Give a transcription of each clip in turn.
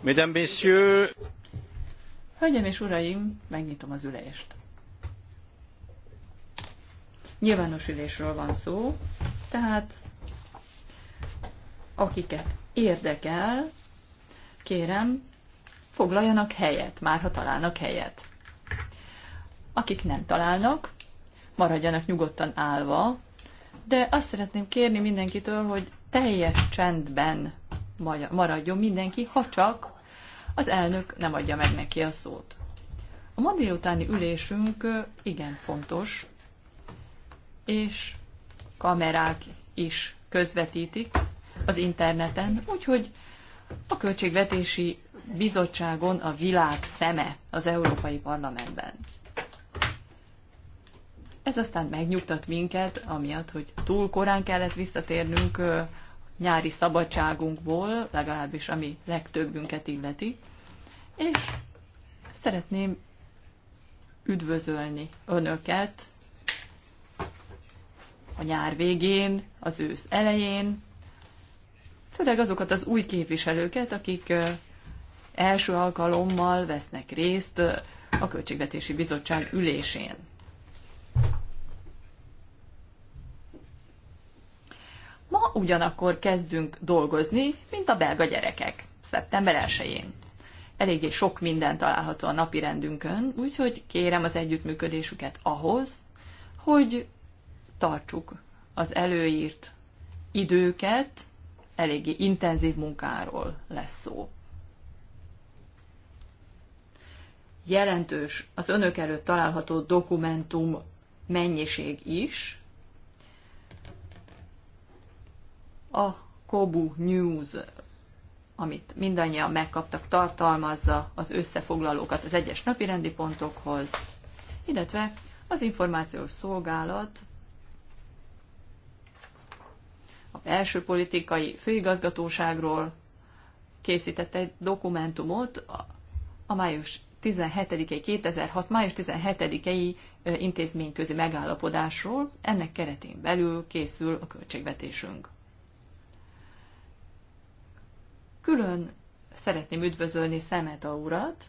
Mesdames, Messieurs! Hölgyeim és Uraim, megnyitom az ülést. Nyilvános ülésről van szó, tehát akiket érdekel, kérem, foglaljanak helyet, már ha találnak helyet. Akik nem találnak, maradjanak nyugodtan állva, de azt szeretném kérni mindenkitől, hogy teljes csendben maradjon mindenki, ha csak az elnök nem adja meg neki a szót. A ma délutáni ülésünk igen fontos, és kamerák is közvetítik az interneten, úgyhogy a Költségvetési Bizottságon a világ szeme az Európai Parlamentben. Ez aztán megnyugtat minket, amiatt, hogy túl korán kellett visszatérnünk nyári szabadságunkból, legalábbis ami legtöbbünket illeti, és szeretném üdvözölni önöket a nyár végén, az ősz elején, főleg azokat az új képviselőket, akik első alkalommal vesznek részt a Költségvetési Bizottság ülésén. Ma ugyanakkor kezdünk dolgozni, mint a belga gyerekek, szeptember 1-én. Eléggé sok minden található a napi rendünkön, úgyhogy kérem az együttműködésüket ahhoz, hogy tartsuk az előírt időket, eléggé intenzív munkáról lesz szó. Jelentős az önök előtt található dokumentum mennyiség is, a Kobu News, amit mindannyian megkaptak, tartalmazza az összefoglalókat az egyes napirendi pontokhoz, illetve az információs szolgálat a belső politikai főigazgatóságról készített egy dokumentumot a május 17 2006. május 17-i intézményközi megállapodásról. Ennek keretén belül készül a költségvetésünk. Külön szeretném üdvözölni Szemeta urat,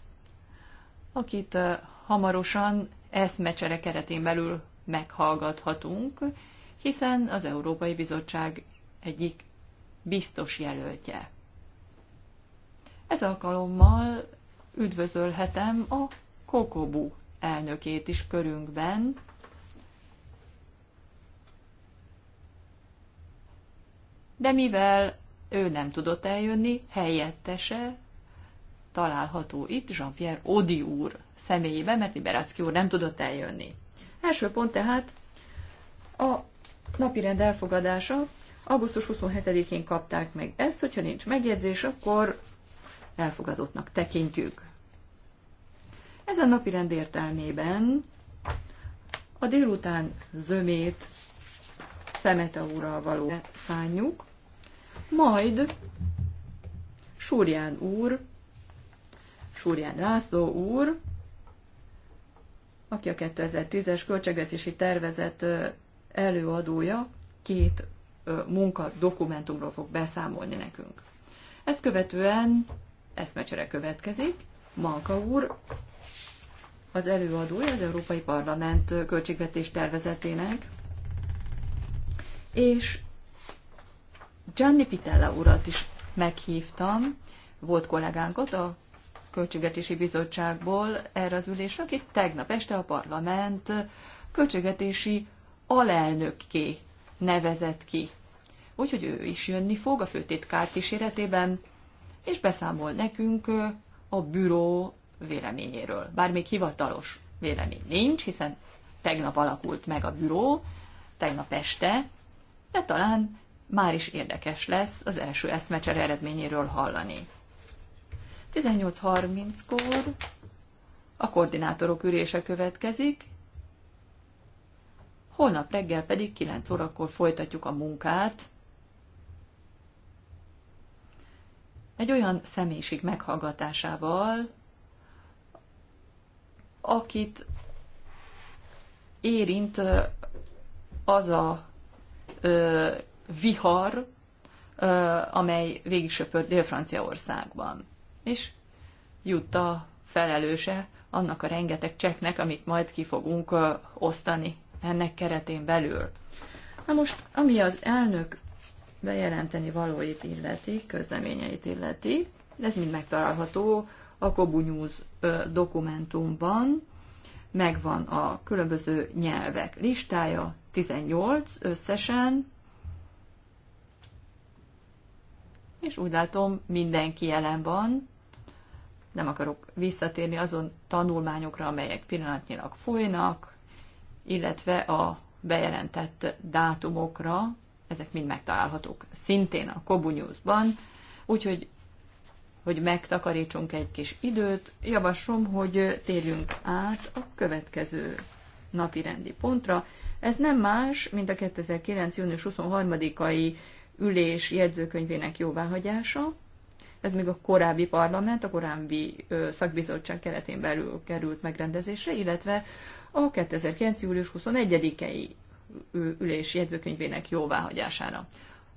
akit hamarosan eszmecsere keretén belül meghallgathatunk, hiszen az Európai Bizottság egyik biztos jelöltje. Ez alkalommal üdvözölhetem a Kokobu elnökét is körünkben. De mivel ő nem tudott eljönni, helyettese található itt Jean-Pierre Odi úr személyében, mert Liberacki úr nem tudott eljönni. Első pont tehát a napirend elfogadása. Augusztus 27-én kapták meg ezt, hogyha nincs megjegyzés, akkor elfogadottnak tekintjük. Ezen napirend értelmében a délután zömét Szemete úrral való szánjuk, majd Súrján úr, Súrján László úr, aki a 2010-es költségvetési tervezet előadója, két munka dokumentumról fog beszámolni nekünk. Ezt követően eszmecsere következik. Manka úr az előadója az Európai Parlament költségvetés tervezetének, és Gianni Pitella urat is meghívtam, volt kollégánkat a Költségetési Bizottságból erre az ülésre, akit tegnap este a parlament költségetési alelnökké nevezett ki. Úgyhogy ő is jönni fog a főtitkár kíséretében, és beszámol nekünk a büró véleményéről. Bár még hivatalos vélemény nincs, hiszen tegnap alakult meg a büró, tegnap este, de talán már is érdekes lesz az első eszmecsere eredményéről hallani. 18.30-kor a koordinátorok ürése következik, holnap reggel pedig 9 órakor folytatjuk a munkát, egy olyan személyiség meghallgatásával, akit érint az a vihar, amely végig söpört Dél-Franciaországban. És Jutta felelőse annak a rengeteg cseknek, amit majd ki fogunk osztani ennek keretén belül. Na most, ami az elnök bejelenteni valóit illeti, közleményeit illeti, ez mind megtalálható a Kobu News dokumentumban, megvan a különböző nyelvek listája, 18 összesen, és úgy látom, mindenki jelen van. Nem akarok visszatérni azon tanulmányokra, amelyek pillanatnyilag folynak, illetve a bejelentett dátumokra, ezek mind megtalálhatók szintén a Kobu News-ban, úgyhogy hogy megtakarítsunk egy kis időt, javaslom, hogy térjünk át a következő napi rendi pontra. Ez nem más, mint a 2009. június 23-ai ülés jegyzőkönyvének jóváhagyása. Ez még a korábbi parlament, a korábbi szakbizottság keretén belül került megrendezésre, illetve a 2009. július 21-i ülés jegyzőkönyvének jóváhagyására.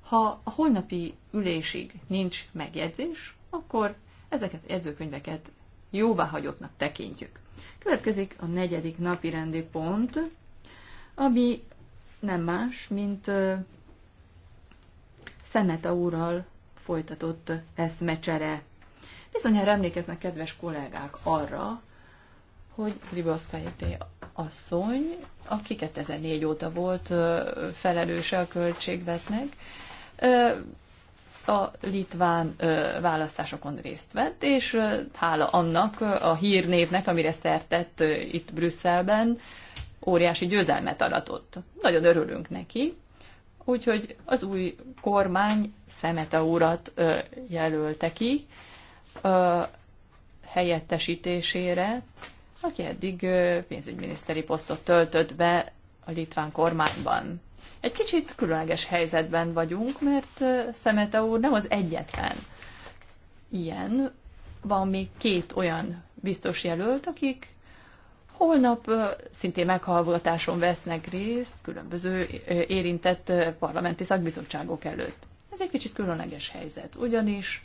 Ha a holnapi ülésig nincs megjegyzés, akkor ezeket a jegyzőkönyveket jóváhagyottnak tekintjük. Következik a negyedik napi rendi pont, ami nem más, mint a úrral folytatott eszmecsere. Bizonyára emlékeznek kedves kollégák arra, hogy Gribaszkaité asszony, aki 2004 óta volt felelőse a költségvetnek, a litván választásokon részt vett, és hála annak a hírnévnek, amire szertett itt Brüsszelben, óriási győzelmet aratott. Nagyon örülünk neki, Úgyhogy az új kormány Szemete urat ö, jelölte ki ö, helyettesítésére, aki eddig ö, pénzügyminiszteri posztot töltött be a litván kormányban. Egy kicsit különleges helyzetben vagyunk, mert ö, Szemete úr nem az egyetlen ilyen. Van még két olyan biztos jelölt, akik Holnap szintén meghallgatáson vesznek részt különböző érintett parlamenti szakbizottságok előtt. Ez egy kicsit különleges helyzet, ugyanis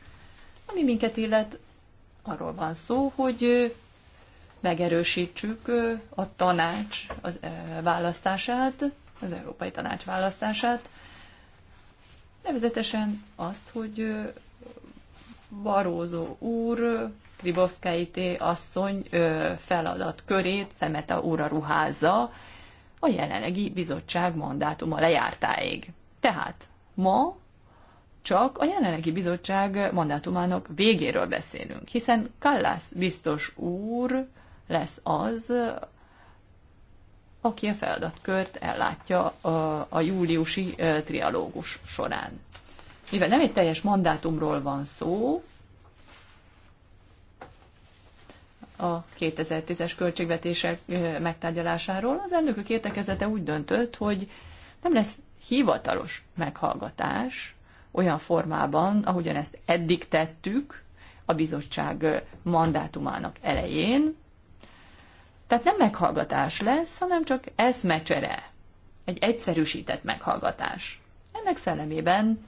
ami minket illet, arról van szó, hogy megerősítsük a tanács az választását, az Európai Tanács választását, nevezetesen azt, hogy Barózó úr Pribovszkáité asszony feladat körét a úra ruházza a jelenlegi bizottság mandátuma lejártáig. Tehát ma csak a jelenlegi bizottság mandátumának végéről beszélünk, hiszen Kallász biztos úr lesz az, aki a feladatkört ellátja a, a júliusi trialógus során. Mivel nem egy teljes mandátumról van szó, a 2010-es költségvetések megtárgyalásáról, az elnökök értekezete úgy döntött, hogy nem lesz hivatalos meghallgatás olyan formában, ahogyan ezt eddig tettük a bizottság mandátumának elején. Tehát nem meghallgatás lesz, hanem csak eszmecsere, egy egyszerűsített meghallgatás. Ennek szellemében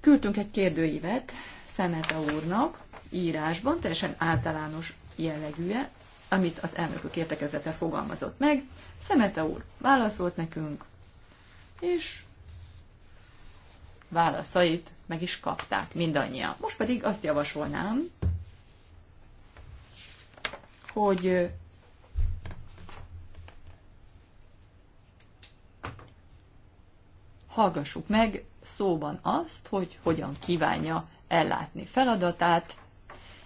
küldtünk egy kérdőívet Szemete úrnak, írásban, teljesen általános jellegűje, amit az elnökök értekezete fogalmazott meg. Szemete úr válaszolt nekünk, és válaszait meg is kapták mindannyian. Most pedig azt javasolnám, hogy hallgassuk meg szóban azt, hogy hogyan kívánja ellátni feladatát,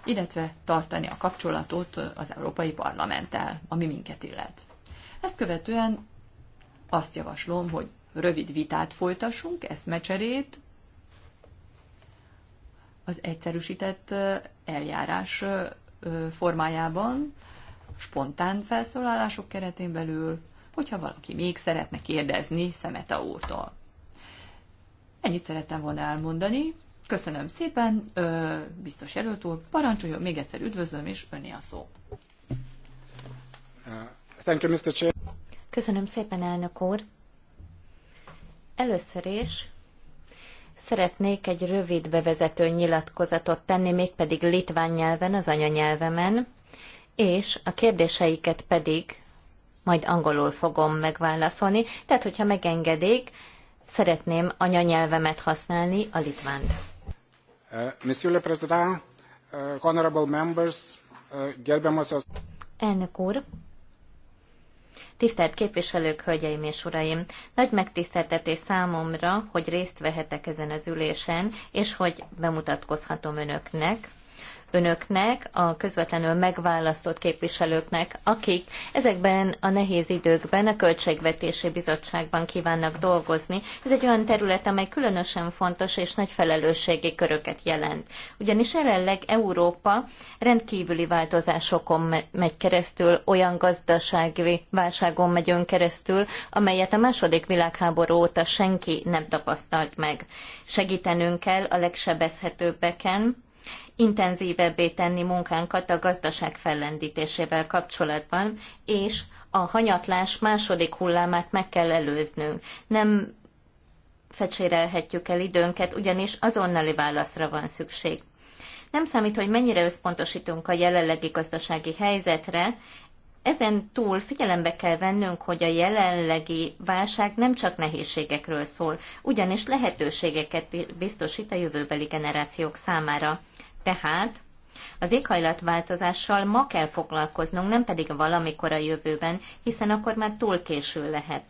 illetve tartani a kapcsolatot az Európai Parlamenttel, ami minket illet. Ezt követően azt javaslom, hogy rövid vitát folytassunk, eszmecserét, az egyszerűsített eljárás formájában, spontán felszólalások keretén belül, hogyha valaki még szeretne kérdezni Szemeta úrtól. Ennyit szerettem volna elmondani, Köszönöm szépen, ö, biztos jelölt úr, parancsoljon, még egyszer üdvözlöm, és öné a szó. Uh, thank you, Mr. Chair. Köszönöm szépen, elnök úr. Először is szeretnék egy rövid bevezető nyilatkozatot tenni, mégpedig litván nyelven, az anyanyelvemen, és a kérdéseiket pedig majd angolul fogom megválaszolni. Tehát, hogyha megengedik, szeretném anyanyelvemet használni, a litvánt. Eh, eh, eh, Elnök úr, Tisztelt képviselők, hölgyeim és uraim! Nagy megtiszteltetés számomra, hogy részt vehetek ezen az ülésen, és hogy bemutatkozhatom önöknek önöknek, a közvetlenül megválasztott képviselőknek, akik ezekben a nehéz időkben a Költségvetési Bizottságban kívánnak dolgozni. Ez egy olyan terület, amely különösen fontos és nagy felelősségi köröket jelent. Ugyanis jelenleg Európa rendkívüli változásokon megy keresztül, olyan gazdasági válságon ön keresztül, amelyet a második világháború óta senki nem tapasztalt meg. Segítenünk kell a legsebezhetőbbeken, intenzívebbé tenni munkánkat a gazdaság fellendítésével kapcsolatban, és a hanyatlás második hullámát meg kell előznünk. Nem fecsérelhetjük el időnket, ugyanis azonnali válaszra van szükség. Nem számít, hogy mennyire összpontosítunk a jelenlegi gazdasági helyzetre, ezen túl figyelembe kell vennünk, hogy a jelenlegi válság nem csak nehézségekről szól, ugyanis lehetőségeket biztosít a jövőbeli generációk számára. Tehát az éghajlatváltozással ma kell foglalkoznunk, nem pedig valamikor a jövőben, hiszen akkor már túl késő lehet.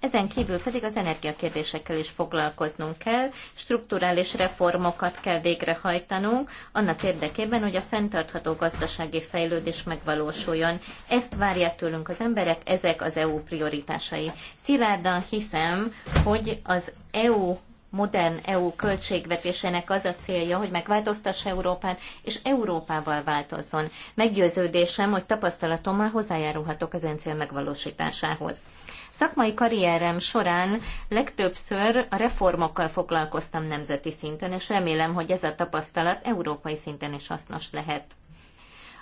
Ezen kívül pedig az energiakérdésekkel is foglalkoznunk kell, strukturális reformokat kell végrehajtanunk, annak érdekében, hogy a fenntartható gazdasági fejlődés megvalósuljon. Ezt várja tőlünk az emberek, ezek az EU prioritásai. Szilárdan hiszem, hogy az EU modern EU költségvetésének az a célja, hogy megváltoztassa Európát, és Európával változzon. Meggyőződésem, hogy tapasztalatommal hozzájárulhatok az ön cél megvalósításához. Szakmai karrierem során legtöbbször a reformokkal foglalkoztam nemzeti szinten, és remélem, hogy ez a tapasztalat európai szinten is hasznos lehet.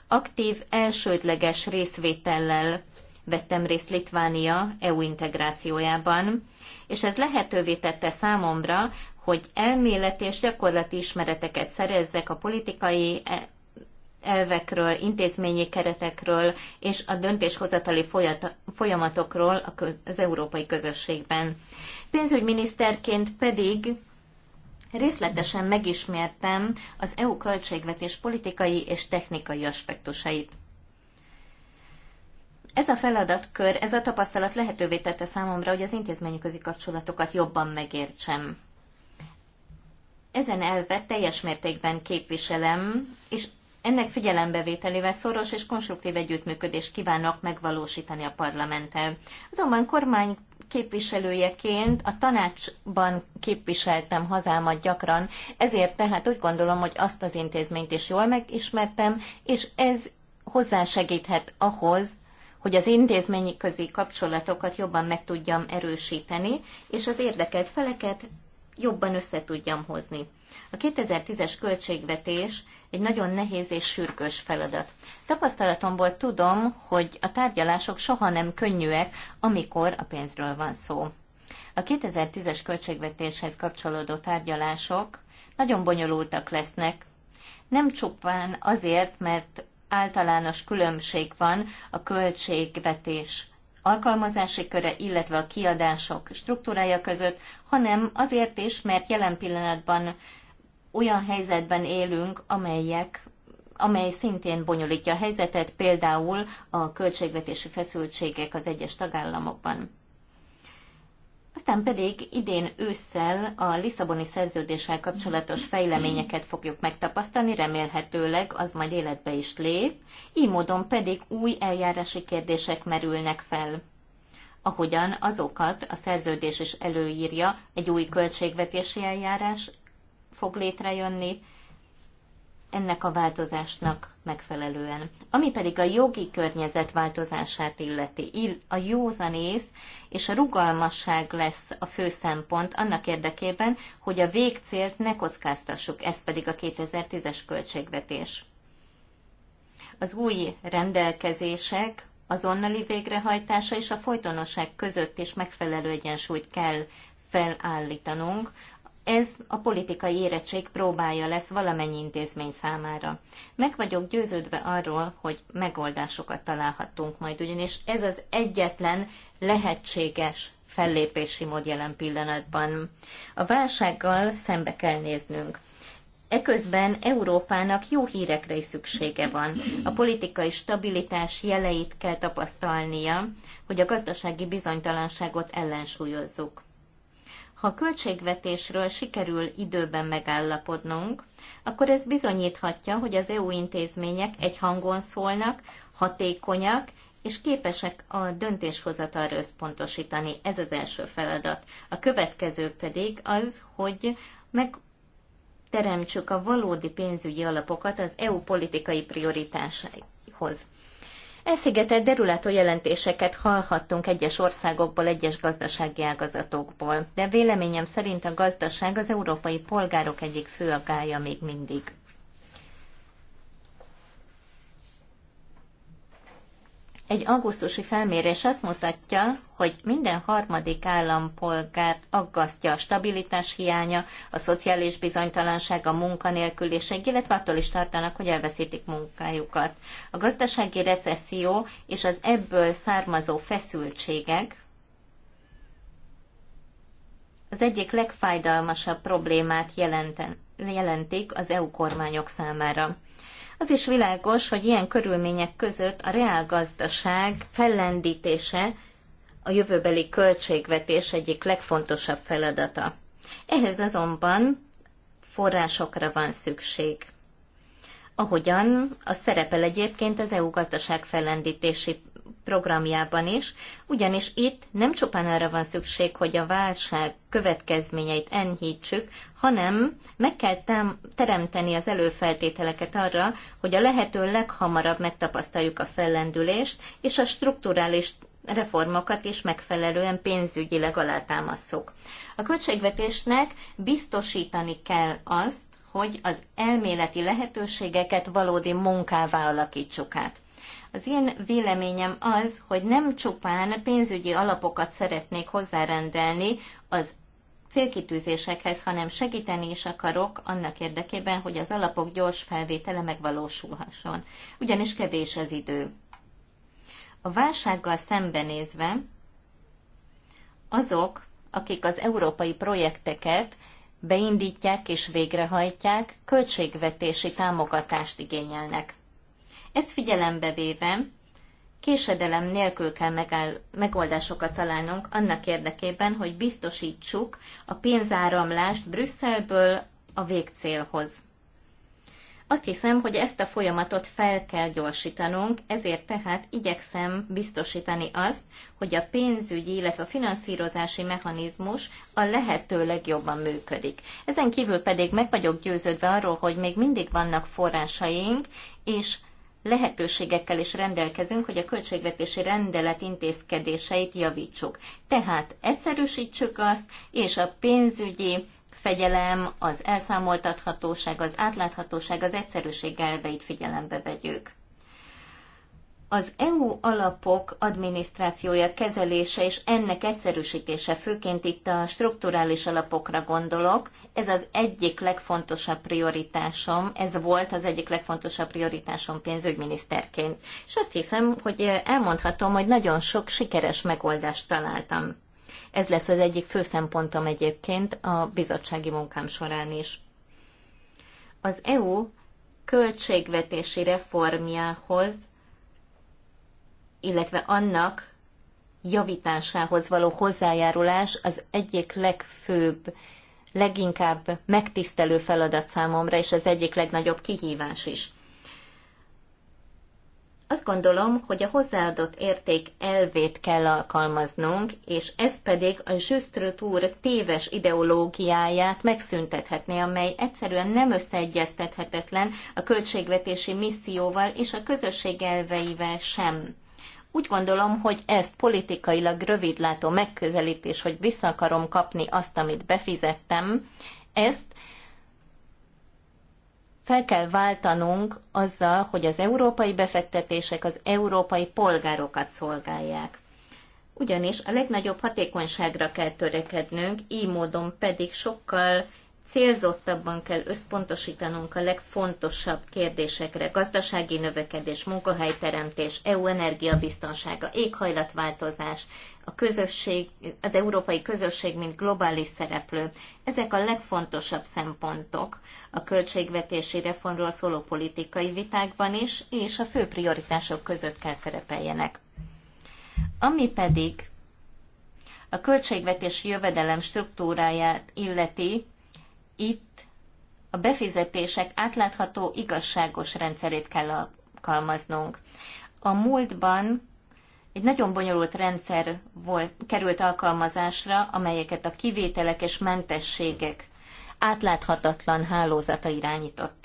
Aktív, elsődleges részvétellel vettem részt Litvánia EU integrációjában, és ez lehetővé tette számomra, hogy elméleti és gyakorlati ismereteket szerezzek a politikai e, elvekről, intézményi keretekről és a döntéshozatali folyamatokról az európai közösségben. Pénzügyminiszterként pedig részletesen megismertem az EU költségvetés politikai és technikai aspektusait. Ez a feladatkör, ez a tapasztalat lehetővé tette számomra, hogy az közi kapcsolatokat jobban megértsem. Ezen elvet teljes mértékben képviselem, és ennek figyelembevételével szoros és konstruktív együttműködést kívánok megvalósítani a parlamenttel. Azonban kormány képviselőjeként a tanácsban képviseltem hazámat gyakran, ezért tehát úgy gondolom, hogy azt az intézményt is jól megismertem, és ez hozzásegíthet ahhoz, hogy az intézményi közi kapcsolatokat jobban meg tudjam erősíteni, és az érdekelt feleket jobban össze tudjam hozni. A 2010-es költségvetés egy nagyon nehéz és sürgős feladat. Tapasztalatomból tudom, hogy a tárgyalások soha nem könnyűek, amikor a pénzről van szó. A 2010-es költségvetéshez kapcsolódó tárgyalások nagyon bonyolultak lesznek, nem csupán azért, mert általános különbség van a költségvetés alkalmazási köre, illetve a kiadások struktúrája között, hanem azért is, mert jelen pillanatban olyan helyzetben élünk, amelyek amely szintén bonyolítja a helyzetet, például a költségvetési feszültségek az egyes tagállamokban. Aztán pedig idén ősszel a Lisszaboni szerződéssel kapcsolatos fejleményeket fogjuk megtapasztalni, remélhetőleg az majd életbe is lép, így módon pedig új eljárási kérdések merülnek fel. Ahogyan azokat a szerződés is előírja, egy új költségvetési eljárás fog létrejönni, ennek a változásnak megfelelően. Ami pedig a jogi környezet változását illeti, a józanész és a rugalmasság lesz a fő szempont annak érdekében, hogy a végcélt ne kockáztassuk, ez pedig a 2010-es költségvetés. Az új rendelkezések azonnali végrehajtása és a folytonosság között is megfelelő egyensúlyt kell felállítanunk, ez a politikai érettség próbája lesz valamennyi intézmény számára. Meg vagyok győződve arról, hogy megoldásokat találhatunk majd, ugyanis ez az egyetlen lehetséges fellépési mód jelen pillanatban. A válsággal szembe kell néznünk. Eközben Európának jó hírekre is szüksége van. A politikai stabilitás jeleit kell tapasztalnia, hogy a gazdasági bizonytalanságot ellensúlyozzuk. Ha a költségvetésről sikerül időben megállapodnunk, akkor ez bizonyíthatja, hogy az EU intézmények egy hangon szólnak, hatékonyak, és képesek a döntéshozatalra összpontosítani. Ez az első feladat. A következő pedig az, hogy meg teremtsük a valódi pénzügyi alapokat az EU politikai prioritásaihoz. Elszigetelt derülátó jelentéseket hallhattunk egyes országokból, egyes gazdasági ágazatokból, de véleményem szerint a gazdaság az európai polgárok egyik fő aggája még mindig. Egy augusztusi felmérés azt mutatja, hogy minden harmadik állampolgárt aggasztja a stabilitás hiánya, a szociális bizonytalanság, a munkanélküliség, illetve attól is tartanak, hogy elveszítik munkájukat. A gazdasági recesszió és az ebből származó feszültségek az egyik legfájdalmasabb problémát jelenten, jelentik az EU kormányok számára. Az is világos, hogy ilyen körülmények között a reálgazdaság fellendítése a jövőbeli költségvetés egyik legfontosabb feladata. Ehhez azonban forrásokra van szükség. Ahogyan a szerepel egyébként az EU gazdaság fellendítési programjában is, ugyanis itt nem csupán arra van szükség, hogy a válság következményeit enyhítsük, hanem meg kell teremteni az előfeltételeket arra, hogy a lehető leghamarabb megtapasztaljuk a fellendülést, és a strukturális reformokat is megfelelően pénzügyileg alátámasszuk. A költségvetésnek biztosítani kell azt, hogy az elméleti lehetőségeket valódi munkává alakítsuk át. Az én véleményem az, hogy nem csupán pénzügyi alapokat szeretnék hozzárendelni az célkitűzésekhez, hanem segíteni is akarok annak érdekében, hogy az alapok gyors felvétele megvalósulhasson. Ugyanis kevés az idő. A válsággal szembenézve azok, akik az európai projekteket beindítják és végrehajtják, költségvetési támogatást igényelnek. Ezt figyelembe véve késedelem nélkül kell megáll, megoldásokat találnunk annak érdekében, hogy biztosítsuk a pénzáramlást Brüsszelből a végcélhoz. Azt hiszem, hogy ezt a folyamatot fel kell gyorsítanunk, ezért tehát igyekszem biztosítani azt, hogy a pénzügyi, illetve a finanszírozási mechanizmus a lehető legjobban működik. Ezen kívül pedig meg vagyok győződve arról, hogy még mindig vannak forrásaink, és lehetőségekkel is rendelkezünk, hogy a költségvetési rendelet intézkedéseit javítsuk. Tehát egyszerűsítsük azt, és a pénzügyi fegyelem, az elszámoltathatóság, az átláthatóság, az egyszerűség elveit figyelembe vegyük az EU alapok adminisztrációja, kezelése és ennek egyszerűsítése, főként itt a strukturális alapokra gondolok, ez az egyik legfontosabb prioritásom, ez volt az egyik legfontosabb prioritásom pénzügyminiszterként. És azt hiszem, hogy elmondhatom, hogy nagyon sok sikeres megoldást találtam. Ez lesz az egyik fő szempontom egyébként a bizottsági munkám során is. Az EU költségvetési reformjához illetve annak javításához való hozzájárulás az egyik legfőbb, leginkább megtisztelő feladat számomra, és az egyik legnagyobb kihívás is. Azt gondolom, hogy a hozzáadott érték elvét kell alkalmaznunk, és ez pedig a Zsüsztröt téves ideológiáját megszüntethetné, amely egyszerűen nem összeegyeztethetetlen a költségvetési misszióval és a közösség elveivel sem. Úgy gondolom, hogy ez politikailag rövidlátó megközelítés, hogy vissza akarom kapni azt, amit befizettem, ezt fel kell váltanunk azzal, hogy az európai befektetések az európai polgárokat szolgálják. Ugyanis a legnagyobb hatékonyságra kell törekednünk, így módon pedig sokkal célzottabban kell összpontosítanunk a legfontosabb kérdésekre, gazdasági növekedés, munkahelyteremtés, EU energiabiztonsága, éghajlatváltozás, a közösség, az európai közösség, mint globális szereplő. Ezek a legfontosabb szempontok a költségvetési reformról szóló politikai vitákban is, és a fő prioritások között kell szerepeljenek. Ami pedig a költségvetési jövedelem struktúráját illeti, itt a befizetések átlátható, igazságos rendszerét kell alkalmaznunk. A múltban egy nagyon bonyolult rendszer volt, került alkalmazásra, amelyeket a kivételek és mentességek átláthatatlan hálózata irányított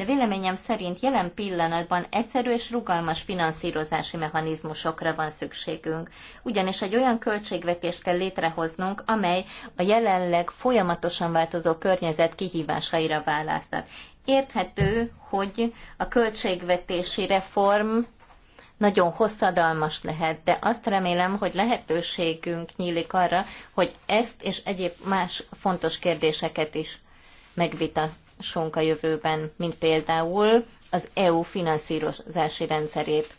de véleményem szerint jelen pillanatban egyszerű és rugalmas finanszírozási mechanizmusokra van szükségünk. Ugyanis egy olyan költségvetést kell létrehoznunk, amely a jelenleg folyamatosan változó környezet kihívásaira választat. Érthető, hogy a költségvetési reform nagyon hosszadalmas lehet, de azt remélem, hogy lehetőségünk nyílik arra, hogy ezt és egyéb más fontos kérdéseket is megvita, támogassunk a jövőben, mint például az EU finanszírozási rendszerét.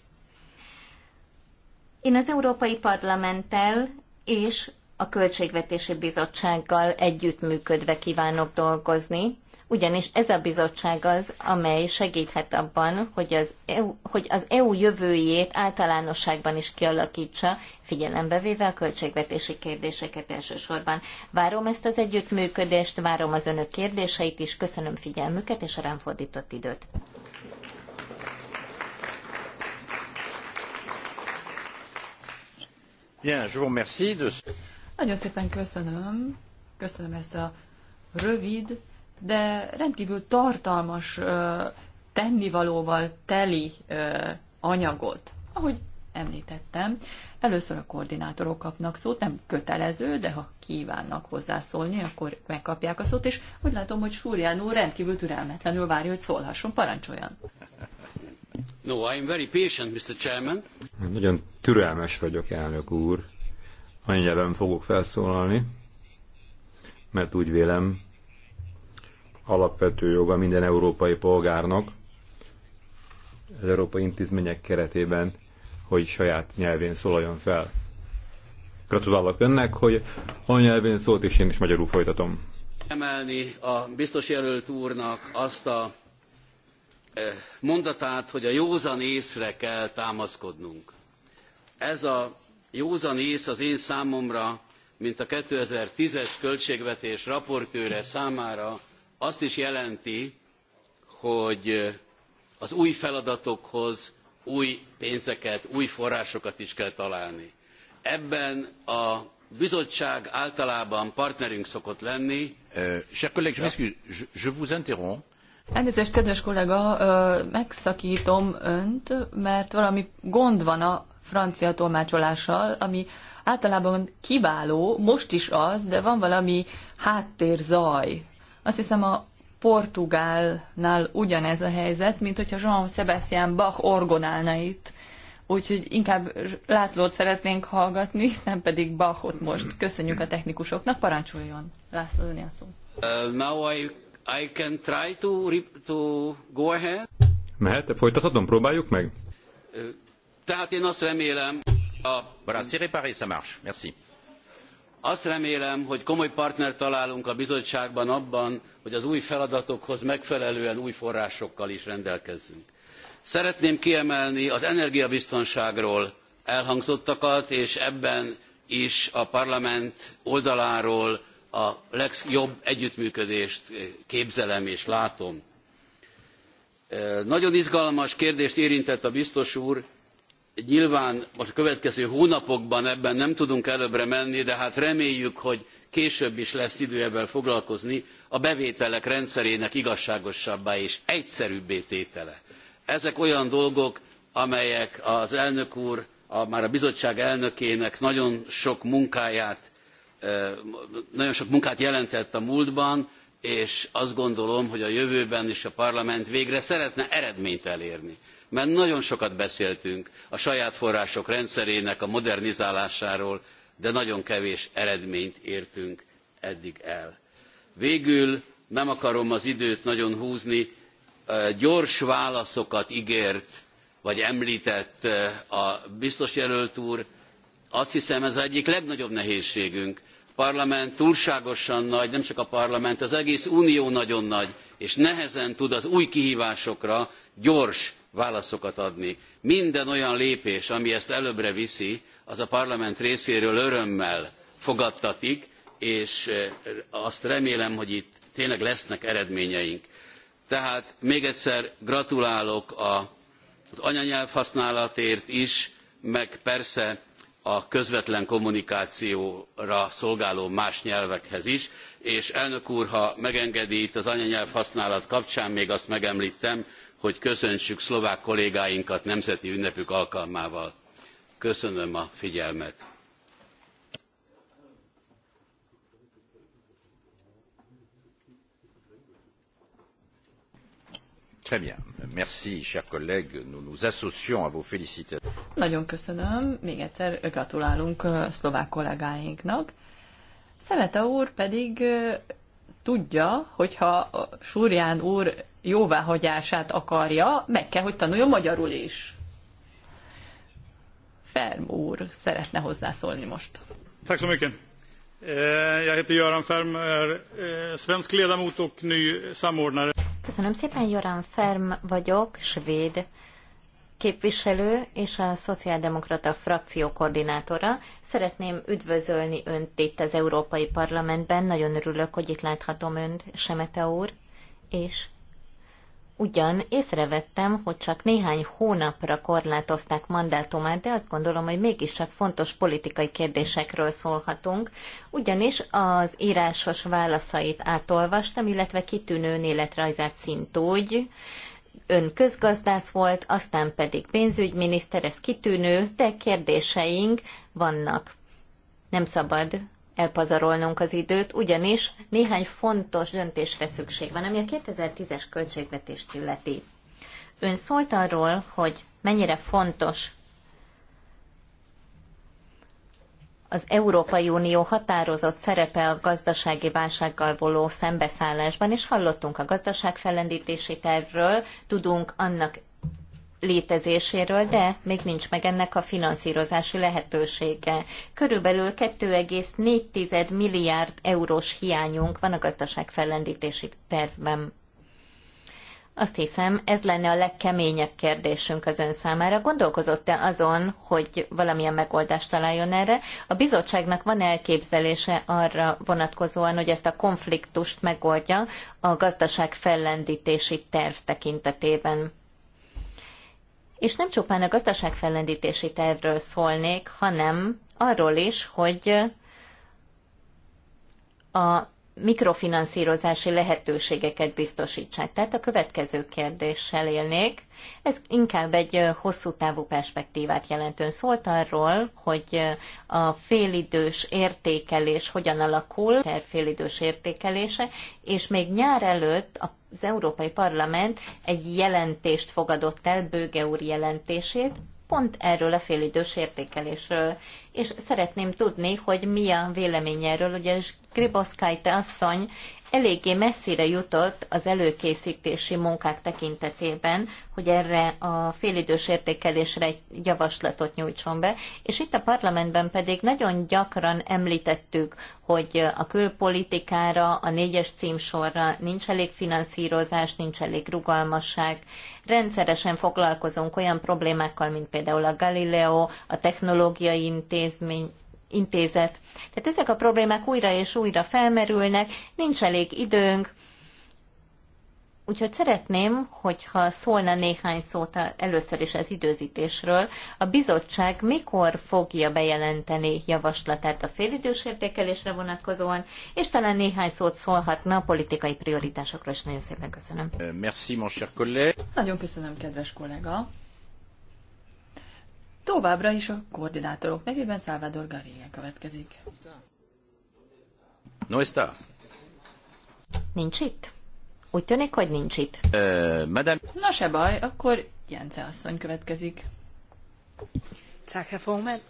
Én az Európai Parlamenttel és a Költségvetési Bizottsággal együttműködve kívánok dolgozni, ugyanis ez a bizottság az, amely segíthet abban, hogy az EU, hogy az EU jövőjét általánosságban is kialakítsa, figyelembe véve a költségvetési kérdéseket elsősorban. Várom ezt az együttműködést, várom az önök kérdéseit is, köszönöm figyelmüket és a rám fordított időt. Bien, je vous remercie de... Nagyon szépen köszönöm. Köszönöm ezt a rövid, de rendkívül tartalmas tennivalóval teli anyagot. Ahogy említettem, először a koordinátorok kapnak szót, nem kötelező, de ha kívánnak hozzászólni, akkor megkapják a szót, és úgy látom, hogy Súrján úr rendkívül türelmetlenül várja, hogy szólhasson, parancsoljon. No, I am very patient, Mr. Chairman. Nagyon türelmes vagyok, elnök úr. Annyi fogok felszólalni, mert úgy vélem, alapvető joga minden európai polgárnak az európai intézmények keretében, hogy saját nyelvén szólaljon fel. Gratulálok önnek, hogy a nyelvén szólt, és én is magyarul folytatom. Emelni a biztos jelölt úrnak azt a eh, mondatát, hogy a józan észre kell támaszkodnunk. Ez a józan ész az én számomra, mint a 2010-es költségvetés raportőre számára azt is jelenti, hogy az új feladatokhoz új pénzeket, új forrásokat is kell találni. Ebben a bizottság általában partnerünk szokott lenni. je vous interromps. Elnézést, kedves kollega, megszakítom önt, mert valami gond van a francia tolmácsolással, ami általában kiváló, most is az, de van valami háttérzaj. Azt hiszem a Portugálnál ugyanez a helyzet, mint hogyha Jean Sebastian Bach orgonálna itt. Úgyhogy inkább Lászlót szeretnénk hallgatni, nem pedig Bachot most. Köszönjük a technikusoknak, parancsoljon. László, a szó. Uh, now I, I can try to, to go ahead. Mehet? Folytathatom? Próbáljuk meg? Uh, tehát én azt remélem, a... Voilà, c'est réparé, ça marche. Merci. Azt remélem, hogy komoly partnert találunk a bizottságban abban, hogy az új feladatokhoz megfelelően új forrásokkal is rendelkezzünk. Szeretném kiemelni az energiabiztonságról elhangzottakat, és ebben is a parlament oldaláról a legjobb együttműködést képzelem és látom. Nagyon izgalmas kérdést érintett a biztos úr, nyilván a következő hónapokban ebben nem tudunk előbbre menni de hát reméljük hogy később is lesz idő evvel foglalkozni a bevételek rendszerének igazságosabbá és egyszerűbbé tétele. ezek olyan dolgok amelyek az elnök úr a, már a bizottság elnökének nagyon sok munkáját nagyon sok munkát jelentett a múltban és azt gondolom hogy a jövőben is a parlament végre szeretne eredményt elérni mert nagyon sokat beszéltünk a saját források rendszerének a modernizálásáról de nagyon kevés eredményt értünk eddig el. végül nem akarom az időt nagyon húzni gyors válaszokat gért vagy emltett a biztos jelölt úr azt hiszem ez az egyik legnagyobb nehézségünk. a parlament túlságosan nagy nemcsak a parlament az egész unió nagyon nagy és nehezen tud az új kihvásokra gyors válaszokat adni. Minden olyan lépés, ami ezt előbbre viszi, az a parlament részéről örömmel fogadtatik, és eh, azt remélem, hogy itt tényleg lesznek eredményeink. Tehát még egyszer gratulálok a, az anyanyelvhasználatért is, meg persze a közvetlen kommunikációra szolgáló más nyelvekhez is, és elnök úr, ha megengedi itt az anyanyelvhasználat kapcsán, még azt megemltem hogy köszöntsük szlovák kollégáinkat nemzeti ünnepük alkalmával. Köszönöm a figyelmet. Très bien. Merci, chers collègues. Nous nous associons à vos félicitations. Nagyon köszönöm. Még egyszer gratulálunk szlovák kollégáinknak. Szemete úr pedig tudja, hogyha Súrján úr jóváhagyását akarja, meg kell, hogy tanuljon magyarul is. Ferm úr szeretne hozzászólni most. Tack så eh, Jag heter Göran Ferm, är eh, svensk ledamot och ny samordnare. Köszönöm szépen, Göran Ferm vagyok, svéd képviselő és a szociáldemokrata frakció koordinátora. Szeretném üdvözölni Önt itt az Európai Parlamentben. Nagyon örülök, hogy itt láthatom Önt, Semete úr, és Ugyan észrevettem, hogy csak néhány hónapra korlátozták mandátumát, de azt gondolom, hogy mégiscsak fontos politikai kérdésekről szólhatunk, ugyanis az írásos válaszait átolvastam, illetve kitűnő néletrajzát szintúgy, ön közgazdász volt, aztán pedig pénzügyminiszter, ez kitűnő, de kérdéseink vannak. Nem szabad elpazarolnunk az időt, ugyanis néhány fontos döntésre szükség van, ami a 2010-es költségvetést illeti. Ön szólt arról, hogy mennyire fontos Az Európai Unió határozott szerepe a gazdasági válsággal való szembeszállásban, és hallottunk a gazdaság fellendítési tervről, tudunk annak létezéséről, de még nincs meg ennek a finanszírozási lehetősége. Körülbelül 2,4 milliárd eurós hiányunk van a gazdaság fellendítési tervben. Azt hiszem, ez lenne a legkeményebb kérdésünk az ön számára. Gondolkozott-e azon, hogy valamilyen megoldást találjon erre? A bizottságnak van elképzelése arra vonatkozóan, hogy ezt a konfliktust megoldja a gazdaság fellendítési terv tekintetében? És nem csupán a gazdaság fellendítési tervről szólnék, hanem arról is, hogy a mikrofinanszírozási lehetőségeket biztosítsák. Tehát a következő kérdéssel élnék. Ez inkább egy hosszú távú perspektívát jelentően szólt arról, hogy a félidős értékelés hogyan alakul, félidős értékelése, és még nyár előtt az Európai Parlament egy jelentést fogadott el, Bőge úr jelentését, pont erről a félidős értékelésről. És szeretném tudni, hogy mi a vélemény erről, ugyanis te asszony eléggé messzire jutott az előkészítési munkák tekintetében, hogy erre a félidős értékelésre egy javaslatot nyújtson be, és itt a parlamentben pedig nagyon gyakran említettük, hogy a külpolitikára, a négyes címsorra nincs elég finanszírozás, nincs elég rugalmasság, rendszeresen foglalkozunk olyan problémákkal, mint például a Galileo, a Technológiai Intézmény, Intézet. Tehát ezek a problémák újra és újra felmerülnek, nincs elég időnk, Úgyhogy szeretném, hogyha szólna néhány szót először is az időzítésről. A bizottság mikor fogja bejelenteni javaslatát a félidős értékelésre vonatkozóan, és talán néhány szót szólhatna a politikai prioritásokról, és nagyon szépen köszönöm. Eh, merci, mon cher collègue. Nagyon köszönöm, kedves kollega. Továbbra is a koordinátorok nevében Salvador Garriga következik. No está. Nincs itt. Úgy tűnik, hogy nincs itt. Ö, madem. Na se baj, akkor Jence asszony következik. Tak, fogom, formand.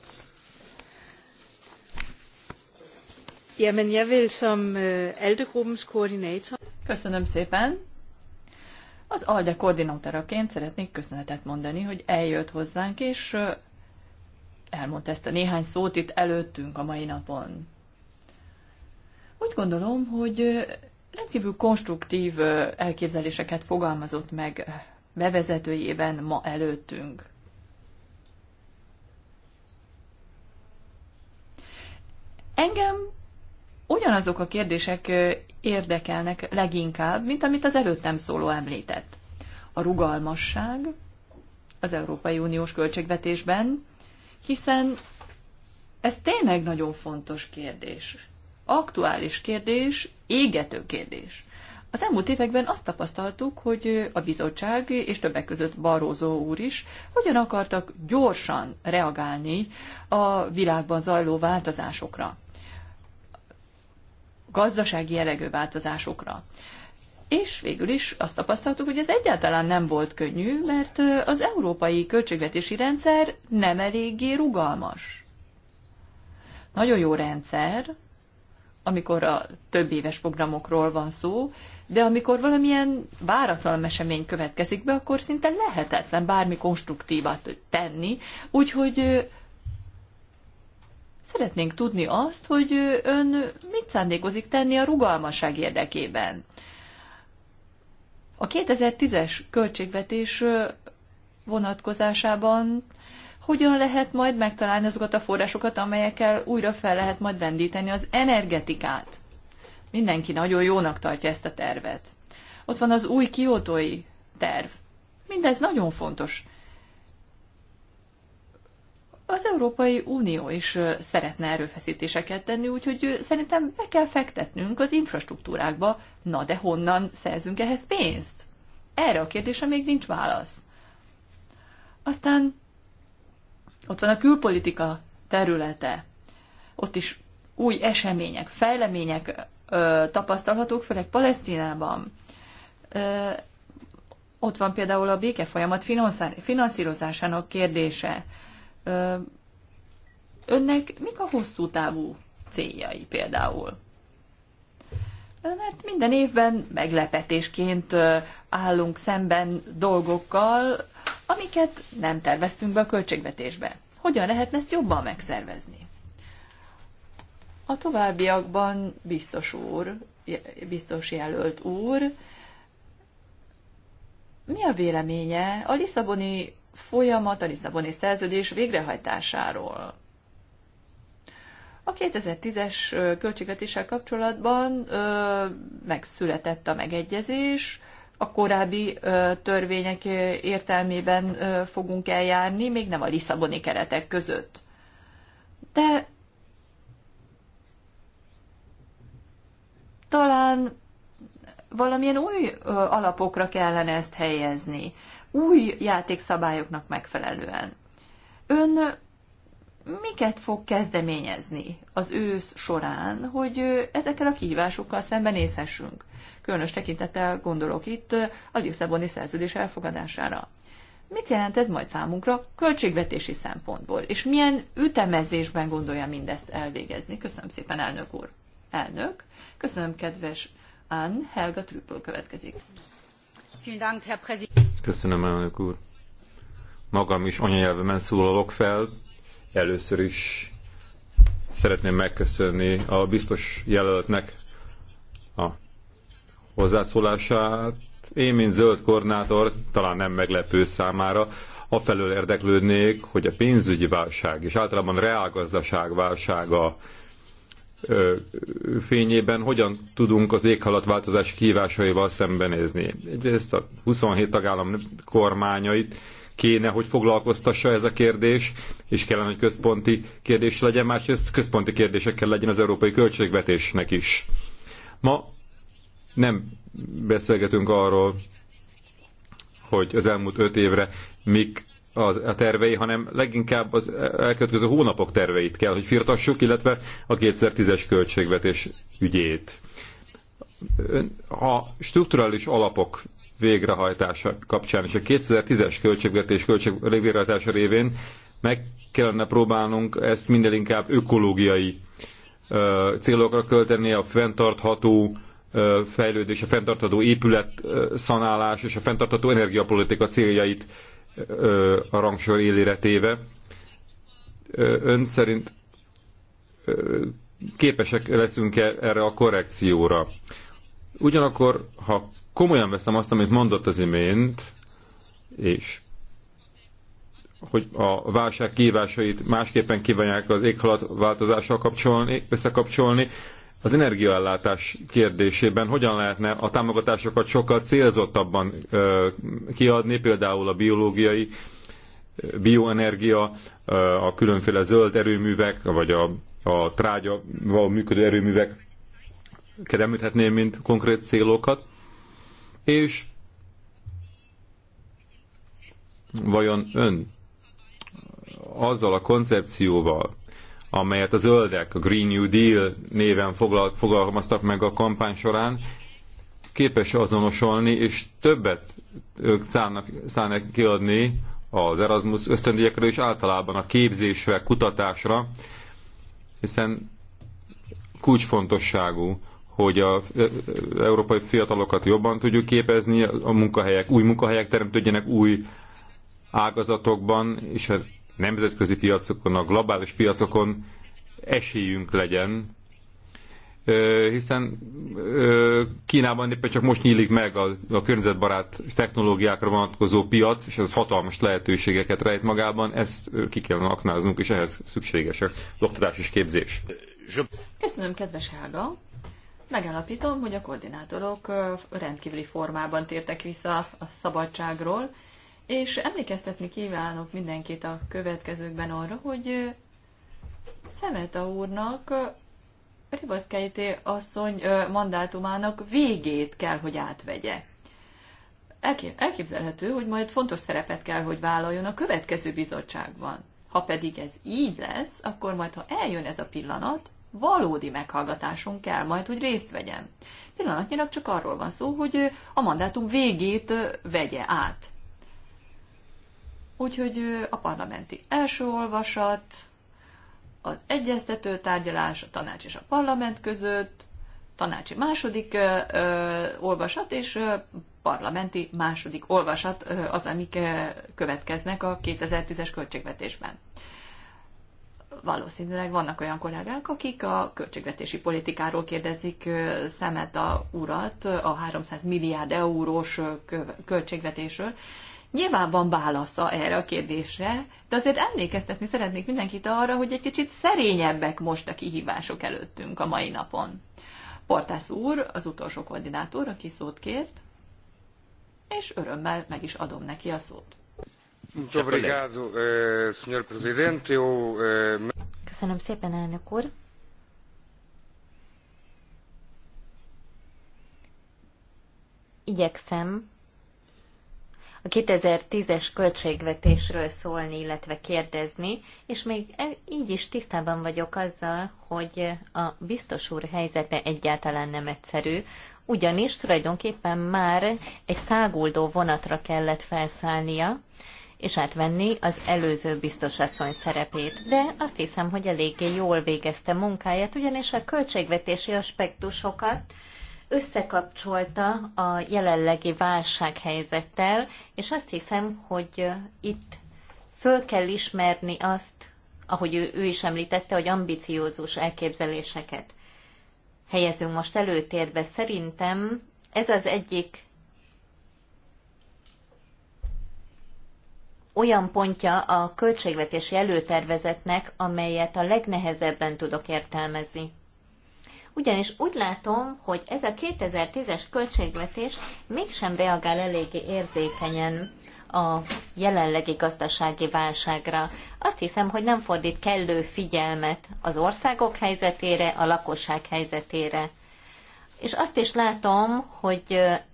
Jamen, jeg vil som uh, øh, alde Köszönöm szépen. Az ALDE koordinátoraként szeretnék köszönetet mondani, hogy eljött hozzánk, és elmondta ezt a néhány szót itt előttünk a mai napon. Úgy gondolom, hogy rendkívül konstruktív elképzeléseket fogalmazott meg bevezetőjében ma előttünk. Engem ugyanazok a kérdések érdekelnek leginkább, mint amit az előttem szóló említett. A rugalmasság az Európai Uniós költségvetésben, hiszen ez tényleg nagyon fontos kérdés. Aktuális kérdés, égető kérdés. Az elmúlt években azt tapasztaltuk, hogy a bizottság, és többek között Barózó úr is, hogyan akartak gyorsan reagálni a világban zajló változásokra, gazdasági jellegű változásokra. És végül is azt tapasztaltuk, hogy ez egyáltalán nem volt könnyű, mert az európai költségvetési rendszer nem eléggé rugalmas. Nagyon jó rendszer, amikor a több éves programokról van szó, de amikor valamilyen váratlan esemény következik be, akkor szinte lehetetlen bármi konstruktívat tenni, úgyhogy szeretnénk tudni azt, hogy ön mit szándékozik tenni a rugalmasság érdekében. A 2010-es költségvetés vonatkozásában hogyan lehet majd megtalálni azokat a forrásokat, amelyekkel újra fel lehet majd vendíteni az energetikát. Mindenki nagyon jónak tartja ezt a tervet. Ott van az új kiótói terv. Mindez nagyon fontos. Az Európai Unió is szeretne erőfeszítéseket tenni, úgyhogy szerintem be kell fektetnünk az infrastruktúrákba. Na de honnan szerzünk ehhez pénzt? Erre a kérdésre még nincs válasz. Aztán ott van a külpolitika területe. Ott is új események, fejlemények ö, tapasztalhatók, főleg Palesztinában. Ö, ott van például a béke folyamat finanszírozásának kérdése. Ö, önnek mik a hosszú távú céljai például? Mert minden évben meglepetésként állunk szemben dolgokkal, amiket nem terveztünk be a költségvetésbe. Hogyan lehetne ezt jobban megszervezni? A továbbiakban biztos úr, biztos jelölt úr, mi a véleménye a Lisszaboni folyamat, a Lisszaboni szerződés végrehajtásáról? A 2010-es költségvetéssel kapcsolatban ö, megszületett a megegyezés, a korábbi törvények értelmében fogunk eljárni, még nem a Lisszaboni keretek között. De talán valamilyen új alapokra kellene ezt helyezni, új játékszabályoknak megfelelően. Ön miket fog kezdeményezni az ősz során, hogy ezekkel a kihívásokkal szembenézhessünk. Különös tekintettel gondolok itt a Lisszaboni szerződés elfogadására. Mit jelent ez majd számunkra költségvetési szempontból, és milyen ütemezésben gondolja mindezt elvégezni? Köszönöm szépen, elnök úr. Elnök, köszönöm, kedves Ann, Helga Trüppel következik. Köszönöm, elnök úr. Magam is anyanyelvemen szólalok fel, Először is szeretném megköszönni a biztos jelöltnek a hozzászólását. Én, mint zöld koordinátor, talán nem meglepő számára, afelől érdeklődnék, hogy a pénzügyi válság és általában reálgazdaság válsága fényében hogyan tudunk az éghajlatváltozás kihívásaival szembenézni. Egyrészt a 27 tagállam kormányait kéne, hogy foglalkoztassa ez a kérdés, és kellene, hogy központi kérdés legyen, másrészt központi kérdésekkel legyen az európai költségvetésnek is. Ma nem beszélgetünk arról, hogy az elmúlt öt évre mik az, a tervei, hanem leginkább az elkövetkező hónapok terveit kell, hogy firtassuk, illetve a 2010-es költségvetés ügyét. Ha strukturális alapok végrehajtása kapcsán és a 2010-es költségvetés költség végrehajtása révén meg kellene próbálnunk ezt minden inkább ökológiai ö, célokra költeni, a fenntartható ö, fejlődés, a fenntartható épület ö, szanálás és a fenntartható energiapolitika céljait ö, a rangsor élére téve. ön szerint ö, képesek leszünk -e erre a korrekcióra? Ugyanakkor, ha komolyan veszem azt, amit mondott az imént, és hogy a válság kívásait másképpen kívánják az éghalat változással kapcsolni, összekapcsolni, az energiaellátás kérdésében hogyan lehetne a támogatásokat sokkal célzottabban ö, kiadni, például a biológiai bioenergia, a különféle zöld erőművek, vagy a, a való működő erőművek említhetném, mint konkrét célokat. És vajon ön azzal a koncepcióval, amelyet a zöldek, a Green New Deal néven foglalt, fogalmaztak meg a kampány során, képes azonosolni, és többet ők szánnak, szállnak kiadni az Erasmus ösztöndíjakra, és általában a képzésre, kutatásra, hiszen kulcsfontosságú hogy az európai fiatalokat jobban tudjuk képezni, a munkahelyek, új munkahelyek teremtődjenek új ágazatokban, és a nemzetközi piacokon, a globális piacokon esélyünk legyen, hiszen Kínában éppen csak most nyílik meg a, a környezetbarát technológiákra vonatkozó piac, és ez hatalmas lehetőségeket rejt magában, ezt ki kellene aknáznunk, és ehhez szükséges az oktatás és képzés. Köszönöm, kedves Hága! megállapítom, hogy a koordinátorok rendkívüli formában tértek vissza a szabadságról, és emlékeztetni kívánok mindenkit a következőkben arra, hogy Szemeta úrnak, Ribaszkejté asszony mandátumának végét kell, hogy átvegye. Elképzelhető, hogy majd fontos szerepet kell, hogy vállaljon a következő bizottságban. Ha pedig ez így lesz, akkor majd, ha eljön ez a pillanat, valódi meghallgatáson kell majd, hogy részt vegyen. Pillanatnyilag csak arról van szó, hogy a mandátum végét vegye át. Úgyhogy a parlamenti első olvasat, az egyeztető tárgyalás a tanács és a parlament között, tanácsi második ö, olvasat és ö, parlamenti második olvasat ö, az, amik ö, következnek a 2010-es költségvetésben valószínűleg vannak olyan kollégák, akik a költségvetési politikáról kérdezik szemet a urat, a 300 milliárd eurós költségvetésről. Nyilván van válasza erre a kérdésre, de azért emlékeztetni szeretnék mindenkit arra, hogy egy kicsit szerényebbek most a kihívások előttünk a mai napon. Portász úr, az utolsó koordinátor, aki szót kért, és örömmel meg is adom neki a szót. Eh, eh, Köszönöm szépen, elnök úr. Igyekszem a 2010-es költségvetésről szólni, illetve kérdezni, és még e, így is tisztában vagyok azzal, hogy a biztos úr helyzete egyáltalán nem egyszerű, ugyanis tulajdonképpen már egy száguldó vonatra kellett felszállnia, és átvenni az előző biztosasszony szerepét. De azt hiszem, hogy eléggé jól végezte munkáját, ugyanis a költségvetési aspektusokat összekapcsolta a jelenlegi válsághelyzettel, és azt hiszem, hogy itt föl kell ismerni azt, ahogy ő, ő is említette, hogy ambiciózus elképzeléseket helyezünk most előtérbe. Szerintem ez az egyik olyan pontja a költségvetési előtervezetnek, amelyet a legnehezebben tudok értelmezni. Ugyanis úgy látom, hogy ez a 2010-es költségvetés mégsem reagál eléggé érzékenyen a jelenlegi gazdasági válságra. Azt hiszem, hogy nem fordít kellő figyelmet az országok helyzetére, a lakosság helyzetére. És azt is látom, hogy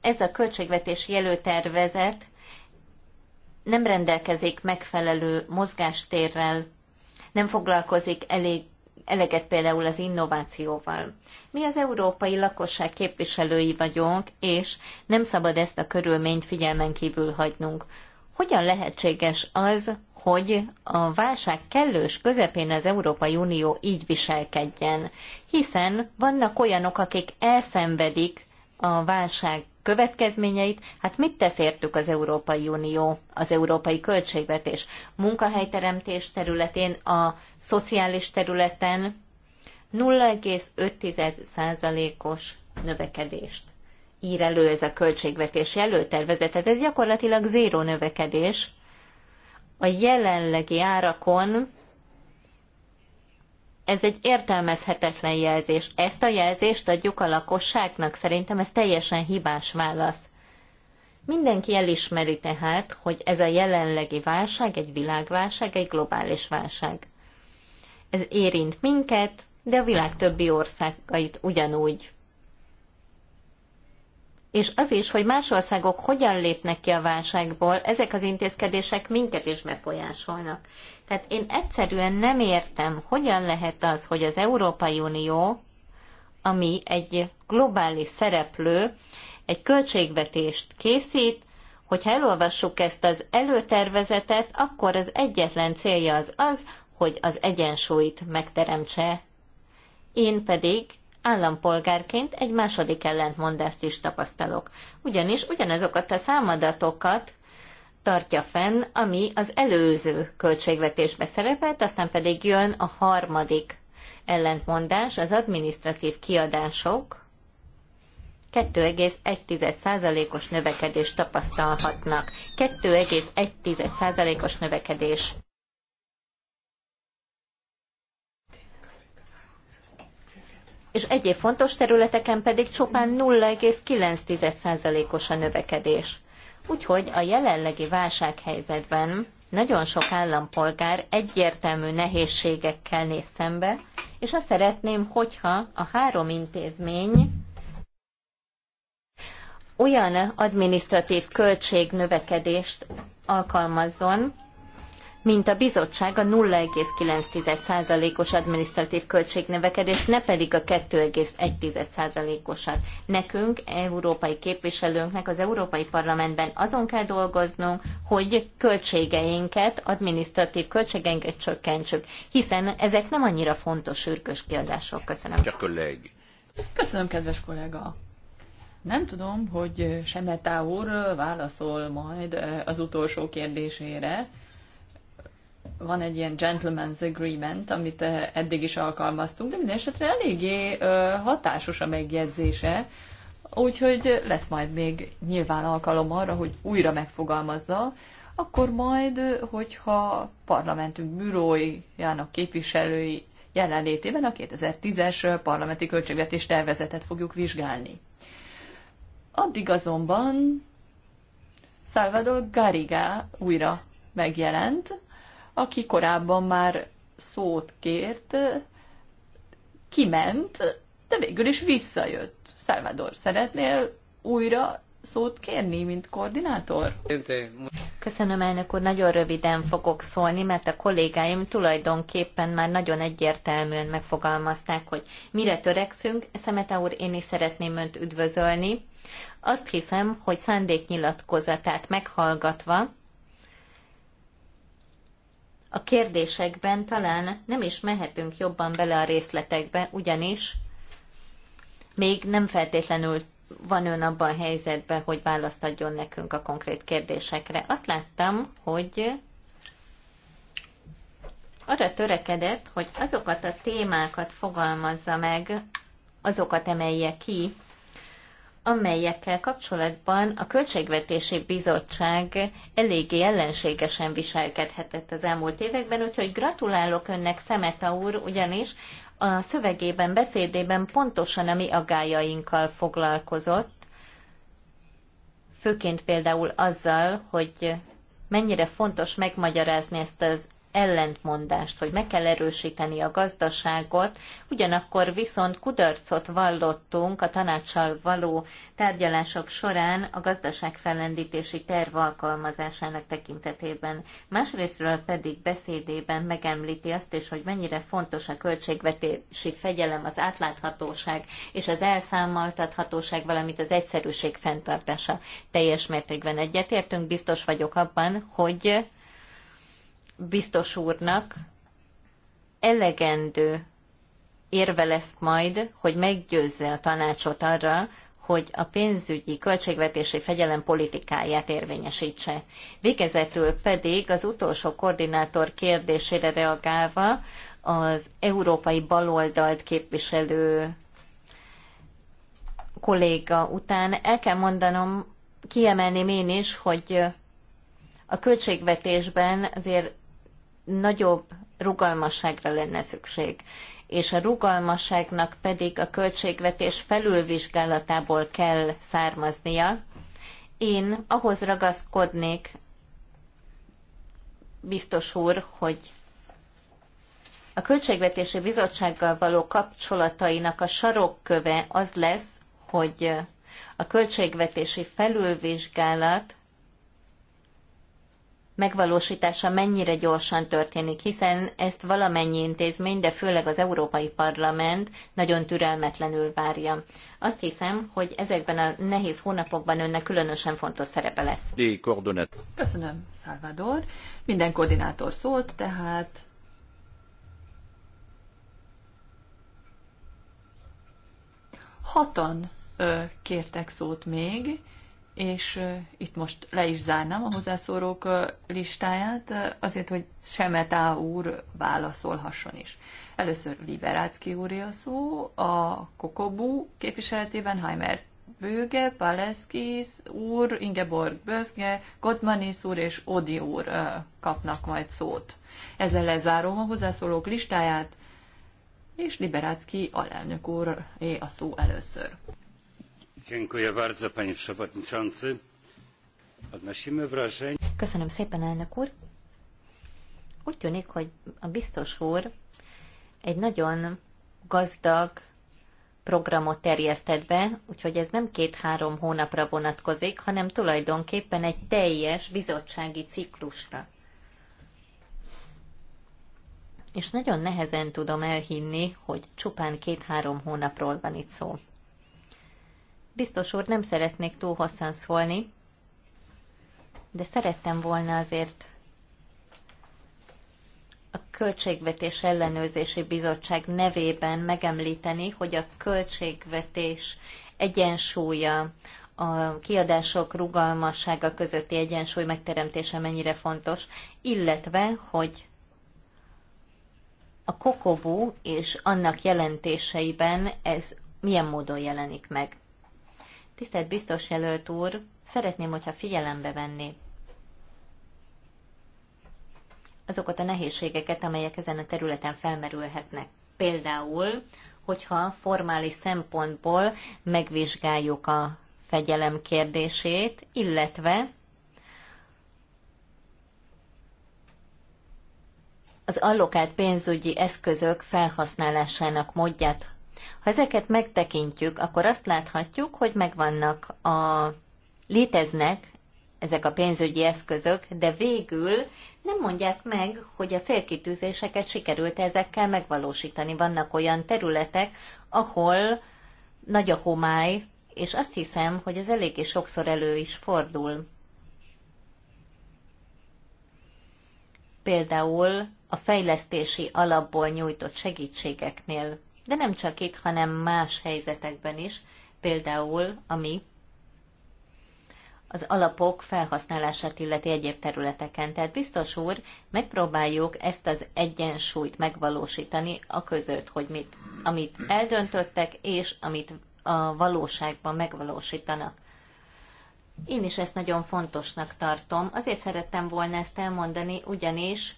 ez a költségvetési előtervezet nem rendelkezik megfelelő mozgástérrel, nem foglalkozik elég eleget például az innovációval. Mi az európai lakosság képviselői vagyunk, és nem szabad ezt a körülményt figyelmen kívül hagynunk. Hogyan lehetséges az, hogy a válság kellős közepén az Európai Unió így viselkedjen? Hiszen vannak olyanok, akik elszenvedik a válság következményeit, hát mit tesz értük az Európai Unió, az európai költségvetés? Munkahelyteremtés területén, a szociális területen 0,5%-os növekedést ír elő ez a költségvetési előtervezetet. Ez gyakorlatilag zéró növekedés. A jelenlegi árakon ez egy értelmezhetetlen jelzés. Ezt a jelzést adjuk a lakosságnak, szerintem ez teljesen hibás válasz. Mindenki elismeri tehát, hogy ez a jelenlegi válság egy világválság, egy globális válság. Ez érint minket, de a világ többi országait ugyanúgy és az is, hogy más országok hogyan lépnek ki a válságból, ezek az intézkedések minket is befolyásolnak. Tehát én egyszerűen nem értem, hogyan lehet az, hogy az Európai Unió, ami egy globális szereplő, egy költségvetést készít, hogyha elolvassuk ezt az előtervezetet, akkor az egyetlen célja az az, hogy az egyensúlyt megteremtse. Én pedig állampolgárként egy második ellentmondást is tapasztalok. Ugyanis ugyanazokat a számadatokat tartja fenn, ami az előző költségvetésbe szerepelt, aztán pedig jön a harmadik ellentmondás, az adminisztratív kiadások 2,1%-os növekedést tapasztalhatnak. 2,1%-os növekedés. és egyéb fontos területeken pedig csupán 0,9%-os a növekedés. Úgyhogy a jelenlegi válsághelyzetben nagyon sok állampolgár egyértelmű nehézségekkel néz szembe, és azt szeretném, hogyha a három intézmény olyan adminisztratív költségnövekedést alkalmazzon, mint a bizottság a 0,9%-os adminisztratív költségnövekedés, ne pedig a 2,1%-osat. Nekünk, európai képviselőnknek az Európai Parlamentben azon kell dolgoznunk, hogy költségeinket, adminisztratív költségeinket csökkentsük, hiszen ezek nem annyira fontos sürgős kiadások. Köszönöm. Köszönöm, kedves kollega. Nem tudom, hogy Semetá úr válaszol majd eh, az utolsó kérdésére, van egy ilyen gentleman's agreement, amit eh, eddig is alkalmaztunk, de minden esetre eléggé eh, hatásos a megjegyzése, úgyhogy lesz majd még nyilván alkalom arra, hogy újra megfogalmazza, akkor majd, eh, hogyha parlamentünk bürójának képviselői jelenlétében a 2010-es parlamenti költségvetés tervezetet fogjuk vizsgálni. Addig azonban Salvador Garriga újra megjelent, aki korábban már szót kért, kiment, de végül is visszajött. Salvador, szeretnél újra szót kérni, mint koordinátor? Köszönöm, elnök úr, nagyon röviden fogok szólni, mert a kollégáim tulajdonképpen már nagyon egyértelműen megfogalmazták, hogy mire törekszünk. Szemete úr, én is szeretném önt üdvözölni. Azt hiszem, hogy szándéknyilatkozatát meghallgatva a kérdésekben talán nem is mehetünk jobban bele a részletekbe, ugyanis még nem feltétlenül van ön abban a helyzetben, hogy választ adjon nekünk a konkrét kérdésekre. Azt láttam, hogy arra törekedett, hogy azokat a témákat fogalmazza meg, azokat emelje ki, amelyekkel kapcsolatban a Költségvetési Bizottság eléggé ellenségesen viselkedhetett az elmúlt években, úgyhogy gratulálok önnek, Szemeta úr, ugyanis a szövegében, beszédében pontosan a mi agájainkkal foglalkozott, főként például azzal, hogy mennyire fontos megmagyarázni ezt az ellentmondást, hogy meg kell erősíteni a gazdaságot, ugyanakkor viszont kudarcot vallottunk a tanácssal való tárgyalások során a gazdaságfellendítési terv alkalmazásának tekintetében. Másrésztről pedig beszédében megemlíti azt is, hogy mennyire fontos a költségvetési fegyelem, az átláthatóság és az elszámoltathatóság, valamint az egyszerűség fenntartása. Teljes mértékben egyetértünk, biztos vagyok abban, hogy biztos úrnak elegendő érve lesz majd, hogy meggyőzze a tanácsot arra, hogy a pénzügyi költségvetési fegyelem politikáját érvényesítse. Végezetül pedig az utolsó koordinátor kérdésére reagálva az európai baloldalt képviselő kolléga után el kell mondanom, kiemelném én is, hogy a költségvetésben azért nagyobb rugalmasságra lenne szükség, és a rugalmasságnak pedig a költségvetés felülvizsgálatából kell származnia. Én ahhoz ragaszkodnék, biztos úr, hogy a Költségvetési Bizottsággal való kapcsolatainak a sarokköve az lesz, hogy a költségvetési felülvizsgálat megvalósítása mennyire gyorsan történik, hiszen ezt valamennyi intézmény, de főleg az Európai Parlament nagyon türelmetlenül várja. Azt hiszem, hogy ezekben a nehéz hónapokban önnek különösen fontos szerepe lesz. Köszönöm, Salvador. Minden koordinátor szólt, tehát hatan ö, kértek szót még, és itt most le is zárnám a hozzászórók listáját, azért, hogy Semetá úr válaszolhasson is. Először Liberácki úré a szó, a Kokobú képviseletében Heimer Bőge, Paleszkis úr, Ingeborg Böszge Gottmanis úr és Odi úr kapnak majd szót. Ezzel lezárom a hozzászólók listáját, és Liberácki alelnök úr é a szó először. Köszönöm szépen, elnök úr. Úgy tűnik, hogy a biztos úr egy nagyon gazdag programot terjesztett be, úgyhogy ez nem két-három hónapra vonatkozik, hanem tulajdonképpen egy teljes bizottsági ciklusra. És nagyon nehezen tudom elhinni, hogy csupán két-három hónapról van itt szó. Biztos úr, nem szeretnék túl hosszan szólni, de szerettem volna azért a Költségvetés Ellenőrzési Bizottság nevében megemlíteni, hogy a költségvetés egyensúlya, a kiadások rugalmassága közötti egyensúly megteremtése mennyire fontos, illetve, hogy a kokobú és annak jelentéseiben ez milyen módon jelenik meg. Tisztelt biztos jelölt úr, szeretném, hogyha figyelembe venni azokat a nehézségeket, amelyek ezen a területen felmerülhetnek. Például, hogyha formális szempontból megvizsgáljuk a fegyelem kérdését, illetve az allokált pénzügyi eszközök felhasználásának módját ha ezeket megtekintjük, akkor azt láthatjuk, hogy megvannak a léteznek ezek a pénzügyi eszközök, de végül nem mondják meg, hogy a célkitűzéseket sikerült ezekkel megvalósítani. Vannak olyan területek, ahol nagy a homály, és azt hiszem, hogy ez eléggé sokszor elő is fordul. Például a fejlesztési alapból nyújtott segítségeknél de nem csak itt, hanem más helyzetekben is, például ami az alapok felhasználását illeti egyéb területeken. Tehát biztos úr, megpróbáljuk ezt az egyensúlyt megvalósítani a között, hogy mit, amit eldöntöttek, és amit a valóságban megvalósítanak. Én is ezt nagyon fontosnak tartom. Azért szerettem volna ezt elmondani, ugyanis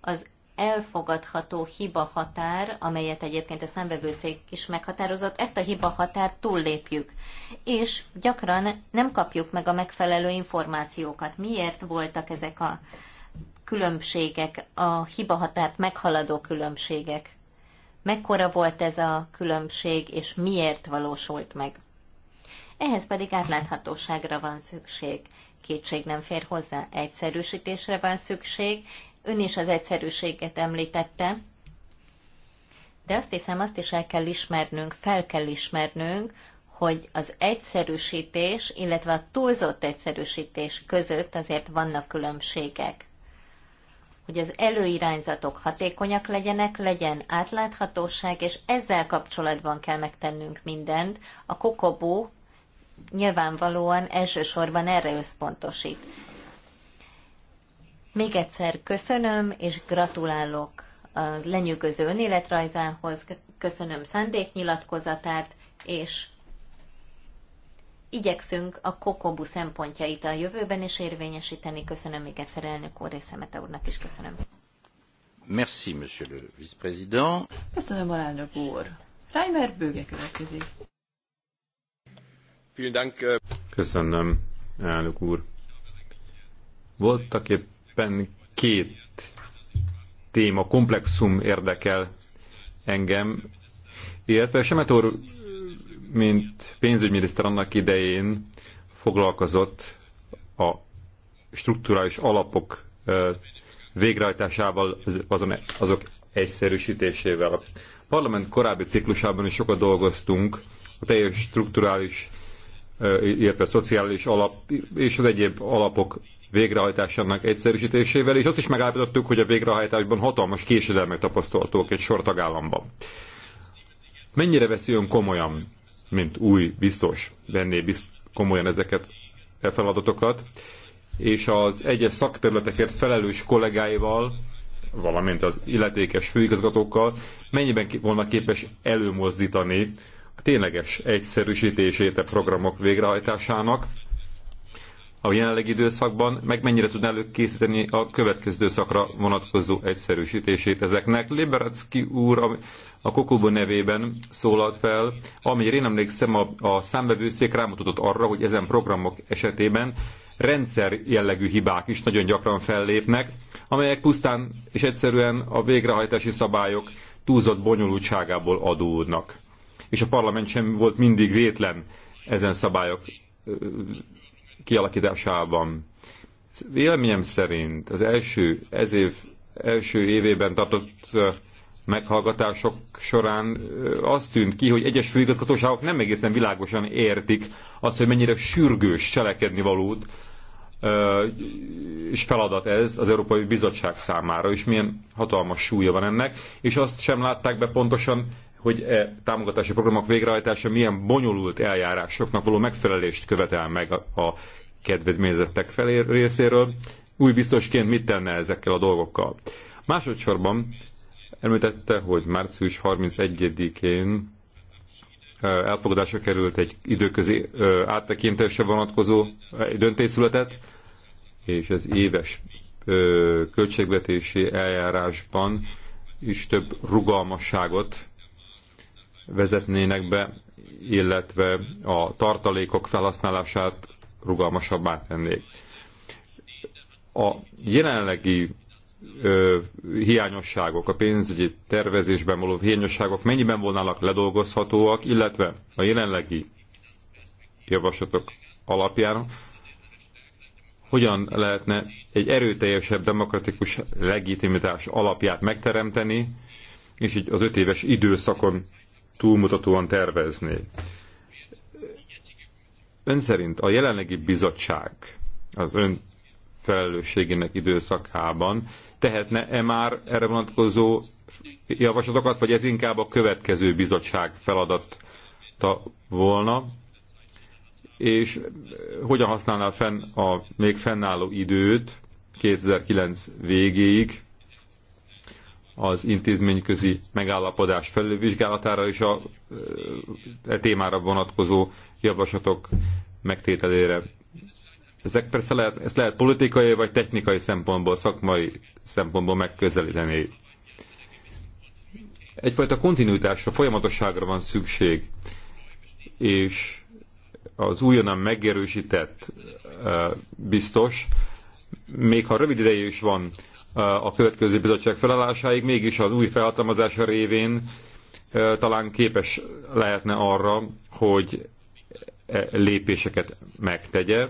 az elfogadható hiba határ, amelyet egyébként a szembevőszék is meghatározott, ezt a hiba határt túllépjük. És gyakran nem kapjuk meg a megfelelő információkat. Miért voltak ezek a különbségek, a hiba határt meghaladó különbségek? Mekkora volt ez a különbség, és miért valósult meg? Ehhez pedig átláthatóságra van szükség kétség nem fér hozzá. Egyszerűsítésre van szükség, Ön is az egyszerűséget említette, de azt hiszem, azt is el kell ismernünk, fel kell ismernünk, hogy az egyszerűsítés, illetve a túlzott egyszerűsítés között azért vannak különbségek. Hogy az előirányzatok hatékonyak legyenek, legyen átláthatóság, és ezzel kapcsolatban kell megtennünk mindent. A kokobó nyilvánvalóan elsősorban erre összpontosít. Még egyszer köszönöm, és gratulálok a lenyűgöző önéletrajzához, köszönöm szándéknyilatkozatát, és igyekszünk a kokobu szempontjait a jövőben is érvényesíteni. Köszönöm még egyszer elnök úr és Szemete úrnak is köszönöm. Merci, monsieur le vice-président. Köszönöm, alelnök úr. Reimer bőge következik. Köszönöm, elnök úr. Voltak épp éppen két téma, komplexum érdekel engem, illetve Semetor, mint pénzügyminiszter annak idején foglalkozott a strukturális alapok végrehajtásával, azon, azok egyszerűsítésével. A parlament korábbi ciklusában is sokat dolgoztunk a teljes strukturális illetve szociális alap és az egyéb alapok végrehajtásának egyszerűsítésével, és azt is megállapítottuk, hogy a végrehajtásban hatalmas késedelmek tapasztaltók egy sor tagállamban. Mennyire veszi ön komolyan, mint új biztos, venné bizt, komolyan ezeket a e feladatokat, és az egyes szakterületeket felelős kollégáival, valamint az illetékes főigazgatókkal mennyiben volna képes előmozdítani tényleges egyszerűsítését a programok végrehajtásának a jelenlegi időszakban, meg mennyire tud előkészíteni a következő időszakra vonatkozó egyszerűsítését ezeknek. Liberacki úr a, a Kokubo nevében szólalt fel, amire én emlékszem a, a számbevőszék rámutatott arra, hogy ezen programok esetében rendszer jellegű hibák is nagyon gyakran fellépnek, amelyek pusztán és egyszerűen a végrehajtási szabályok túlzott bonyolultságából adódnak és a parlament sem volt mindig vétlen ezen szabályok kialakításában. Véleményem szerint az első, ez év, első évében tartott meghallgatások során azt tűnt ki, hogy egyes főigazgatóságok nem egészen világosan értik azt, hogy mennyire sürgős cselekedni valót és feladat ez az Európai Bizottság számára, és milyen hatalmas súlya van ennek, és azt sem látták be pontosan, hogy e támogatási programok végrehajtása milyen bonyolult eljárásoknak való megfelelést követel meg a, a kedvezményezettek felé részéről. Új biztosként mit tenne ezekkel a dolgokkal? Másodszorban említette, hogy március 31-én e, elfogadásra került egy időközi e, áttekintésre vonatkozó e, döntés született, és az éves költségvetési eljárásban is több rugalmasságot vezetnének be, illetve a tartalékok felhasználását rugalmasabbá tennék. A jelenlegi ö, hiányosságok, a pénzügyi tervezésben való hiányosságok mennyiben volnának ledolgozhatóak, illetve a jelenlegi javaslatok alapján hogyan lehetne egy erőteljesebb demokratikus legitimitás alapját megteremteni, és így az öt éves időszakon túlmutatóan tervezni. Ön szerint a jelenlegi bizottság az ön felelősségének időszakában tehetne-e már erre vonatkozó javaslatokat, vagy ez inkább a következő bizottság feladata volna, és hogyan használná fenn a még fennálló időt 2009 végéig, az intézményközi megállapodás felülvizsgálatára és a, a e, e témára vonatkozó javaslatok megtételére. Ezek persze lehet, ezt lehet politikai vagy technikai szempontból, szakmai szempontból megközelíteni. Egyfajta kontinuitásra, folyamatosságra van szükség, és az újonnan megerősített e, biztos, még ha rövid ideje is van a következő bizottság felállásáig, mégis az új felhatalmazása révén talán képes lehetne arra, hogy e, lépéseket megtegye,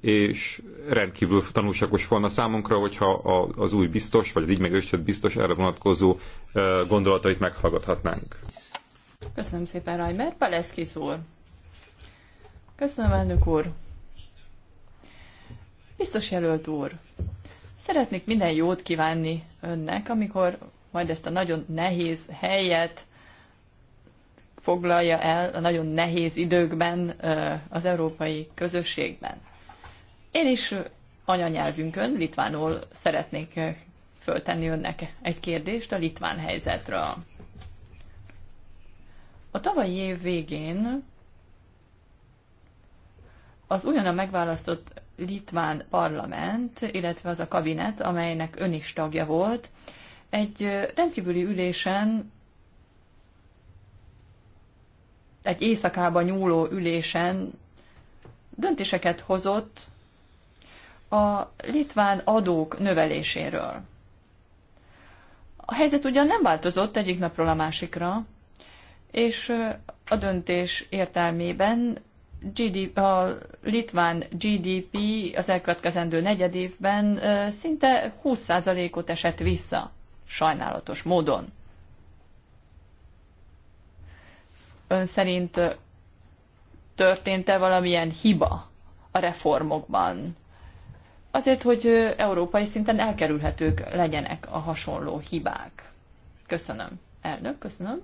és rendkívül tanulságos volna számunkra, hogyha az új biztos, vagy az így megősített biztos erre vonatkozó gondolatait meghallgathatnánk. Köszönöm szépen, Rajmer. Paleszki szól. Köszönöm, elnök úr. Biztos jelölt úr. Szeretnék minden jót kívánni önnek, amikor majd ezt a nagyon nehéz helyet foglalja el a nagyon nehéz időkben az európai közösségben. Én is anyanyelvünkön, litvánul szeretnék föltenni önnek egy kérdést a litván helyzetről. A tavalyi év végén az újonnan megválasztott litván parlament, illetve az a kabinet, amelynek ön is tagja volt, egy rendkívüli ülésen, egy éjszakába nyúló ülésen döntéseket hozott a litván adók növeléséről. A helyzet ugyan nem változott egyik napról a másikra, és a döntés értelmében GDP, a litván GDP az elkövetkezendő negyed évben szinte 20%-ot esett vissza, sajnálatos módon. Ön szerint történt-e valamilyen hiba a reformokban? Azért, hogy európai szinten elkerülhetők legyenek a hasonló hibák. Köszönöm. Elnök, köszönöm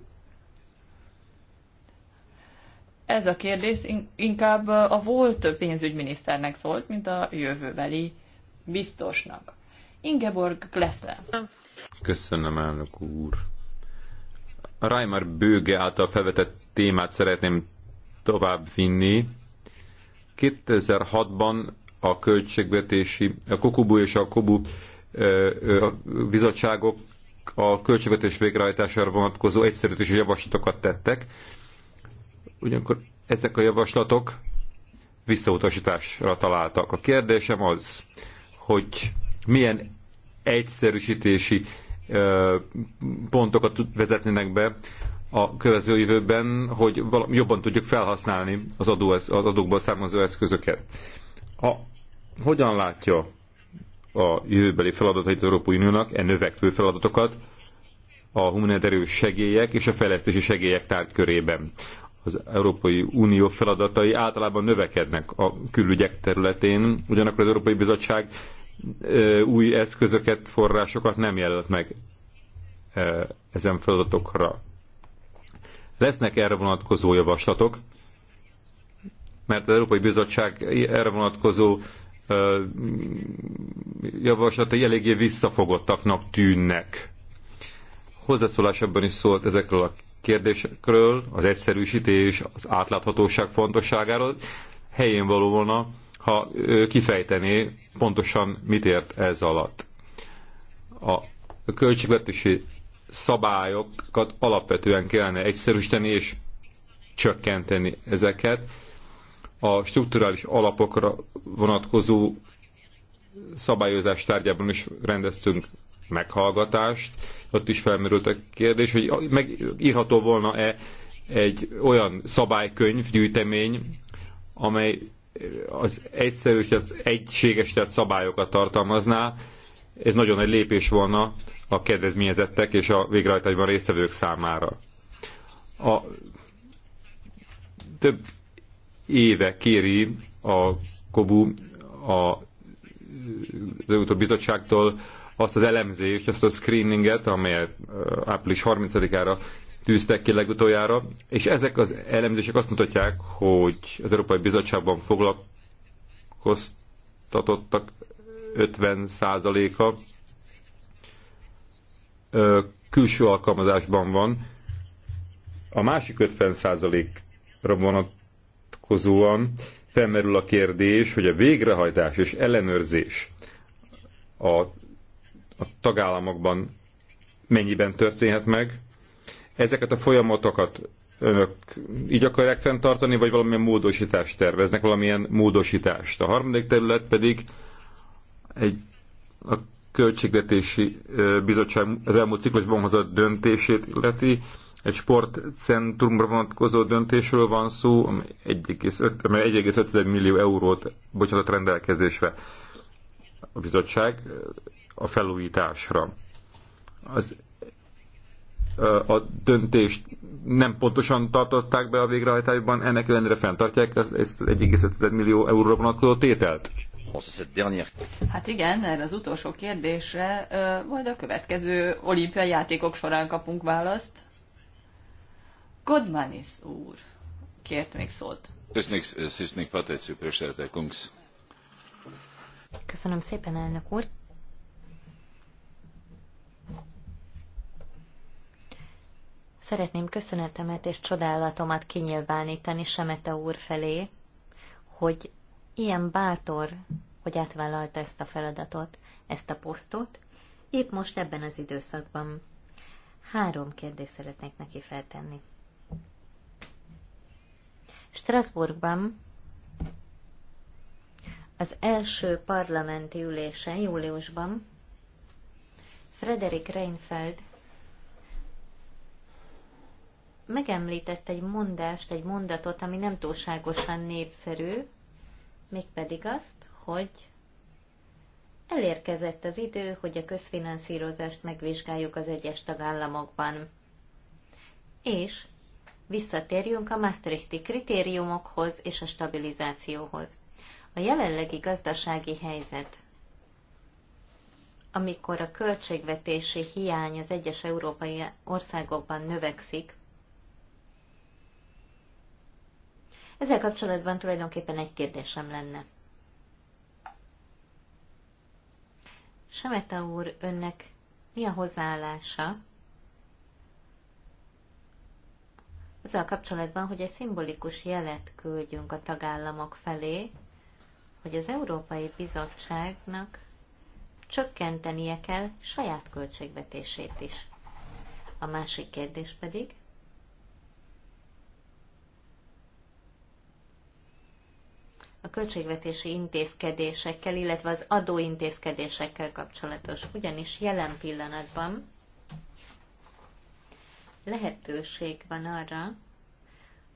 ez a kérdés inkább a volt pénzügyminiszternek szólt, mint a jövőbeli biztosnak. Ingeborg Glessler. Köszönöm, elnök úr. A Reimer bőge által felvetett témát szeretném vinni. 2006-ban a költségvetési, a Kokubu és a Kobu a bizottságok a költségvetés végrehajtására vonatkozó egyszerűtési javaslatokat tettek ugyankor ezek a javaslatok visszautasításra találtak. A kérdésem az, hogy milyen egyszerűsítési pontokat vezetnének be a következő jövőben, hogy jobban tudjuk felhasználni az, adó, az adókból származó eszközöket. A, hogyan látja a jövőbeli feladatait az Európai Uniónak, e növekvő feladatokat a humanitárius segélyek és a fejlesztési segélyek tárgykörében az Európai Unió feladatai általában növekednek a külügyek területén, ugyanakkor az Európai Bizottság új eszközöket, forrásokat nem jelölt meg ezen feladatokra. Lesznek erre vonatkozó javaslatok, mert az Európai Bizottság erre vonatkozó javaslatai eléggé visszafogottaknak tűnnek. Hozzászólásában is szólt ezekről a kérdésekről, az egyszerűsítés, az átláthatóság fontosságáról helyén való volna, ha kifejtené pontosan mit ért ez alatt. A költségvetési szabályokat alapvetően kellene egyszerűsíteni és csökkenteni ezeket. A strukturális alapokra vonatkozó szabályozás tárgyában is rendeztünk meghallgatást, ott is felmerült a kérdés, hogy megírható volna-e egy olyan szabálykönyv, gyűjtemény, amely az egyszerűs, az tehát szabályokat tartalmazná. Ez nagyon egy lépés volna a kedvezményezettek és a végrehajtásban résztvevők számára. A több éve kéri a KOBU a az Bizottságtól azt az elemzést, azt a screeninget, amelyet április 30-ára tűztek ki legutoljára, és ezek az elemzések azt mutatják, hogy az Európai Bizottságban foglalkoztatottak 50%-a külső alkalmazásban van. A másik 50%-ra vonatkozóan felmerül a kérdés, hogy a végrehajtás és ellenőrzés a a tagállamokban mennyiben történhet meg. Ezeket a folyamatokat önök így akarják fenntartani, vagy valamilyen módosítást terveznek, valamilyen módosítást. A harmadik terület pedig egy, a Költségvetési Bizottság az elmúlt ciklusban hozott döntését illeti. Egy sportcentrumra vonatkozó döntésről van szó, amely 1,5 millió eurót bocsátott rendelkezésre a bizottság a felújításra. Az, a döntést nem pontosan tartották be a végrehajtásban, ennek ellenére fenntartják az, ezt 1,5 millió euróra vonatkozó tételt. Hát igen, erre az utolsó kérdésre majd a következő olimpiai játékok során kapunk választ. Godmanis úr kért még szót. Köszönöm szépen, elnök úr. Szeretném köszönetemet és csodálatomat kinyilvánítani Semete úr felé, hogy ilyen bátor, hogy átvállalta ezt a feladatot, ezt a posztot, épp most ebben az időszakban. Három kérdést szeretnék neki feltenni. Strasbourgban az első parlamenti ülésen, júliusban Frederik Reinfeld megemlített egy mondást, egy mondatot, ami nem túlságosan népszerű, mégpedig azt, hogy elérkezett az idő, hogy a közfinanszírozást megvizsgáljuk az egyes tagállamokban. És visszatérjünk a Maastrichti kritériumokhoz és a stabilizációhoz. A jelenlegi gazdasági helyzet, amikor a költségvetési hiány az egyes európai országokban növekszik, Ezzel kapcsolatban tulajdonképpen egy kérdésem lenne. Semeta úr, önnek mi a hozzáállása azzal kapcsolatban, hogy egy szimbolikus jelet küldjünk a tagállamok felé, hogy az Európai Bizottságnak csökkentenie kell saját költségvetését is. A másik kérdés pedig, a költségvetési intézkedésekkel, illetve az adóintézkedésekkel kapcsolatos. Ugyanis jelen pillanatban lehetőség van arra,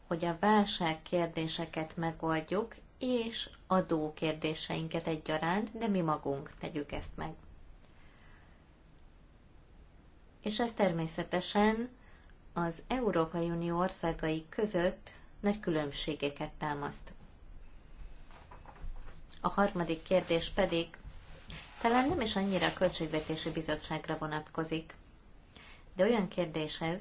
hogy a válság kérdéseket megoldjuk, és adó kérdéseinket egyaránt, de mi magunk tegyük ezt meg. És ez természetesen az Európai Unió országai között nagy különbségeket támaszt. A harmadik kérdés pedig talán nem is annyira a Költségvetési Bizottságra vonatkozik, de olyan kérdés ez,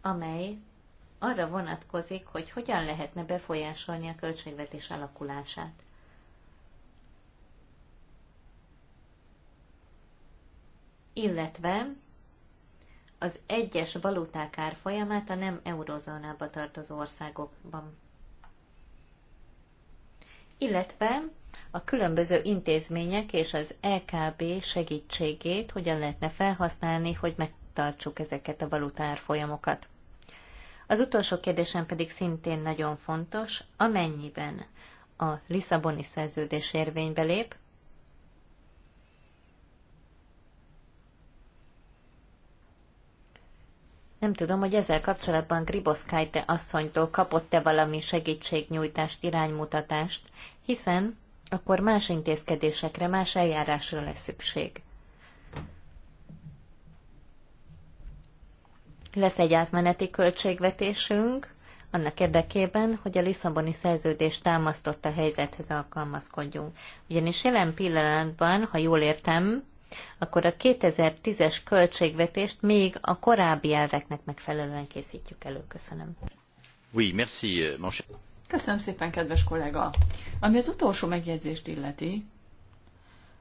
amely arra vonatkozik, hogy hogyan lehetne befolyásolni a költségvetés alakulását. Illetve az egyes valuták árfolyamát a nem eurozónába tartozó országokban illetve a különböző intézmények és az LKB e segítségét hogyan lehetne felhasználni, hogy megtartsuk ezeket a valutár folyamokat. Az utolsó kérdésem pedig szintén nagyon fontos, amennyiben a Lisszaboni szerződés érvénybe lép, Nem tudom, hogy ezzel kapcsolatban Griboszkájte asszonytól kapott-e valami segítségnyújtást, iránymutatást, hiszen akkor más intézkedésekre, más eljárásra lesz szükség. Lesz egy átmeneti költségvetésünk, annak érdekében, hogy a Lisszaboni szerződés támasztott a helyzethez alkalmazkodjunk. Ugyanis jelen pillanatban, ha jól értem, akkor a 2010-es költségvetést még a korábbi elveknek megfelelően készítjük elő. Köszönöm. Oui, merci, mon Köszönöm szépen, kedves kollega. Ami az utolsó megjegyzést illeti,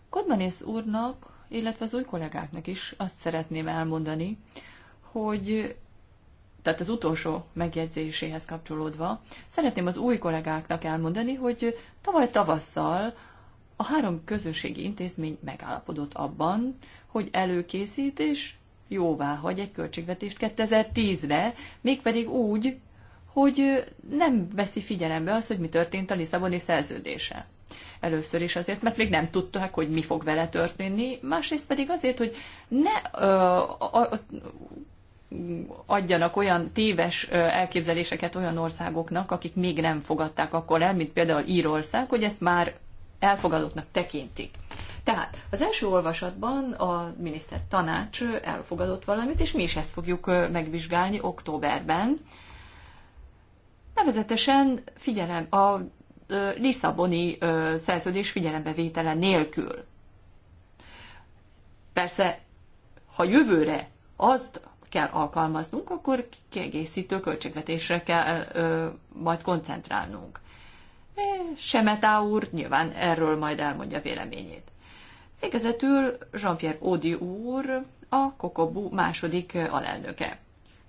Kodmanész úrnak, illetve az új kollégáknak is azt szeretném elmondani, hogy tehát az utolsó megjegyzéséhez kapcsolódva, szeretném az új kollégáknak elmondani, hogy tavaly tavasszal a három közösségi intézmény megállapodott abban, hogy előkészít és jóvá hagy egy költségvetést 2010-re, mégpedig úgy, hogy nem veszi figyelembe azt, hogy mi történt a Lisszaboni szerződése. Először is azért, mert még nem tudták, hogy mi fog vele történni, másrészt pedig azért, hogy ne ö, a, a, adjanak olyan téves elképzeléseket olyan országoknak, akik még nem fogadták akkor el, mint például Írország, hogy ezt már elfogadottnak tekintik. Tehát az első olvasatban a miniszter tanács elfogadott valamit, és mi is ezt fogjuk megvizsgálni októberben nevezetesen figyelem, a Lisszaboni szerződés figyelembevétele nélkül. Persze, ha jövőre azt kell alkalmaznunk, akkor kiegészítő költségvetésre kell ö, majd koncentrálnunk. E, Semetá úr nyilván erről majd elmondja véleményét. Végezetül Jean-Pierre Audi úr, a Kokobu második alelnöke.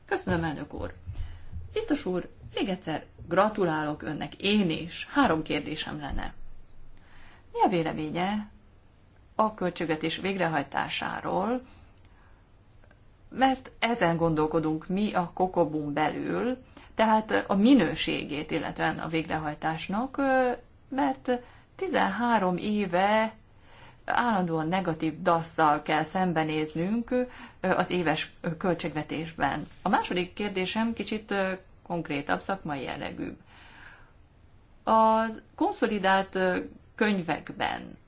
Köszönöm, elnök úr! Biztos úr, még egyszer gratulálok önnek, én is. Három kérdésem lenne. Mi a véleménye a költségvetés végrehajtásáról, mert ezen gondolkodunk mi a kokobun belül, tehát a minőségét, illetően a végrehajtásnak, mert 13 éve állandóan negatív dasszal kell szembenéznünk az éves költségvetésben. A második kérdésem kicsit konkrétabb, szakmai jellegű. A konszolidált könyvekben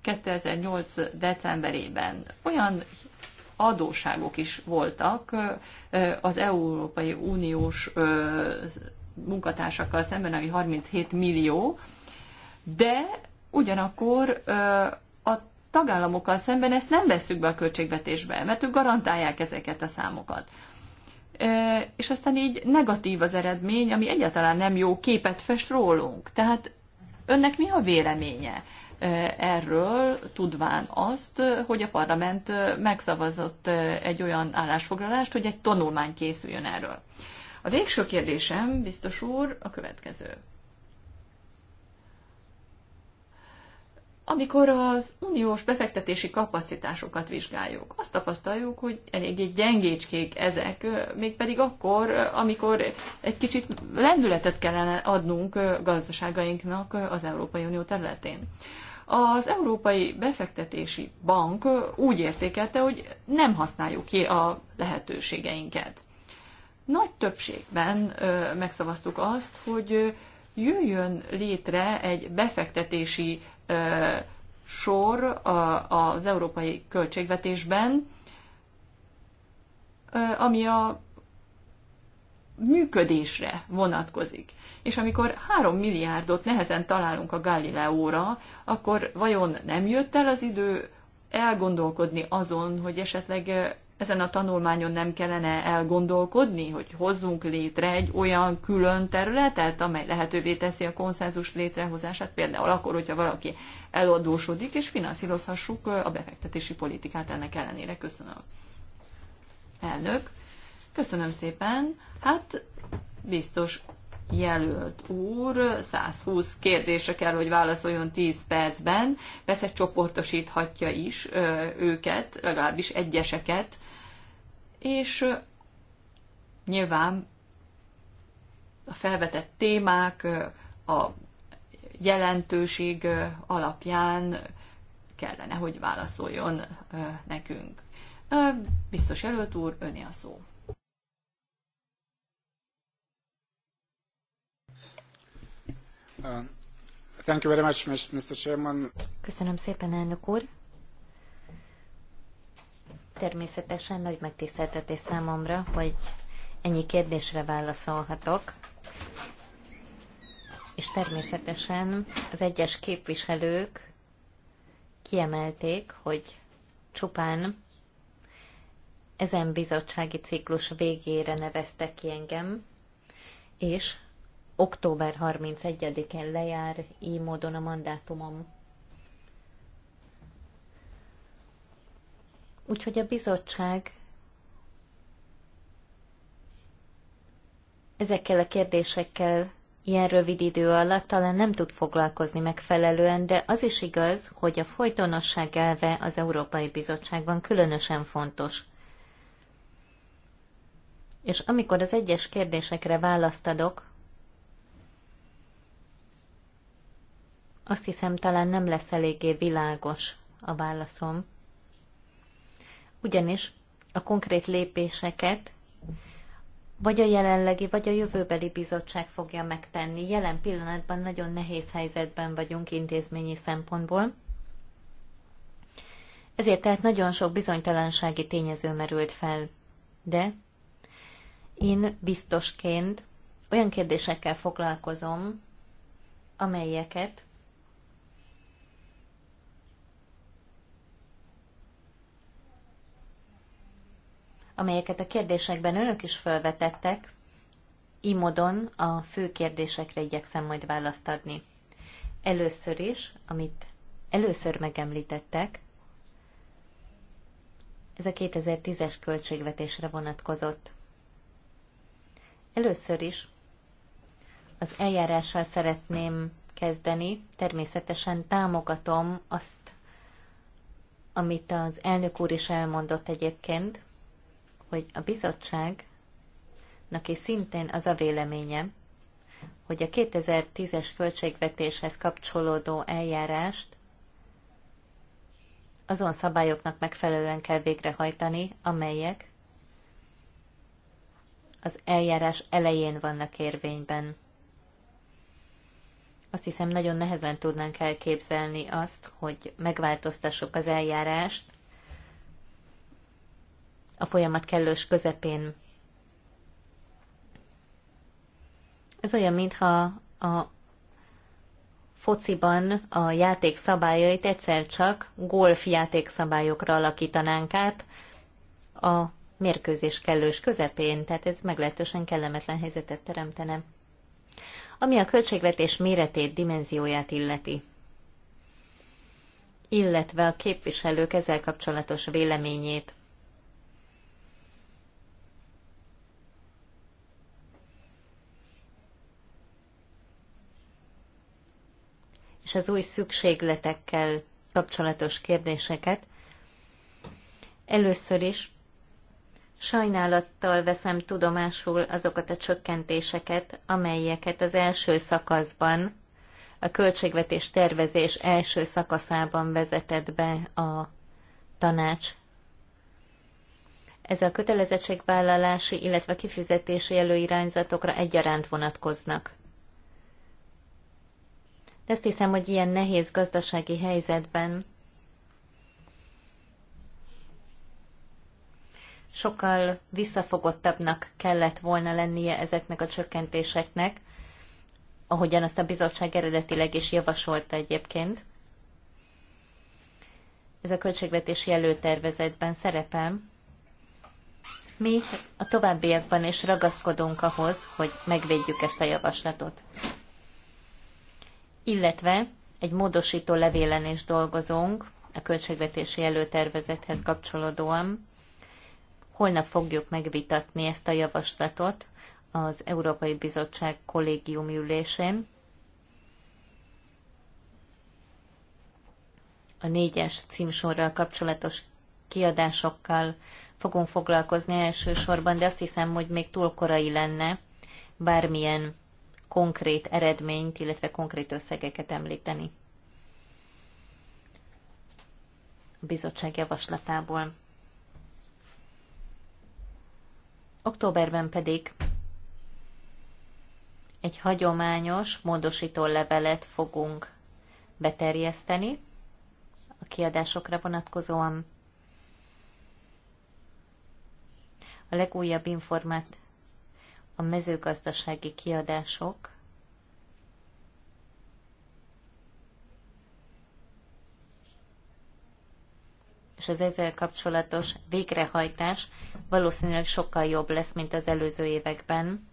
2008. decemberében olyan adóságok is voltak az Európai Uniós munkatársakkal szemben, ami 37 millió, de ugyanakkor a tagállamokkal szemben ezt nem veszük be a költségvetésbe, mert ők garantálják ezeket a számokat és aztán így negatív az eredmény, ami egyáltalán nem jó képet fest rólunk. Tehát önnek mi a véleménye erről, tudván azt, hogy a parlament megszavazott egy olyan állásfoglalást, hogy egy tanulmány készüljön erről. A végső kérdésem, biztos úr, a következő. Amikor az uniós befektetési kapacitásokat vizsgáljuk, azt tapasztaljuk, hogy eléggé gyengécskék ezek, mégpedig akkor, amikor egy kicsit lendületet kellene adnunk gazdaságainknak az Európai Unió területén. Az Európai Befektetési Bank úgy értékelte, hogy nem használjuk ki a lehetőségeinket. Nagy többségben megszavaztuk azt, hogy jöjjön létre egy befektetési sor az európai költségvetésben, ami a működésre vonatkozik. És amikor három milliárdot nehezen találunk a Galileóra, akkor vajon nem jött el az idő elgondolkodni azon, hogy esetleg ezen a tanulmányon nem kellene elgondolkodni, hogy hozzunk létre egy olyan külön területet, amely lehetővé teszi a konszenzus létrehozását, például akkor, hogyha valaki eladósodik, és finanszírozhassuk a befektetési politikát ennek ellenére. Köszönöm. Elnök, köszönöm szépen. Hát biztos jelölt úr 120 kérdésre kell, hogy válaszoljon 10 percben. Persze csoportosíthatja is őket, legalábbis egyeseket. És nyilván a felvetett témák, a jelentőség alapján kellene, hogy válaszoljon nekünk. Biztos jelölt úr, öné a szó. Thank you very much, Mr. Chairman. Köszönöm szépen, elnök úr. Természetesen nagy megtiszteltetés számomra, hogy ennyi kérdésre válaszolhatok. És természetesen az egyes képviselők kiemelték, hogy csupán ezen bizottsági ciklus végére neveztek ki engem, és október 31-én lejár így módon a mandátumom. Úgyhogy a bizottság ezekkel a kérdésekkel ilyen rövid idő alatt talán nem tud foglalkozni megfelelően, de az is igaz, hogy a folytonosság elve az Európai Bizottságban különösen fontos. És amikor az egyes kérdésekre választ adok, Azt hiszem, talán nem lesz eléggé világos a válaszom. Ugyanis a konkrét lépéseket vagy a jelenlegi, vagy a jövőbeli bizottság fogja megtenni. Jelen pillanatban nagyon nehéz helyzetben vagyunk intézményi szempontból. Ezért tehát nagyon sok bizonytalansági tényező merült fel. De én biztosként olyan kérdésekkel foglalkozom, amelyeket amelyeket a kérdésekben önök is felvetettek, így módon a fő kérdésekre igyekszem majd választ adni. Először is, amit először megemlítettek, ez a 2010-es költségvetésre vonatkozott. Először is az eljárással szeretném kezdeni. Természetesen támogatom azt, amit az elnök úr is elmondott egyébként, hogy a bizottságnak is szintén az a véleménye, hogy a 2010-es költségvetéshez kapcsolódó eljárást azon szabályoknak megfelelően kell végrehajtani, amelyek az eljárás elején vannak érvényben. Azt hiszem, nagyon nehezen tudnánk elképzelni azt, hogy megváltoztassuk az eljárást a folyamat kellős közepén. Ez olyan, mintha a fociban a játék szabályait egyszer csak golf játék szabályokra alakítanánk át a mérkőzés kellős közepén, tehát ez meglehetősen kellemetlen helyzetet teremtene. Ami a költségvetés méretét, dimenzióját illeti, illetve a képviselők ezzel kapcsolatos véleményét. és az új szükségletekkel kapcsolatos kérdéseket. Először is sajnálattal veszem tudomásul azokat a csökkentéseket, amelyeket az első szakaszban, a költségvetés tervezés első szakaszában vezetett be a tanács. Ez a kötelezettségvállalási, illetve kifizetési előirányzatokra egyaránt vonatkoznak. De azt hiszem, hogy ilyen nehéz gazdasági helyzetben sokkal visszafogottabbnak kellett volna lennie ezeknek a csökkentéseknek, ahogyan azt a bizottság eredetileg is javasolta egyébként. Ez a költségvetési előtervezetben szerepel. Mi a továbbiakban is ragaszkodunk ahhoz, hogy megvédjük ezt a javaslatot illetve egy módosító levélen is dolgozunk a költségvetési előtervezethez kapcsolódóan. Holnap fogjuk megvitatni ezt a javaslatot az Európai Bizottság kollégium ülésén. A négyes címsorral kapcsolatos kiadásokkal fogunk foglalkozni elsősorban, de azt hiszem, hogy még túl korai lenne bármilyen konkrét eredményt, illetve konkrét összegeket említeni a bizottság javaslatából. Októberben pedig egy hagyományos módosító levelet fogunk beterjeszteni a kiadásokra vonatkozóan. A legújabb információ a mezőgazdasági kiadások és az ezzel kapcsolatos végrehajtás valószínűleg sokkal jobb lesz, mint az előző években.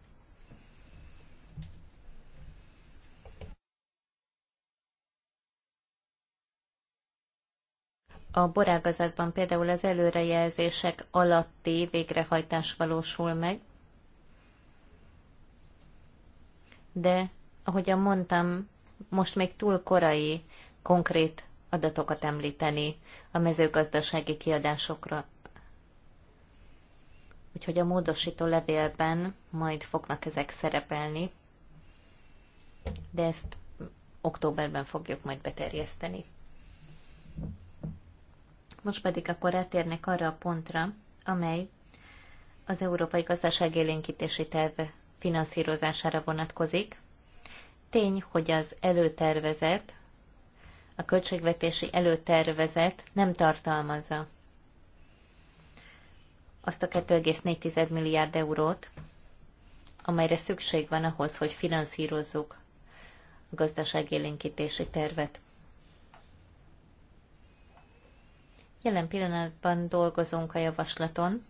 A borágazatban például az előrejelzések alatti végrehajtás valósul meg, de ahogyan mondtam, most még túl korai konkrét adatokat említeni a mezőgazdasági kiadásokra. Úgyhogy a módosító levélben majd fognak ezek szerepelni, de ezt októberben fogjuk majd beterjeszteni. Most pedig akkor rátérnek arra a pontra, amely az Európai Élénkítési Terv finanszírozására vonatkozik. Tény, hogy az előtervezet, a költségvetési előtervezet nem tartalmazza azt a 2,4 milliárd eurót, amelyre szükség van ahhoz, hogy finanszírozzuk a gazdaságélénkítési tervet. Jelen pillanatban dolgozunk a javaslaton,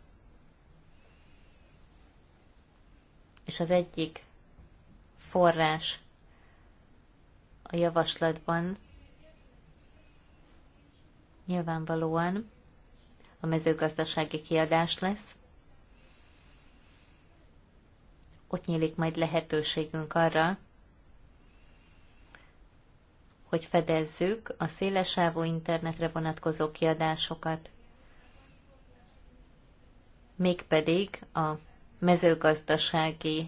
és az egyik forrás a javaslatban nyilvánvalóan a mezőgazdasági kiadás lesz. Ott nyílik majd lehetőségünk arra, hogy fedezzük a szélesávú internetre vonatkozó kiadásokat, mégpedig a mezőgazdasági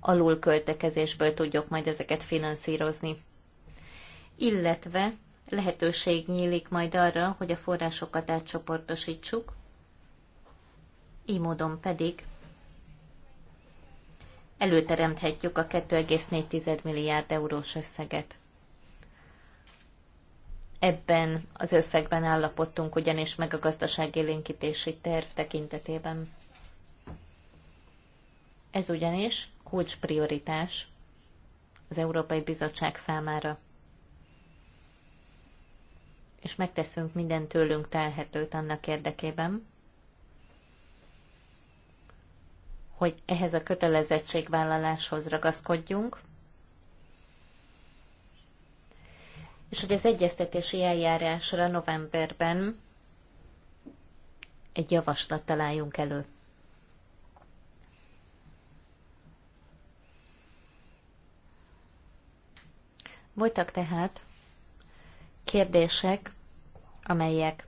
alulköltekezésből tudjuk majd ezeket finanszírozni. Illetve lehetőség nyílik majd arra, hogy a forrásokat átcsoportosítsuk, így módon pedig előteremthetjük a 2,4 milliárd eurós összeget. Ebben az összegben állapodtunk ugyanis meg a gazdaságélénkítési terv tekintetében. Ez ugyanis kulcsprioritás az Európai Bizottság számára. És megteszünk minden tőlünk telhetőt annak érdekében, hogy ehhez a kötelezettségvállaláshoz ragaszkodjunk, és hogy az egyeztetési eljárásra novemberben egy javaslat találjunk elő. Voltak tehát kérdések, amelyek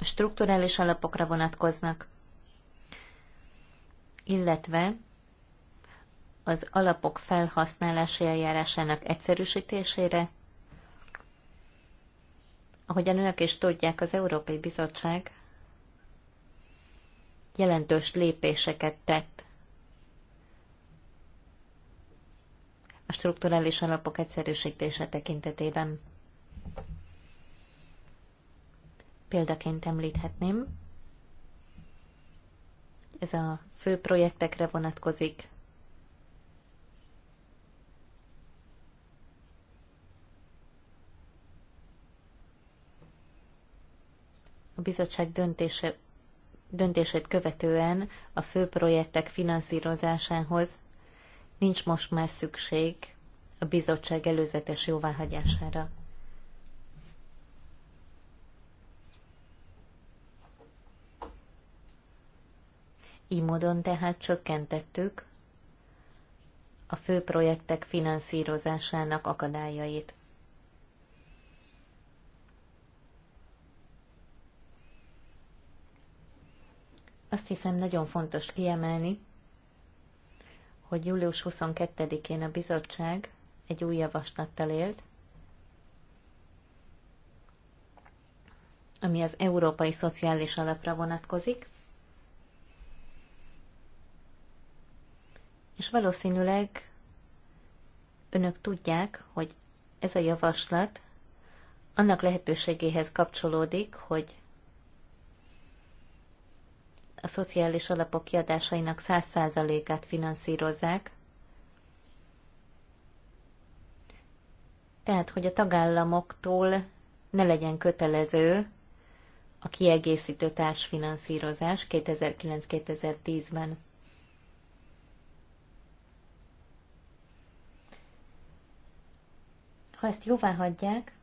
strukturális alapokra vonatkoznak, illetve az alapok felhasználási eljárásának egyszerűsítésére. Ahogyan önök is tudják, az Európai Bizottság jelentős lépéseket tett a strukturális alapok egyszerűsítése tekintetében. Példaként említhetném, ez a fő projektekre vonatkozik, bizottság döntése, döntését követően a fő projektek finanszírozásához nincs most már szükség a bizottság előzetes jóváhagyására. Így módon tehát csökkentettük a fő projektek finanszírozásának akadályait. Azt hiszem nagyon fontos kiemelni, hogy július 22-én a bizottság egy új javaslattal élt, ami az Európai Szociális Alapra vonatkozik, és valószínűleg önök tudják, hogy ez a javaslat annak lehetőségéhez kapcsolódik, hogy a szociális alapok kiadásainak 100%-át finanszírozzák, tehát hogy a tagállamoktól ne legyen kötelező a kiegészítő társfinanszírozás 2009-2010-ben. Ha ezt jóvá hagyják,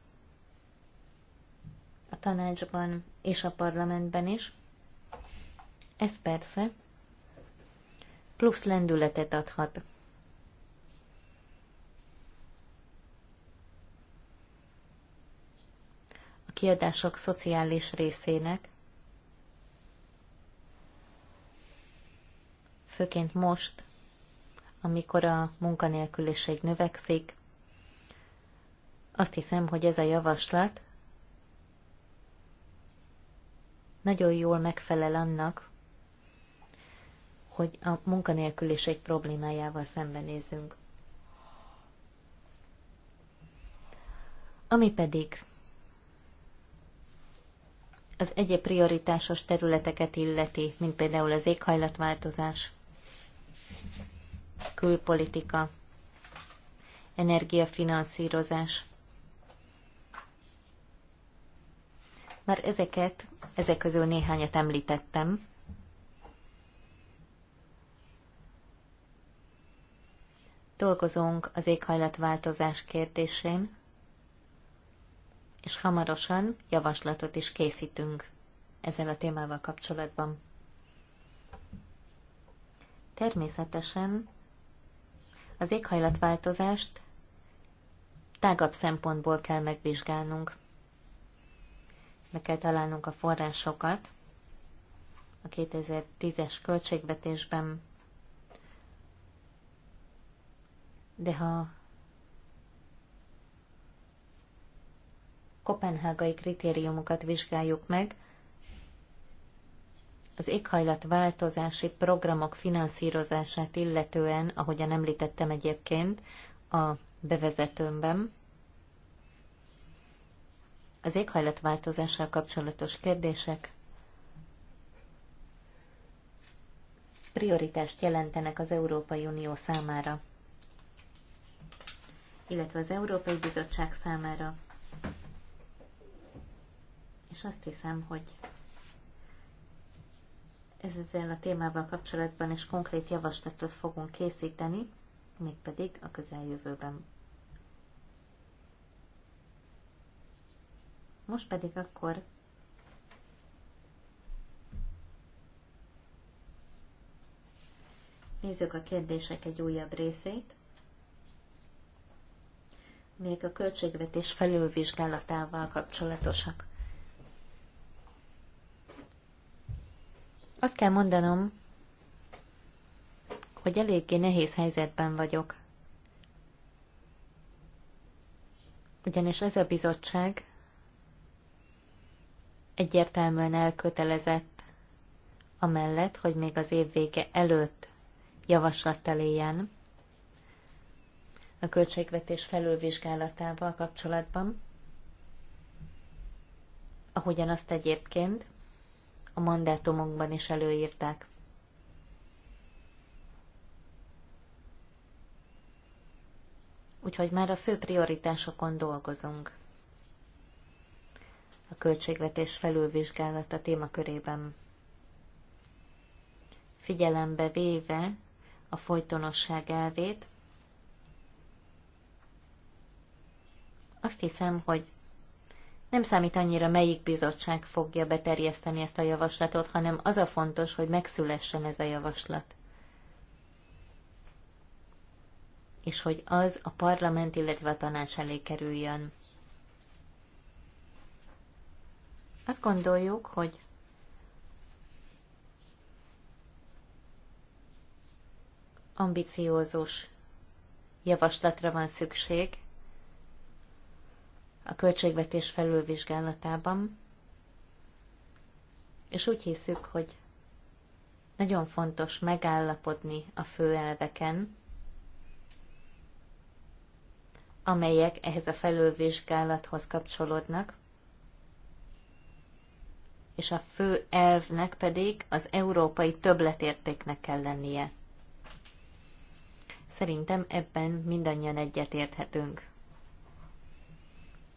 a tanácsban és a parlamentben is, ez persze plusz lendületet adhat. A kiadások szociális részének, főként most, amikor a munkanélküliség növekszik, azt hiszem, hogy ez a javaslat nagyon jól megfelel annak, hogy a munkanélküliség problémájával szembenézünk. Ami pedig az egyéb prioritásos területeket illeti, mint például az éghajlatváltozás, külpolitika, energiafinanszírozás. Már ezeket, ezek közül néhányat említettem, Dolgozunk az éghajlatváltozás kérdésén, és hamarosan javaslatot is készítünk ezzel a témával kapcsolatban. Természetesen az éghajlatváltozást tágabb szempontból kell megvizsgálnunk. Meg kell találnunk a forrásokat. A 2010-es költségvetésben de ha kopenhágai kritériumokat vizsgáljuk meg, az éghajlatváltozási programok finanszírozását illetően, ahogyan említettem egyébként a bevezetőmben, az éghajlatváltozással kapcsolatos kérdések prioritást jelentenek az Európai Unió számára illetve az Európai Bizottság számára. És azt hiszem, hogy ezzel a témával kapcsolatban is konkrét javaslatot fogunk készíteni, mégpedig a közeljövőben. Most pedig akkor nézzük a kérdések egy újabb részét még a költségvetés felülvizsgálatával kapcsolatosak. Azt kell mondanom, hogy eléggé nehéz helyzetben vagyok. Ugyanis ez a bizottság egyértelműen elkötelezett amellett, hogy még az év vége előtt javaslat éljen, a költségvetés felülvizsgálatával kapcsolatban, ahogyan azt egyébként a mandátumokban is előírták. Úgyhogy már a fő prioritásokon dolgozunk a költségvetés felülvizsgálata témakörében. Figyelembe véve a folytonosság elvét, Azt hiszem, hogy nem számít annyira, melyik bizottság fogja beterjeszteni ezt a javaslatot, hanem az a fontos, hogy megszülessen ez a javaslat. És hogy az a parlament, illetve a tanács elé kerüljön. Azt gondoljuk, hogy ambiciózus javaslatra van szükség, a költségvetés felülvizsgálatában, és úgy hiszük, hogy nagyon fontos megállapodni a főelveken, amelyek ehhez a felülvizsgálathoz kapcsolódnak, és a fő elvnek pedig az európai többletértéknek kell lennie. Szerintem ebben mindannyian egyetérthetünk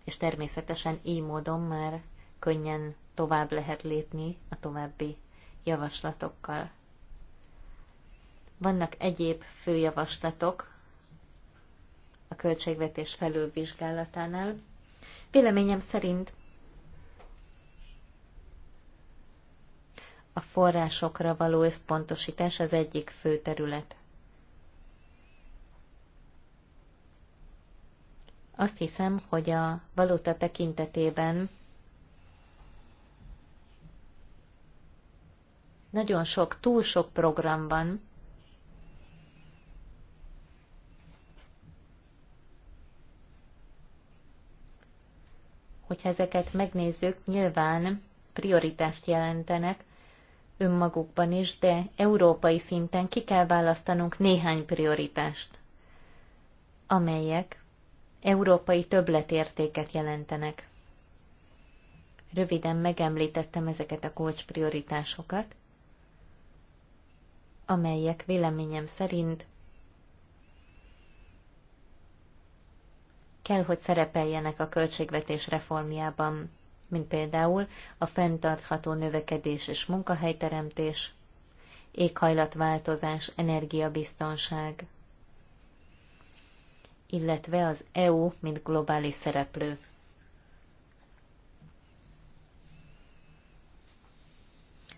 és természetesen így módon már könnyen tovább lehet lépni a további javaslatokkal. Vannak egyéb fő javaslatok a költségvetés felülvizsgálatánál. Véleményem szerint a forrásokra való összpontosítás az egyik fő terület. Azt hiszem, hogy a valóta tekintetében nagyon sok, túl sok program van, hogyha ezeket megnézzük, nyilván prioritást jelentenek önmagukban is, de európai szinten ki kell választanunk néhány prioritást, amelyek európai többletértéket jelentenek. Röviden megemlítettem ezeket a kulcsprioritásokat, amelyek véleményem szerint kell, hogy szerepeljenek a költségvetés reformjában, mint például a fenntartható növekedés és munkahelyteremtés, éghajlatváltozás, energiabiztonság, illetve az EU, mint globális szereplő.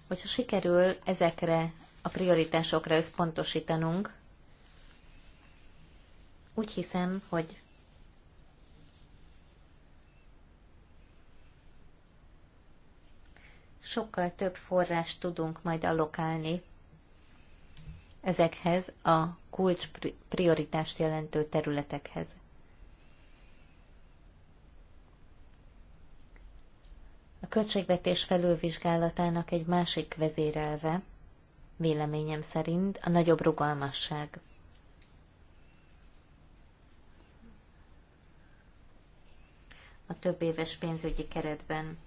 Hogyha sikerül ezekre a prioritásokra összpontosítanunk, úgy hiszem, hogy sokkal több forrást tudunk majd allokálni ezekhez a kulcs prioritást jelentő területekhez. A költségvetés felülvizsgálatának egy másik vezérelve, véleményem szerint, a nagyobb rugalmasság. A több éves pénzügyi keretben.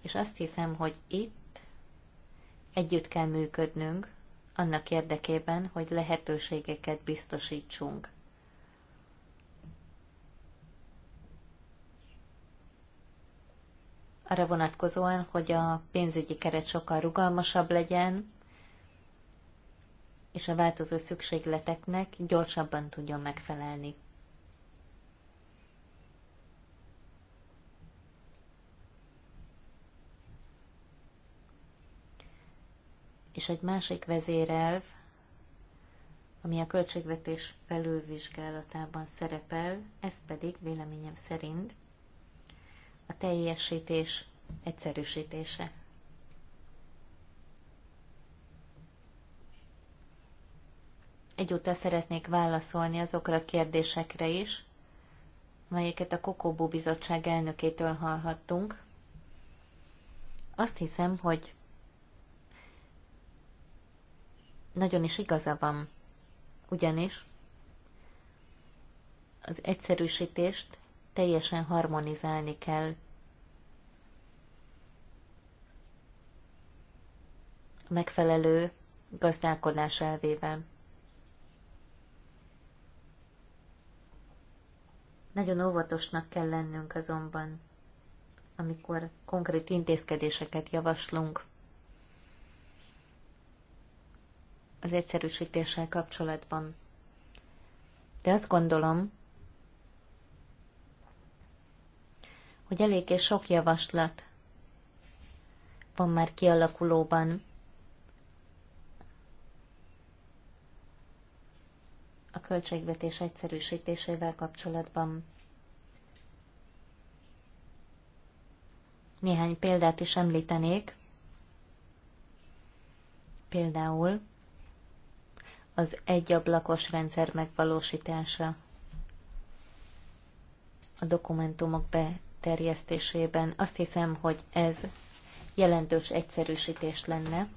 És azt hiszem, hogy itt együtt kell működnünk, annak érdekében, hogy lehetőségeket biztosítsunk. Arra vonatkozóan, hogy a pénzügyi keret sokkal rugalmasabb legyen, és a változó szükségleteknek gyorsabban tudjon megfelelni. És egy másik vezérelv, ami a költségvetés felülvizsgálatában szerepel, ez pedig véleményem szerint a teljesítés egyszerűsítése. Egyúttal szeretnék válaszolni azokra a kérdésekre is, melyeket a Kokóbú Bizottság elnökétől hallhattunk. Azt hiszem, hogy nagyon is igaza van, ugyanis az egyszerűsítést teljesen harmonizálni kell. Megfelelő gazdálkodás elvével. Nagyon óvatosnak kell lennünk azonban, amikor konkrét intézkedéseket javaslunk. az egyszerűsítéssel kapcsolatban. De azt gondolom, hogy eléggé sok javaslat van már kialakulóban. a költségvetés egyszerűsítésével kapcsolatban. Néhány példát is említenék. Például az egyablakos rendszer megvalósítása a dokumentumok beterjesztésében. Azt hiszem, hogy ez jelentős egyszerűsítés lenne.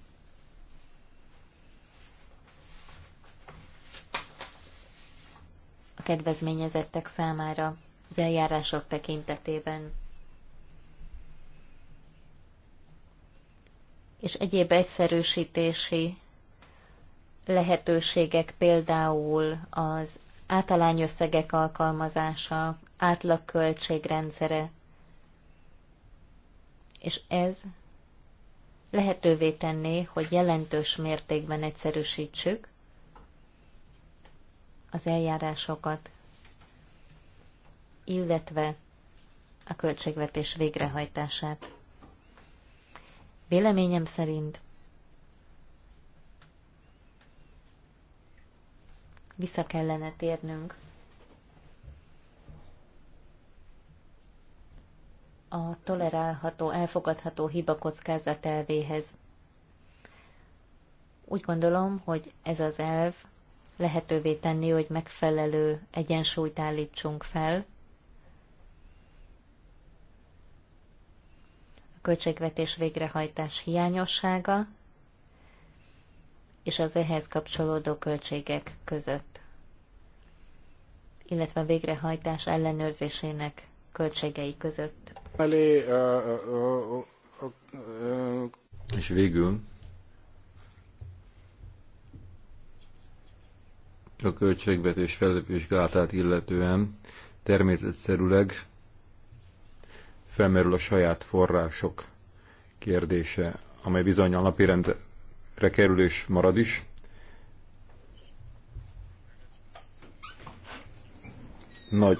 a kedvezményezettek számára az eljárások tekintetében. És egyéb egyszerűsítési lehetőségek, például az általányösszegek alkalmazása, átlagköltségrendszere, és ez lehetővé tenné, hogy jelentős mértékben egyszerűsítsük az eljárásokat, illetve a költségvetés végrehajtását. Véleményem szerint vissza kellene térnünk a tolerálható, elfogadható hiba kockázat elvéhez. Úgy gondolom, hogy ez az elv lehetővé tenni, hogy megfelelő egyensúlyt állítsunk fel a költségvetés végrehajtás hiányossága és az ehhez kapcsolódó költségek között, illetve a végrehajtás ellenőrzésének költségei között. Elé, uh, uh, uh, és végül a költségvetés felvizsgálatát illetően természetszerűleg felmerül a saját források kérdése, amely bizony a napirend kerülés marad is. Nagy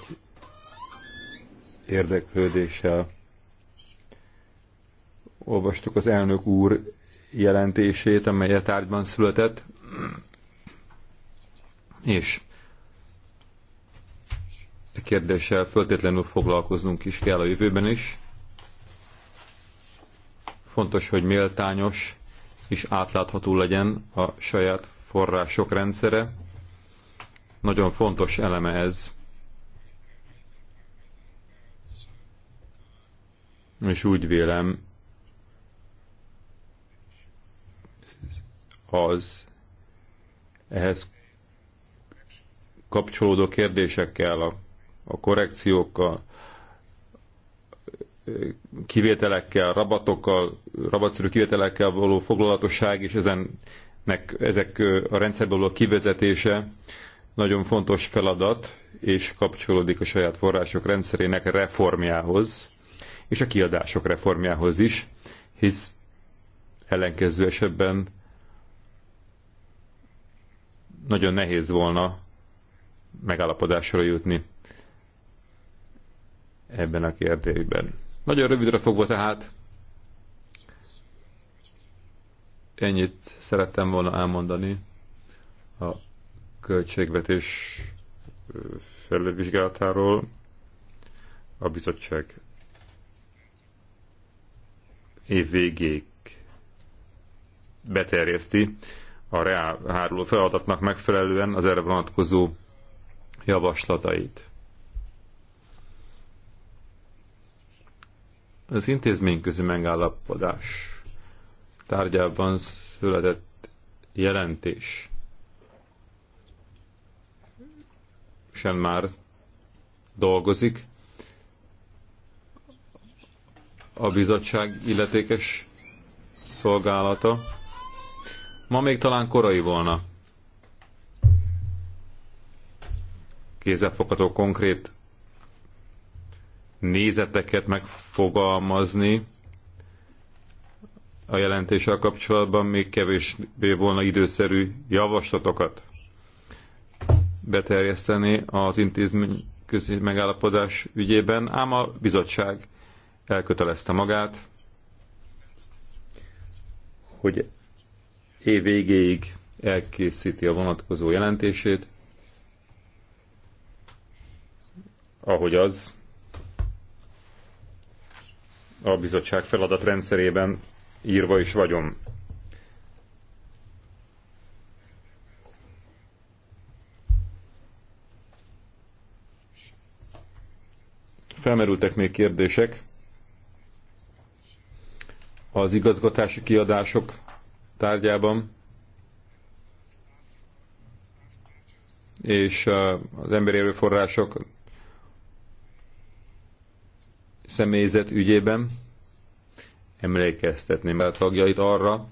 érdeklődéssel olvastuk az elnök úr jelentését, amely a tárgyban született, és a e kérdéssel föltétlenül foglalkoznunk is kell a jövőben is. Fontos, hogy méltányos és átlátható legyen a saját források rendszere. Nagyon fontos eleme ez. És úgy vélem, az ehhez kapcsolódó kérdésekkel, a, a korrekciókkal, kivételekkel, rabatokkal, rabatszerű kivételekkel való foglalatosság és ezennek, ezek a rendszerből való kivezetése nagyon fontos feladat, és kapcsolódik a saját források rendszerének reformjához, és a kiadások reformjához is, hisz ellenkező esetben nagyon nehéz volna megállapodásra jutni ebben a kérdésben. Nagyon rövidre fogva tehát ennyit szerettem volna elmondani a költségvetés felvizsgálatáról a bizottság év végéig beterjeszti a reál háruló feladatnak megfelelően az erre vonatkozó javaslatait. Az intézményközi megállapodás tárgyában született jelentés sem már dolgozik a bizottság illetékes szolgálata. Ma még talán korai volna kézzelfogható konkrét nézeteket megfogalmazni a jelentéssel kapcsolatban, még kevésbé volna időszerű javaslatokat beterjeszteni az intézmény közé megállapodás ügyében, ám a bizottság elkötelezte magát, hogy év végéig elkészíti a vonatkozó jelentését, ahogy az a bizottság feladatrendszerében írva is vagyom. Felmerültek még kérdések az igazgatási kiadások tárgyában, és uh, az emberi erőforrások személyzet ügyében. Emlékeztetném el tagjait arra,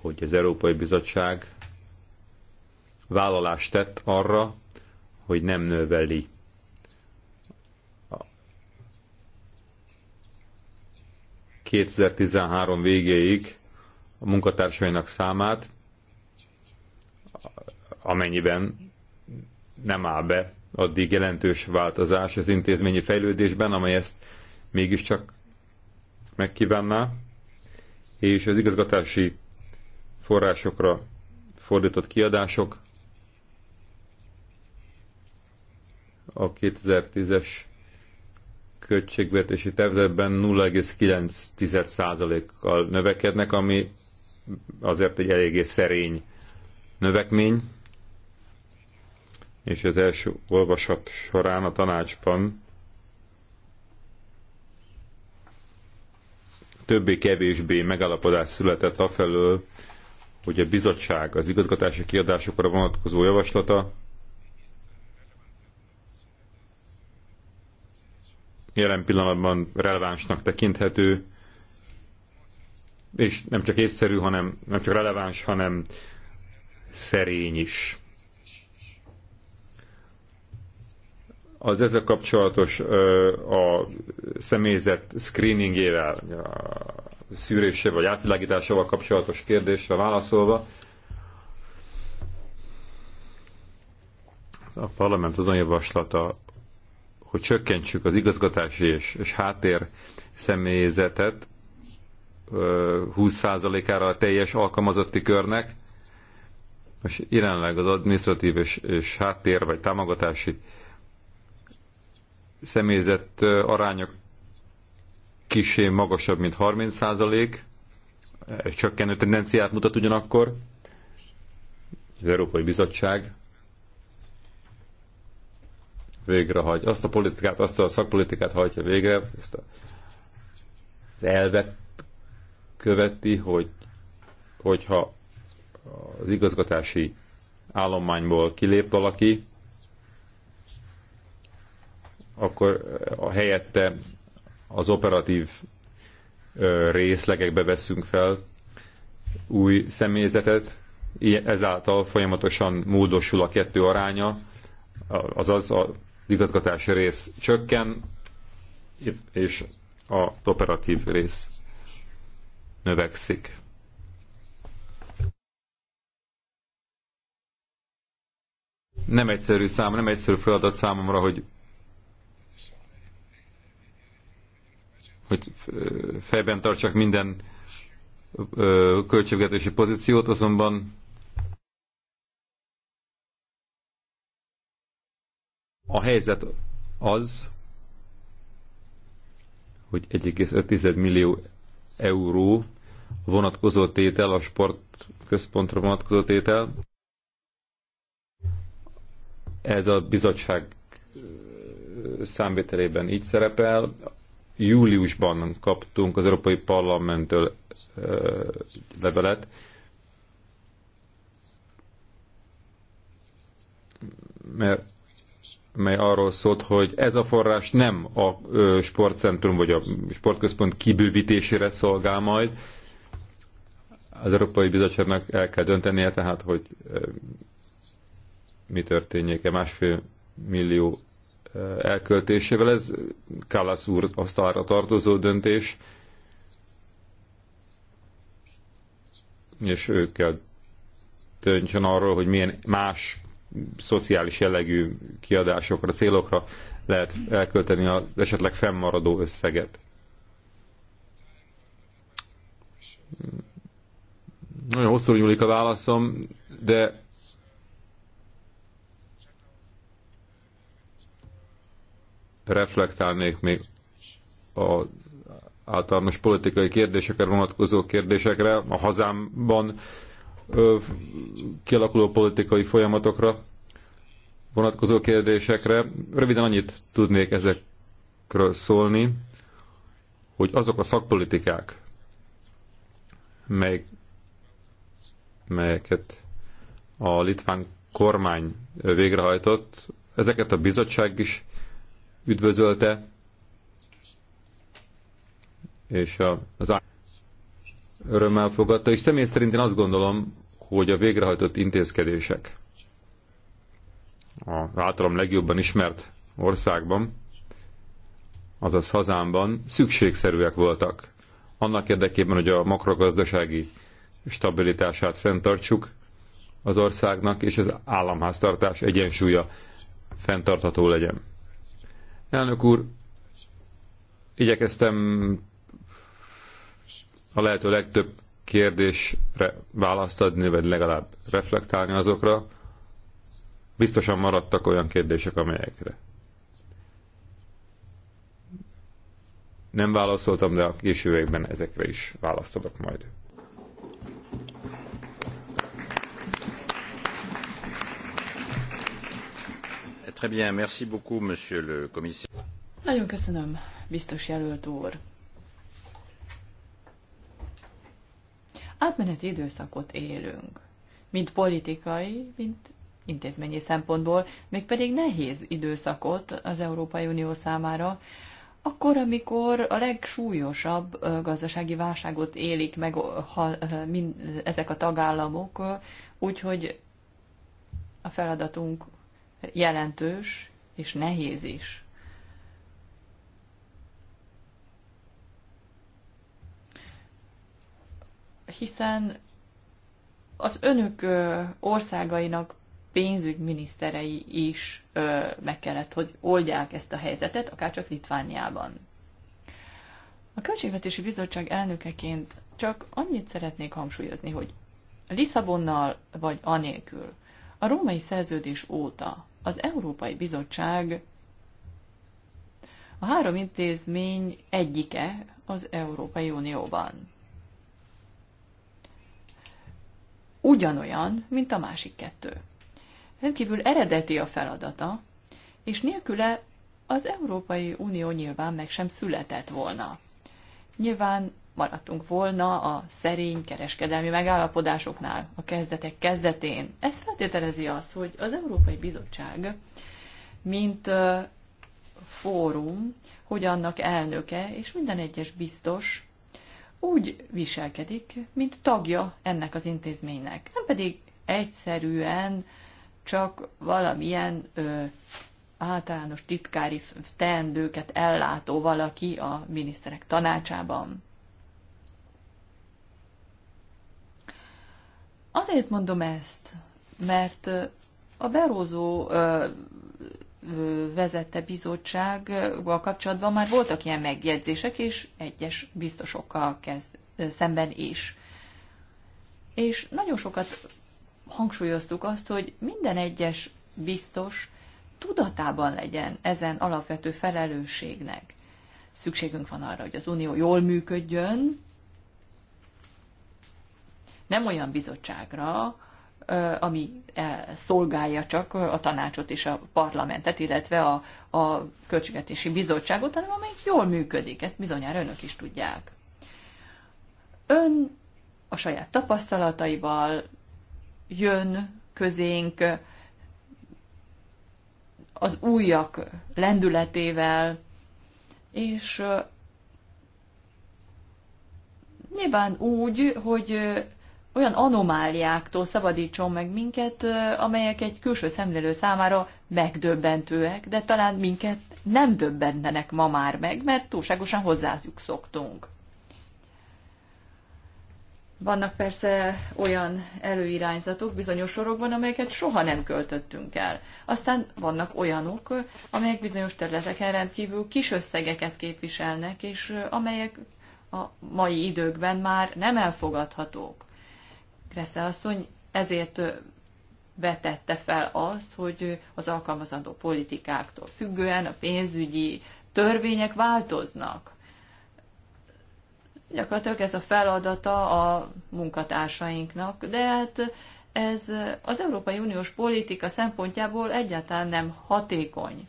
hogy az Európai Bizottság vállalást tett arra, hogy nem növeli a 2013 végéig a munkatársainak számát, amennyiben nem áll be addig jelentős változás az intézményi fejlődésben, amely ezt mégiscsak megkívánná, és az igazgatási forrásokra fordított kiadások a 2010-es költségvetési tervezetben 0,9%-kal növekednek, ami azért egy eléggé szerény növekmény, és az első olvasat során a tanácsban többé-kevésbé megalapodás született afelől, hogy a bizottság az igazgatási kiadásokra vonatkozó javaslata jelen pillanatban relevánsnak tekinthető, és nem csak észszerű, hanem nem csak releváns, hanem szerény is. az ezzel kapcsolatos a személyzet screeningével, a szűrése vagy átvilágításával kapcsolatos kérdésre válaszolva, a parlament azon javaslata, hogy csökkentsük az igazgatási és, és háttér személyzetet 20%-ára a teljes alkalmazotti körnek, és jelenleg az administratív és, és háttér vagy támogatási személyzet arányok kisé magasabb, mint 30 százalék, csökkenő tendenciát mutat ugyanakkor. Az Európai Bizottság végrehajt, azt a politikát, azt a szakpolitikát hajtja végre, ezt a, az elvet követi, hogy, hogyha az igazgatási állományból kilép valaki, akkor eh, a helyette az operatív részlegekbe veszünk fel új személyzetet, ezáltal folyamatosan módosul a kettő aránya, azaz az igazgatási rész csökken, és az operatív rész növekszik. Nem egyszerű szám, nem egyszerű feladat számomra, hogy hogy fejben tartsak minden költségvetési pozíciót, azonban a helyzet az, hogy 1,5 millió euró vonatkozó tétel, a sportközpontra vonatkozó tétel, ez a bizottság számvételében így szerepel, júliusban kaptunk az Európai Parlamenttől levelet, mert mely arról szólt, hogy ez a forrás nem a sportcentrum vagy a sportközpont kibővítésére szolgál majd. Az Európai Bizottságnak el kell döntenie tehát, hogy mi történjék-e másfél millió elköltésével. Ez Kallas úr asztalra tartozó döntés, és ők kell döntsön arról, hogy milyen más szociális jellegű kiadásokra, célokra lehet elkölteni az esetleg fennmaradó összeget. Nagyon hosszú nyúlik a válaszom, de reflektálnék még az általános politikai kérdésekre vonatkozó kérdésekre, a hazámban ö, kialakuló politikai folyamatokra vonatkozó kérdésekre. Röviden annyit tudnék ezekről szólni, hogy azok a szakpolitikák, mely, melyeket a litván kormány végrehajtott, ezeket a bizottság is üdvözölte, és a, az örömmel fogadta, és személy szerint én azt gondolom, hogy a végrehajtott intézkedések a általam legjobban ismert országban, azaz hazámban szükségszerűek voltak. Annak érdekében, hogy a makrogazdasági stabilitását fenntartsuk az országnak, és az államháztartás egyensúlya fenntartható legyen. Elnök úr, igyekeztem a lehető legtöbb kérdésre választ adni, vagy legalább reflektálni azokra. Biztosan maradtak olyan kérdések, amelyekre nem válaszoltam, de a későbbiekben ezekre is választodok majd. Très bien, merci beaucoup, monsieur le commissaire. Nagyon köszönöm, biztos jelölt úr. Átmeneti időszakot élünk, mint politikai, mint intézményi szempontból, mégpedig nehéz időszakot az Európai Unió számára, akkor, amikor a legsúlyosabb gazdasági válságot élik meg ha, ezek a tagállamok, úgyhogy a feladatunk jelentős és nehéz is. Hiszen az önök országainak pénzügyminiszterei is meg kellett, hogy oldják ezt a helyzetet, akárcsak Litvániában. A Költségvetési Bizottság elnökeként csak annyit szeretnék hangsúlyozni, hogy Lisszabonnal vagy anélkül, a római szerződés óta az Európai Bizottság a három intézmény egyike az Európai Unióban. Ugyanolyan, mint a másik kettő. Rendkívül eredeti a feladata, és nélküle az Európai Unió nyilván meg sem született volna. Nyilván maradtunk volna a szerény kereskedelmi megállapodásoknál a kezdetek kezdetén. Ez feltételezi azt, hogy az Európai Bizottság, mint fórum, hogy annak elnöke és minden egyes biztos úgy viselkedik, mint tagja ennek az intézménynek, nem pedig egyszerűen csak valamilyen ö, általános titkári teendőket ellátó valaki a miniszterek tanácsában. Azért mondom ezt, mert a Berózó vezette bizottsággal kapcsolatban már voltak ilyen megjegyzések, és egyes biztosokkal kezd, szemben is. És nagyon sokat hangsúlyoztuk azt, hogy minden egyes biztos tudatában legyen ezen alapvető felelősségnek. Szükségünk van arra, hogy az Unió jól működjön, nem olyan bizottságra, ami e, szolgálja csak a tanácsot és a parlamentet, illetve a, a költségvetési bizottságot, hanem amelyik jól működik. Ezt bizonyára önök is tudják. Ön a saját tapasztalataival jön közénk az újak lendületével, és nyilván úgy, hogy olyan anomáliáktól szabadítson meg minket, amelyek egy külső szemlélő számára megdöbbentőek, de talán minket nem döbbentenek ma már meg, mert túlságosan hozzájuk szoktunk. Vannak persze olyan előirányzatok bizonyos sorokban, amelyeket soha nem költöttünk el. Aztán vannak olyanok, amelyek bizonyos területeken rendkívül kis összegeket képviselnek, és amelyek a mai időkben már nem elfogadhatók. Kressze asszony ezért vetette fel azt, hogy az alkalmazandó politikáktól függően a pénzügyi törvények változnak. Gyakorlatilag ez a feladata a munkatársainknak, de hát ez az Európai Uniós politika szempontjából egyáltalán nem hatékony.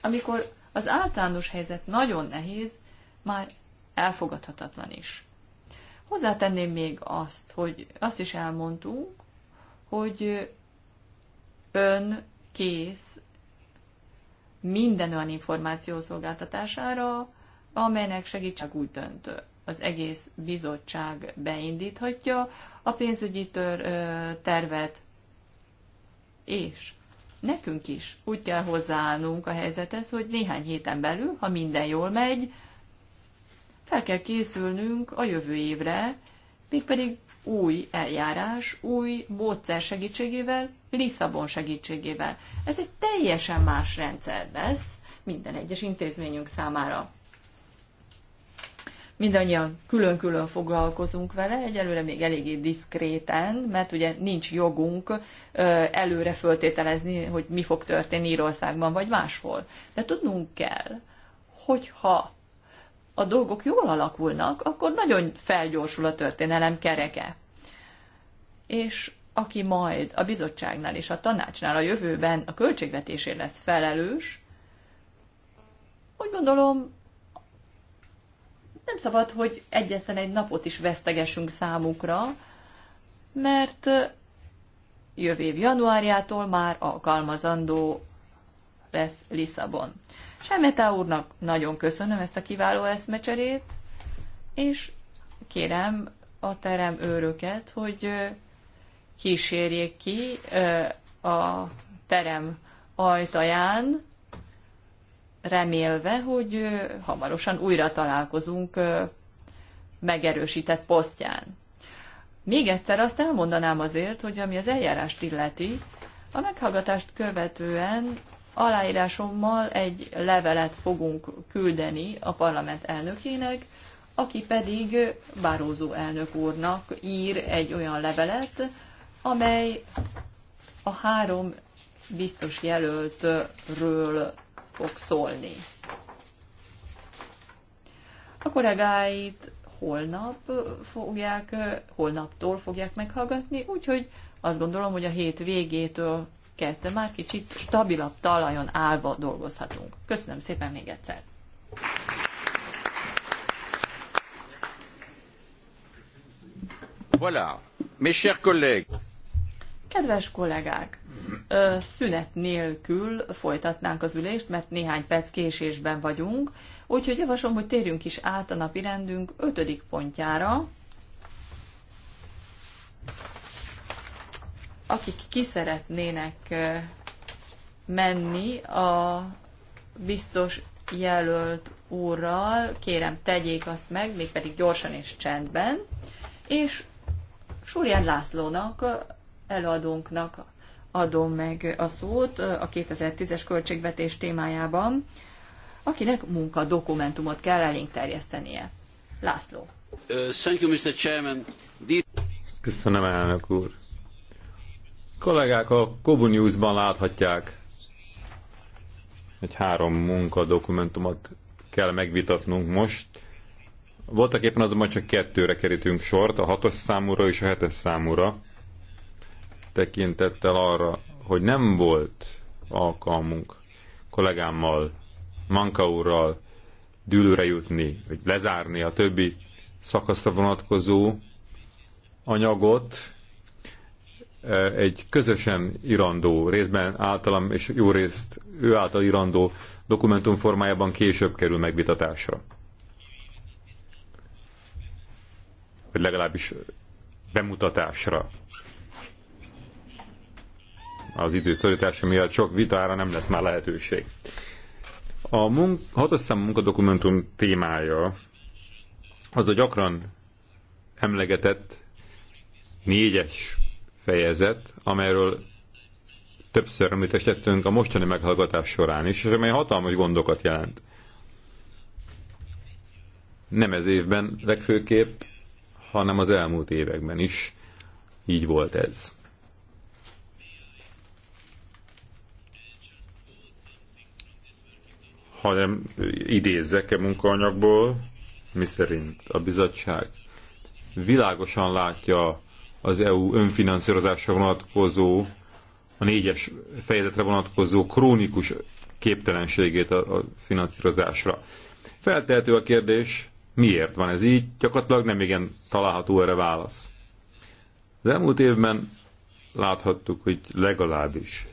Amikor az általános helyzet nagyon nehéz, már elfogadhatatlan is. Hozzátenném még azt, hogy azt is elmondtunk, hogy ön kész minden olyan információ szolgáltatására, amelynek segítség úgy dönt Az egész bizottság beindíthatja a pénzügyi tör, tervet, és nekünk is úgy kell hozzáállnunk a helyzethez, hogy néhány héten belül, ha minden jól megy, fel kell készülnünk a jövő évre, mégpedig új eljárás, új módszer segítségével, Lisszabon segítségével. Ez egy teljesen más rendszer lesz minden egyes intézményünk számára. Mindannyian külön-külön foglalkozunk vele, egyelőre még eléggé diszkréten, mert ugye nincs jogunk előre föltételezni, hogy mi fog történni Írországban vagy máshol. De tudnunk kell, hogyha a dolgok jól alakulnak, akkor nagyon felgyorsul a történelem kereke. És aki majd a bizottságnál és a tanácsnál a jövőben a költségvetésért lesz felelős, úgy gondolom, nem szabad, hogy egyetlen egy napot is vesztegessünk számukra, mert jövő év januárjától már alkalmazandó lesz Lisszabon. Semetá úrnak nagyon köszönöm ezt a kiváló eszmecserét, és kérem a terem őröket, hogy kísérjék ki a terem ajtaján, remélve, hogy hamarosan újra találkozunk megerősített posztján. Még egyszer azt elmondanám azért, hogy ami az eljárást illeti, a meghallgatást követően aláírásommal egy levelet fogunk küldeni a parlament elnökének, aki pedig Bárózó elnök úrnak ír egy olyan levelet, amely a három biztos jelöltről fog szólni. A kollégáit holnap fogják, holnaptól fogják meghallgatni, úgyhogy azt gondolom, hogy a hét végétől kezdve már kicsit stabilabb talajon állva dolgozhatunk. Köszönöm szépen még egyszer! Voilà, mes chers collègues. Kedves kollégák, szünet nélkül folytatnánk az ülést, mert néhány perc késésben vagyunk, úgyhogy javaslom, hogy térjünk is át a napi rendünk ötödik pontjára, akik ki szeretnének menni a biztos jelölt úrral, kérem tegyék azt meg, mégpedig gyorsan és csendben, és Súrián Lászlónak, előadónknak adom meg a szót a 2010-es költségvetés témájában, akinek munka dokumentumot kell elénk terjesztenie. László. Köszönöm, elnök úr. Kollégák a Kobu News-ban láthatják, egy három dokumentumot kell megvitatnunk most. Voltak éppen azonban csak kettőre kerítünk sort, a hatos számúra és a hetes számúra, tekintettel arra, hogy nem volt alkalmunk kollégámmal, Manka úrral dűlőre jutni, hogy lezárni a többi szakaszra vonatkozó anyagot, egy közösen irandó, részben általam és jó részt ő által irandó dokumentum formájában később kerül megvitatásra. Vagy legalábbis bemutatásra. Az időszorítása miatt sok vitára nem lesz már lehetőség. A munk- hatos munkadokumentum témája az a gyakran emlegetett négyes fejezet, amelyről többször említettünk a mostani meghallgatás során is, és amely hatalmas gondokat jelent. Nem ez évben legfőképp, hanem az elmúlt években is így volt ez. hanem idézzek e munkaanyagból, miszerint a bizottság világosan látja az EU önfinanszírozásra vonatkozó, a négyes fejezetre vonatkozó krónikus képtelenségét a, a finanszírozásra. Feltehető a kérdés, miért van ez így, gyakorlatilag nem igen található erre válasz. Az elmúlt évben láthattuk, hogy legalábbis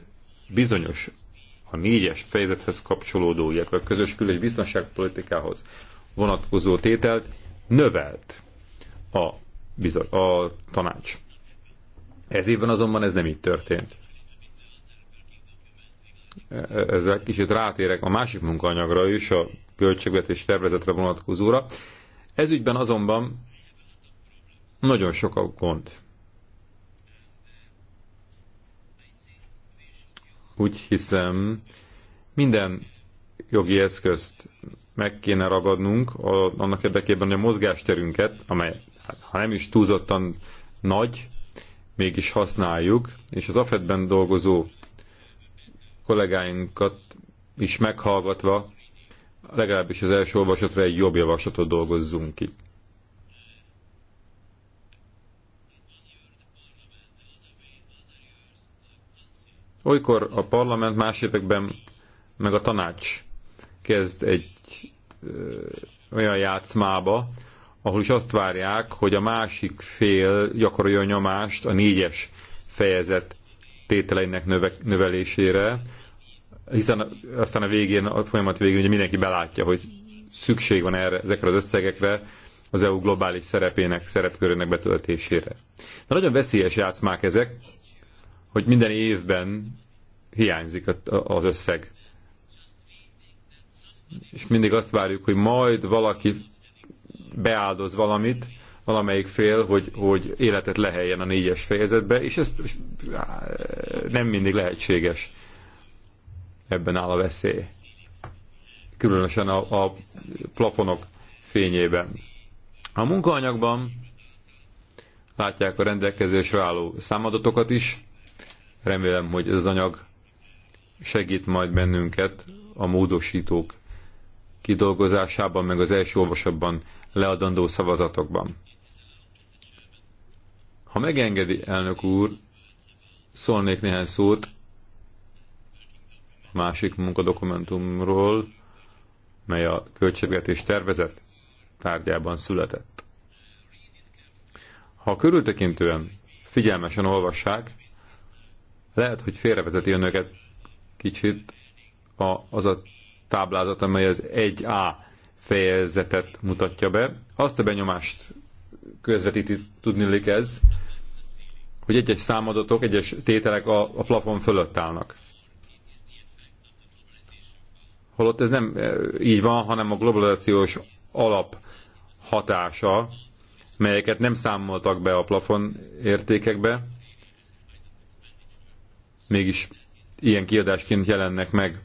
bizonyos a négyes fejezethez kapcsolódó, illetve a közös kül- és biztonságpolitikához vonatkozó tételt növelt a bizony, a tanács. Ez évben azonban ez nem így történt. E, e, ezzel kicsit rátérek a másik munkaanyagra is, a költségvetés tervezetre vonatkozóra. Ez ügyben azonban nagyon sok a gond. Úgy hiszem, minden jogi eszközt meg kéne ragadnunk annak érdekében, hogy a mozgásterünket, amely ha nem is túlzottan nagy, mégis használjuk, és az AFED-ben dolgozó kollégáinkat is meghallgatva, legalábbis az első olvasatra egy jobb javaslatot dolgozzunk ki. Olykor a parlament más években, meg a tanács kezd egy ö, olyan játszmába, ahol is azt várják, hogy a másik fél gyakorolja nyomást a négyes fejezet tételeinek növe, növelésére, hiszen aztán a végén, a folyamat végén ugye mindenki belátja, hogy szükség van erre, ezekre az összegekre, az EU globális szerepének, szerepkörének betöltésére. Na, nagyon veszélyes játszmák ezek, hogy minden évben hiányzik az összeg. És mindig azt várjuk, hogy majd valaki beáldoz valamit, valamelyik fél, hogy, hogy életet leheljen a négyes fejezetbe, és ez nem mindig lehetséges. Ebben áll a veszély. Különösen a, a plafonok fényében. A munkaanyagban látják a rendelkezésre álló számadatokat is. Remélem, hogy ez az anyag segít majd bennünket a módosítók kidolgozásában, meg az első olvasatban leadandó szavazatokban. Ha megengedi, elnök úr, szólnék néhány szót a másik munkadokumentumról, mely a költségvetés tervezet tárgyában született. Ha körültekintően figyelmesen olvassák, lehet, hogy félrevezeti önöket kicsit a, az a táblázat, amely az 1A fejezetet mutatja be. Azt a benyomást közvetíti tudnilik ez, hogy egy-egy számadatok, egyes tételek a, a plafon fölött állnak. Holott ez nem e, így van, hanem a globalizációs alap hatása, melyeket nem számoltak be a plafon értékekbe, mégis ilyen kiadásként jelennek meg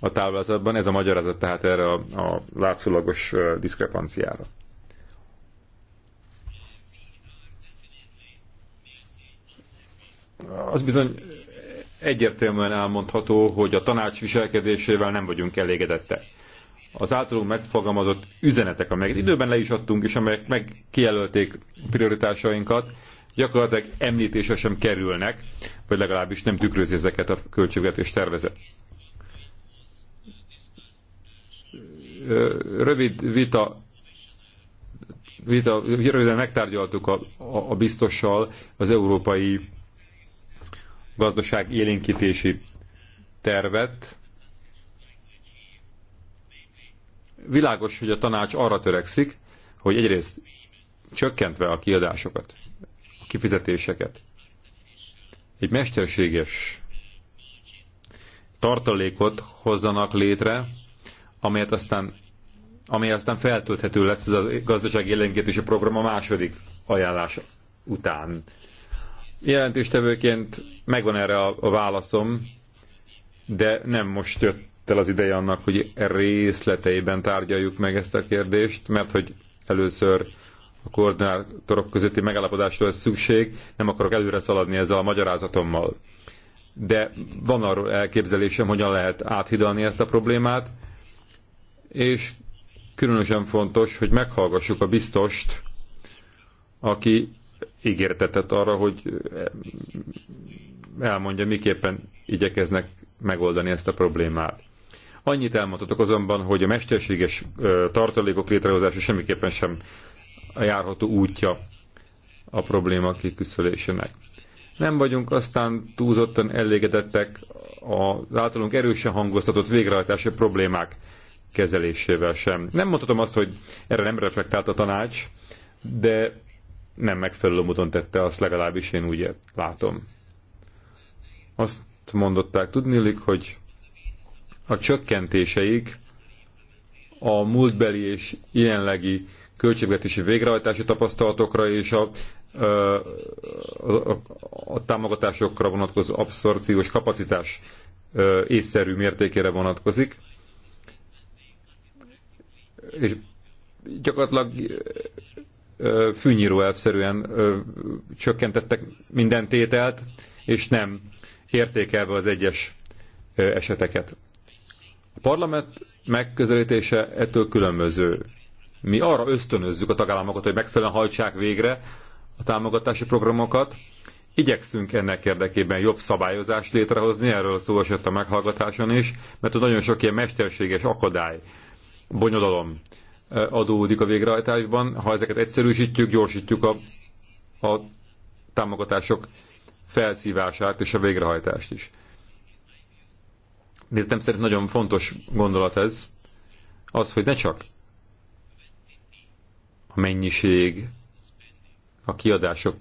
a táblázatban. Ez a magyarázat tehát erre a, a látszólagos diszkrepanciára. Az bizony egyértelműen elmondható, hogy a tanács viselkedésével nem vagyunk elégedettek. Az általunk megfogalmazott üzenetek, amelyek időben le is adtunk, és amelyek megkijelölték prioritásainkat, gyakorlatilag említése sem kerülnek, vagy legalábbis nem tükrözi ezeket a költségvetés tervezet. rövid vita, vita röviden megtárgyaltuk a, a, a biztossal az európai gazdaság élénkítési tervet. Világos, hogy a tanács arra törekszik, hogy egyrészt csökkentve a kiadásokat, a kifizetéseket, egy mesterséges tartalékot hozzanak létre amelyet aztán, amely aztán feltölthető lesz ez a gazdasági élénkítési program a második ajánlás után. Jelentéstevőként megvan erre a, a válaszom, de nem most jött el az ideje annak, hogy részleteiben tárgyaljuk meg ezt a kérdést, mert hogy először a koordinátorok közötti megállapodásra lesz szükség, nem akarok előre szaladni ezzel a magyarázatommal. De van arról elképzelésem, hogyan lehet áthidalni ezt a problémát, és különösen fontos, hogy meghallgassuk a biztost, aki ígértetett arra, hogy eh, elmondja, miképpen igyekeznek megoldani ezt a problémát. Annyit elmondhatok azonban, hogy a mesterséges eh, tartalékok létrehozása semmiképpen sem a járható útja a probléma kiküszölésének. Nem vagyunk aztán túlzottan elégedettek az általunk erősen hangoztatott végrehajtási problémák kezelésével sem. Nem mondhatom azt, hogy erre nem reflektált a tanács, de nem megfelelő módon tette, azt legalábbis én úgy látom. Azt mondották tudnilik, hogy a csökkentéseik a múltbeli és jelenlegi költségvetési végrehajtási tapasztalatokra és a, a, a, a támogatásokra vonatkozó abszorciós kapacitás észszerű mértékére vonatkozik és gyakorlatilag fűnyíró elvszerűen csökkentettek minden tételt, és nem értékelve az egyes eseteket. A parlament megközelítése ettől különböző. Mi arra ösztönözzük a tagállamokat, hogy megfelelően hajtsák végre a támogatási programokat. Igyekszünk ennek érdekében jobb szabályozást létrehozni, erről szó esett a meghallgatáson is, mert nagyon sok ilyen mesterséges akadály bonyodalom eh, adódik a végrehajtásban. Ha ezeket egyszerűsítjük, gyorsítjuk a, a támogatások felszívását és a végrehajtást is. Néztem szerint nagyon fontos gondolat ez, az, hogy ne csak a mennyiség, a kiadások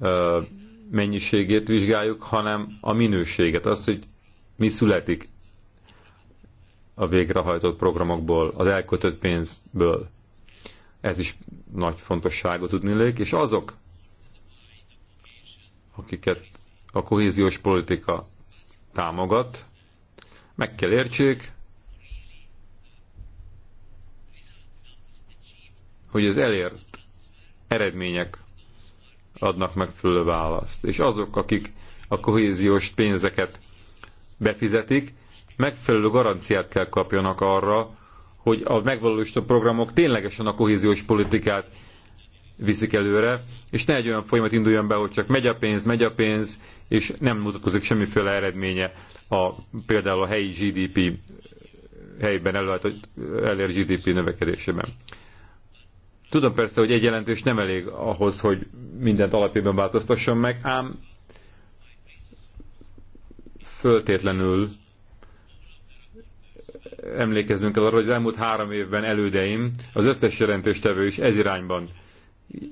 eh, mennyiségét vizsgáljuk, hanem a minőséget, az, hogy mi születik a végrehajtott programokból, az elkötött pénzből. Ez is nagy fontosságot tudni tudnilék, és azok, akiket a kohéziós politika támogat, meg kell értsék, hogy az elért eredmények adnak megfelelő választ. És azok, akik a kohéziós pénzeket befizetik, megfelelő garanciát kell kapjanak arra, hogy a megvalósított programok ténylegesen a kohéziós politikát viszik előre, és ne egy olyan folyamat induljon be, hogy csak megy a pénz, megy a pénz, és nem mutatkozik semmiféle eredménye a, például a helyi GDP helyben előállt, elér GDP növekedésében. Tudom persze, hogy egy jelentés nem elég ahhoz, hogy mindent alapjában változtasson meg, ám föltétlenül emlékezzünk el arra, hogy az elmúlt három évben elődeim, az összes jelentéstevő is ez irányban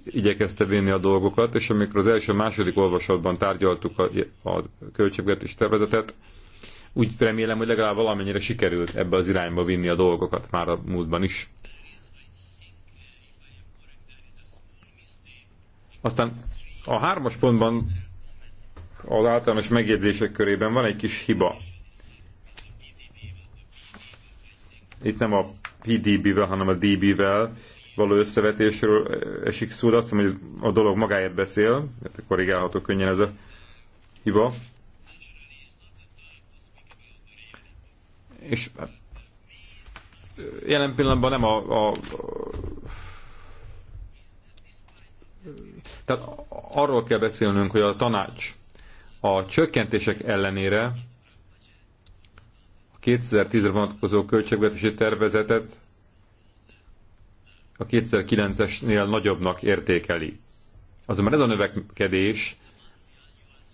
igyekezte vinni a dolgokat, és amikor az első-második olvasatban tárgyaltuk a, a költségvetés tervezetet, úgy remélem, hogy legalább valamennyire sikerült ebbe az irányba vinni a dolgokat már a múltban is. Aztán a hármas pontban az általános megjegyzések körében van egy kis hiba. Itt nem a PDB-vel, hanem a DB-vel való összevetésről esik szó, de azt hiszem, hogy a dolog magáért beszél, mert korrigálható könnyen ez a hiba. És hát, jelen pillanatban nem a, a tehát arról kell beszélnünk, hogy a tanács a csökkentések ellenére 2010-re vonatkozó költségvetési tervezetet a 2009-esnél nagyobbnak értékeli. Azonban ez a növekedés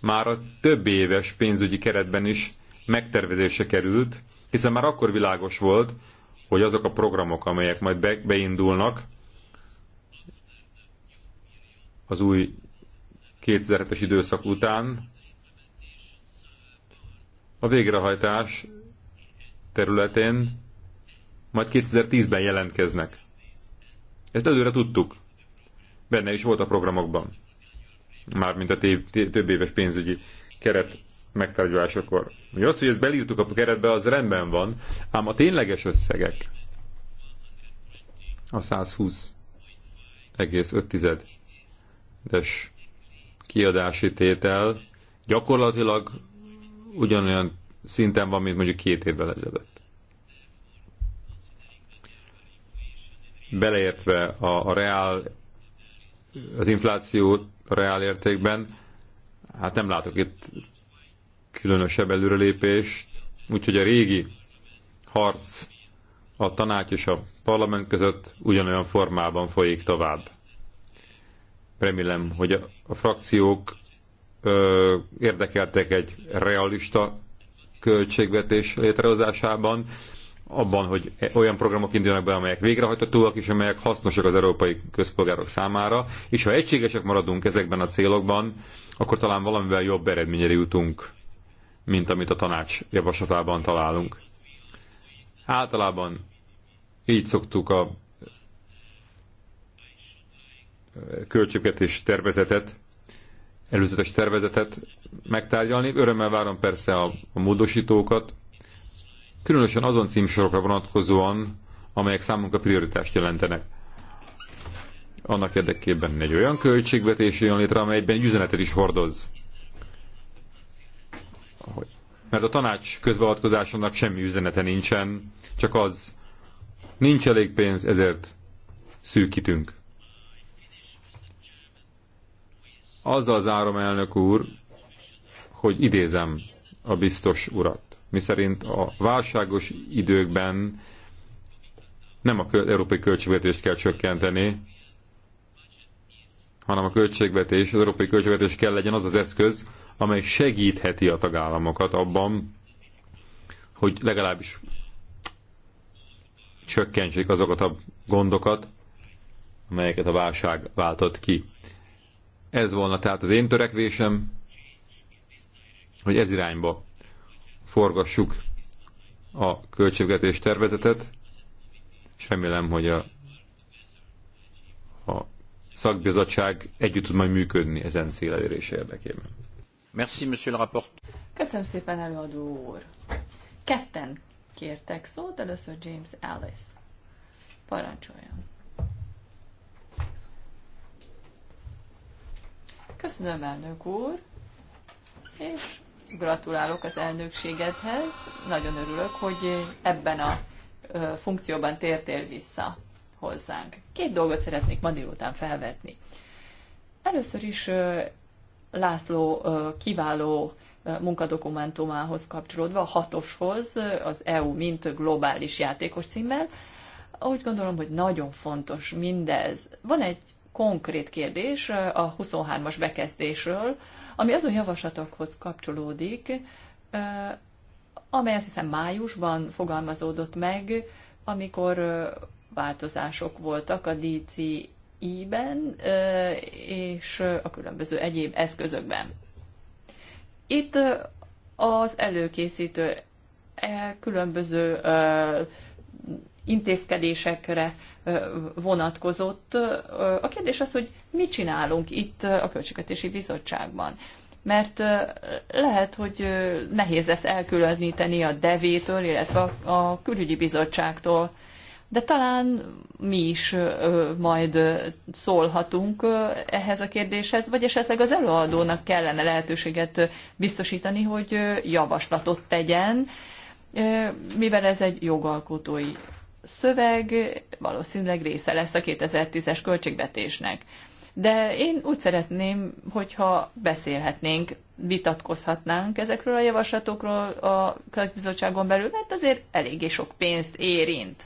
már a több éves pénzügyi keretben is megtervezése került, hiszen már akkor világos volt, hogy azok a programok, amelyek majd be, beindulnak az új 2007-es időszak után, a végrehajtás területén majd 2010-ben jelentkeznek. Ezt előre tudtuk. Benne is volt a programokban. Mármint a több éves pénzügyi keret megtárgyalásakor. Hogy az, hogy ezt belírtuk a keretbe, az rendben van, ám a tényleges összegek a 120,5-es kiadási tétel gyakorlatilag ugyanolyan szinten van, mint mondjuk két évvel ezelőtt. Beleértve a, a reál, az inflációt a reál értékben, hát nem látok itt különösebb előrelépést, úgyhogy a régi harc a tanács és a parlament között ugyanolyan formában folyik tovább. Remélem, hogy a, a frakciók ö, érdekeltek egy realista költségvetés létrehozásában, abban, hogy olyan programok induljanak be, amelyek végrehajtatóak és amelyek hasznosak az európai közpolgárok számára, és ha egységesek maradunk ezekben a célokban, akkor talán valamivel jobb eredményre jutunk, mint amit a tanács javaslatában találunk. Általában így szoktuk a költségvetés tervezetet előzetes tervezetet megtárgyalni. Örömmel várom persze a, a módosítókat, különösen azon címsorokra vonatkozóan, amelyek számunkra prioritást jelentenek. Annak érdekében egy olyan költségvetés jön létre, amelyben egy üzenetet is hordoz. Mert a tanács közbeavatkozásának semmi üzenete nincsen, csak az, nincs elég pénz, ezért szűkítünk. Azzal zárom, elnök úr, hogy idézem a biztos urat, miszerint a válságos időkben nem a európai költségvetést kell csökkenteni, hanem a költségvetés, az európai költségvetés kell legyen az az eszköz, amely segítheti a tagállamokat abban, hogy legalábbis csökkentsék azokat a gondokat, amelyeket a válság váltott ki. Ez volna tehát az én törekvésem, hogy ez irányba forgassuk a költségvetés tervezetet, és remélem, hogy a, a szakbizottság együtt tud majd működni ezen cél elérése érdekében. Merci, monsieur le rapport. Köszönöm szépen, előadó úr. Ketten kértek szót, először James Ellis. Parancsoljon. Köszönöm, elnök úr, és gratulálok az elnökségedhez. Nagyon örülök, hogy ebben a funkcióban tértél vissza hozzánk. Két dolgot szeretnék ma délután felvetni. Először is László kiváló munkadokumentumához kapcsolódva, a hatoshoz, az EU mint globális játékos címmel, úgy gondolom, hogy nagyon fontos mindez. Van egy konkrét kérdés a 23-as bekezdésről, ami azon javaslatokhoz kapcsolódik, amely azt hiszem májusban fogalmazódott meg, amikor változások voltak a DCI-ben és a különböző egyéb eszközökben. Itt az előkészítő e, különböző intézkedésekre vonatkozott. A kérdés az, hogy mit csinálunk itt a Költségvetési Bizottságban. Mert lehet, hogy nehéz lesz elkülöníteni a devétől, illetve a külügyi bizottságtól. De talán mi is majd szólhatunk ehhez a kérdéshez, vagy esetleg az előadónak kellene lehetőséget biztosítani, hogy javaslatot tegyen, mivel ez egy jogalkotói szöveg valószínűleg része lesz a 2010-es költségvetésnek. De én úgy szeretném, hogyha beszélhetnénk, vitatkozhatnánk ezekről a javaslatokról a bizottságon belül, mert azért eléggé sok pénzt érint.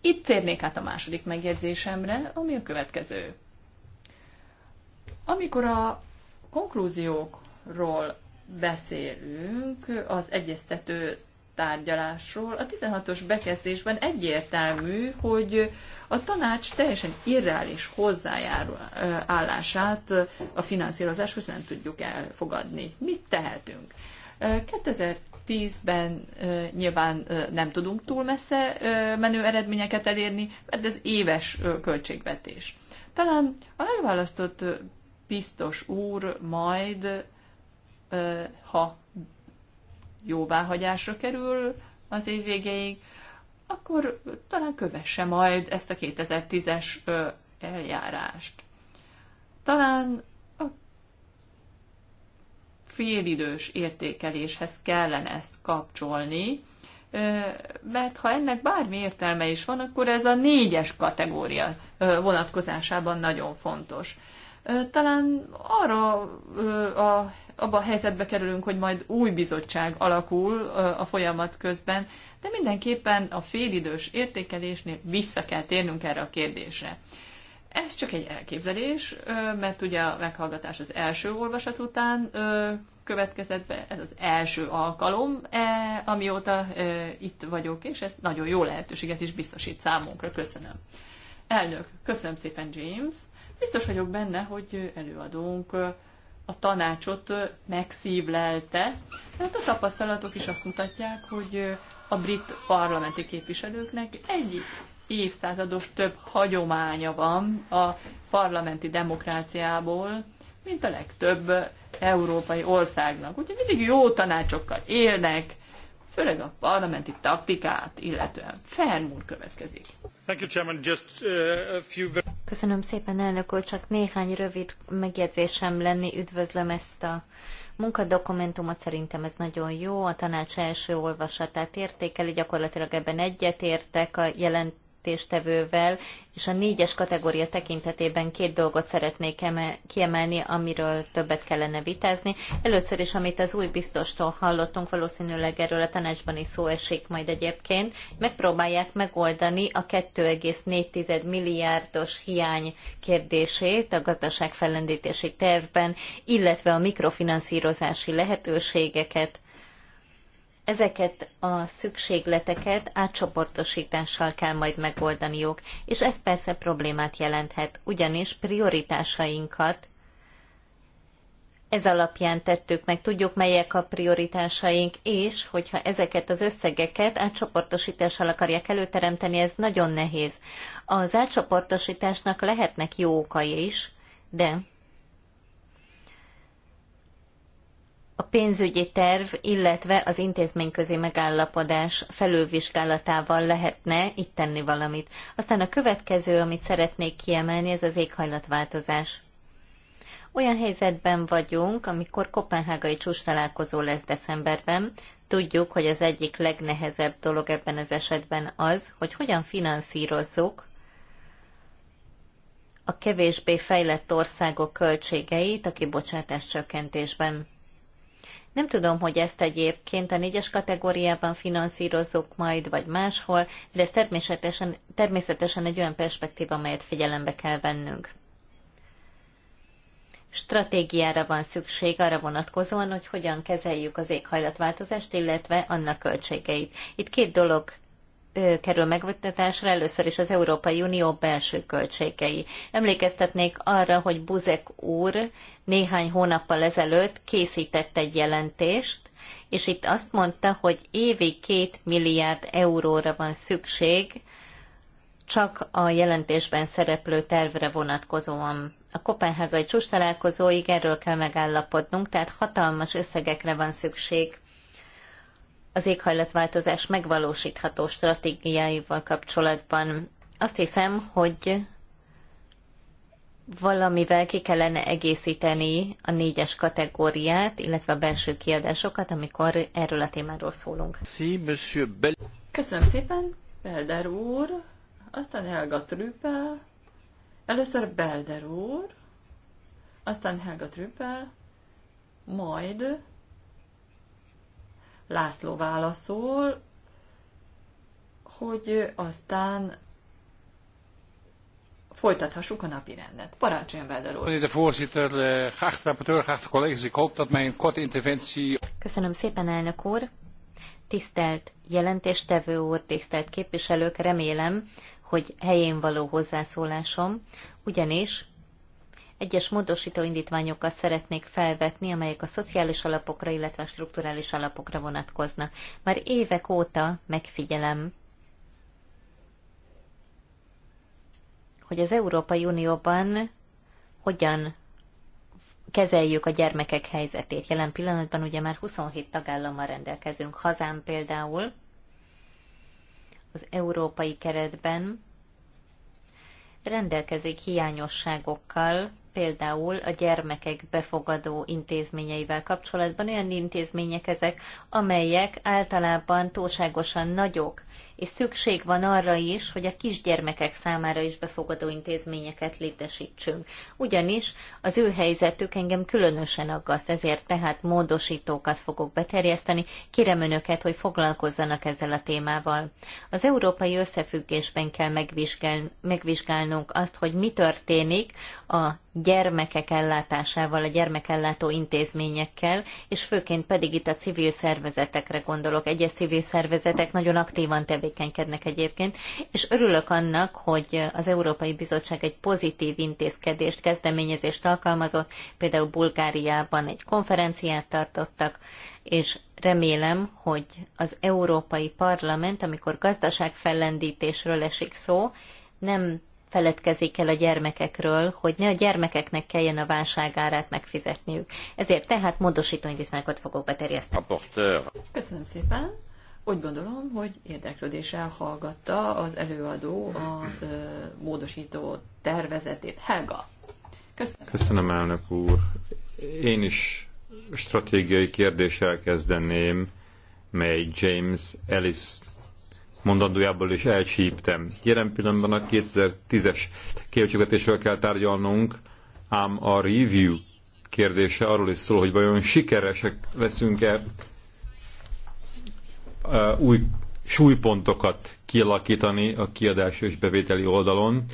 Itt térnék át a második megjegyzésemre, ami a következő. Amikor a konklúziókról beszélünk az egyeztető tárgyalásról. A 16-os bekezdésben egyértelmű, hogy a tanács teljesen irreális hozzájárulását a finanszírozáshoz nem tudjuk elfogadni. Mit tehetünk? 2010-ben nyilván nem tudunk túl messze menő eredményeket elérni, mert ez éves költségvetés. Talán a megválasztott biztos úr majd, ha jóváhagyásra kerül az év végéig, akkor talán kövesse majd ezt a 2010-es eljárást. Talán a félidős értékeléshez kellene ezt kapcsolni, mert ha ennek bármi értelme is van, akkor ez a négyes kategória vonatkozásában nagyon fontos. Talán arra a abban a helyzetbe kerülünk, hogy majd új bizottság alakul a folyamat közben, de mindenképpen a félidős értékelésnél vissza kell térnünk erre a kérdésre. Ez csak egy elképzelés, mert ugye a meghallgatás az első olvasat után következett be, ez az első alkalom, e, amióta itt vagyok, és ez nagyon jó lehetőséget is biztosít számunkra. Köszönöm. Elnök, köszönöm szépen, James. Biztos vagyok benne, hogy előadónk a tanácsot megszívlelte, mert hát a tapasztalatok is azt mutatják, hogy a brit parlamenti képviselőknek egy évszázados több hagyománya van a parlamenti demokráciából, mint a legtöbb európai országnak. Úgyhogy mindig jó tanácsokkal élnek, főleg a parlamenti taktikát, illetően Fermúr következik. Uh, Köszönöm szépen, elnök úr, csak néhány rövid megjegyzésem lenni. Üdvözlöm ezt a munkadokumentumot, szerintem ez nagyon jó. A tanács első olvasatát értékeli, gyakorlatilag ebben egyetértek a jelent jelentéstevővel, és a négyes kategória tekintetében két dolgot szeretnék kiemelni, amiről többet kellene vitázni. Először is, amit az új biztostól hallottunk, valószínűleg erről a tanácsban is szó esik majd egyébként, megpróbálják megoldani a 2,4 milliárdos hiány kérdését a gazdaság fellendítési tervben, illetve a mikrofinanszírozási lehetőségeket ezeket a szükségleteket átcsoportosítással kell majd megoldaniuk, és ez persze problémát jelenthet, ugyanis prioritásainkat ez alapján tettük meg, tudjuk melyek a prioritásaink, és hogyha ezeket az összegeket átcsoportosítással akarják előteremteni, ez nagyon nehéz. Az átcsoportosításnak lehetnek jó okai is, de a pénzügyi terv, illetve az intézményközi megállapodás felülvizsgálatával lehetne itt tenni valamit. Aztán a következő, amit szeretnék kiemelni, ez az éghajlatváltozás. Olyan helyzetben vagyunk, amikor kopenhágai csúcs találkozó lesz decemberben, tudjuk, hogy az egyik legnehezebb dolog ebben az esetben az, hogy hogyan finanszírozzuk a kevésbé fejlett országok költségeit a kibocsátás csökkentésben. Nem tudom, hogy ezt egyébként a négyes kategóriában finanszírozzuk majd, vagy máshol, de ez természetesen, természetesen egy olyan perspektíva, amelyet figyelembe kell vennünk. Stratégiára van szükség arra vonatkozóan, hogy hogyan kezeljük az éghajlatváltozást, illetve annak költségeit. Itt két dolog kerül megvettetésre először is az Európai Unió belső költségei. Emlékeztetnék arra, hogy Buzek úr néhány hónappal ezelőtt készített egy jelentést, és itt azt mondta, hogy évi két milliárd euróra van szükség, csak a jelentésben szereplő tervre vonatkozóan. A kopenhágai csúcs találkozóig erről kell megállapodnunk, tehát hatalmas összegekre van szükség az éghajlatváltozás megvalósítható stratégiáival kapcsolatban. Azt hiszem, hogy valamivel ki kellene egészíteni a négyes kategóriát, illetve a belső kiadásokat, amikor erről a témáról szólunk. Köszönöm szépen, Belder úr, aztán Helga Trüppel, először Belder úr, aztán Helga Trüppel, majd László válaszol, hogy aztán folytathassuk a napi rendet. Parancsoljon Belder úr! De voorzitter, eh, geachte rapporteur, collega's, ik hoop dat mijn korte interventie... Köszönöm szépen, elnök úr! Tisztelt jelentéstevő úr, tisztelt képviselők, remélem, hogy helyén való hozzászólásom, ugyanis egyes módosító indítványokat szeretnék felvetni, amelyek a szociális alapokra, illetve a strukturális alapokra vonatkoznak. Már évek óta megfigyelem, hogy az Európai Unióban hogyan kezeljük a gyermekek helyzetét. Jelen pillanatban ugye már 27 tagállammal rendelkezünk. Hazám például az európai keretben rendelkezik hiányosságokkal, például a gyermekek befogadó intézményeivel kapcsolatban olyan intézmények ezek, amelyek általában túlságosan nagyok, és szükség van arra is, hogy a kisgyermekek számára is befogadó intézményeket létesítsünk. Ugyanis az ő helyzetük engem különösen aggaszt, ezért tehát módosítókat fogok beterjeszteni, kérem önöket, hogy foglalkozzanak ezzel a témával. Az európai összefüggésben kell megvizsgálnunk azt, hogy mi történik a gyermekek ellátásával, a gyermekellátó intézményekkel, és főként pedig itt a civil szervezetekre gondolok. Egyes civil szervezetek nagyon aktívan tevékenykednek egyébként, és örülök annak, hogy az Európai Bizottság egy pozitív intézkedést, kezdeményezést alkalmazott, például Bulgáriában egy konferenciát tartottak, és remélem, hogy az Európai Parlament, amikor gazdaságfellendítésről esik szó, nem feledkezik el a gyermekekről, hogy ne a gyermekeknek kelljen a válságárát megfizetniük. Ezért tehát módosító indítványokat fogok beterjeszteni. Köszönöm szépen. Úgy gondolom, hogy érdeklődéssel hallgatta az előadó a ö, módosító tervezetét. Helga, köszönöm. Köszönöm, elnök úr. Én is stratégiai kérdéssel kezdeném, mely James Ellis mondandójából is elcsíptem. Jelen pillanatban a 2010-es költségvetésről kell tárgyalnunk, ám a review kérdése arról is szól, hogy vajon sikeresek leszünk-e új súlypontokat kialakítani a kiadás és bevételi oldalon.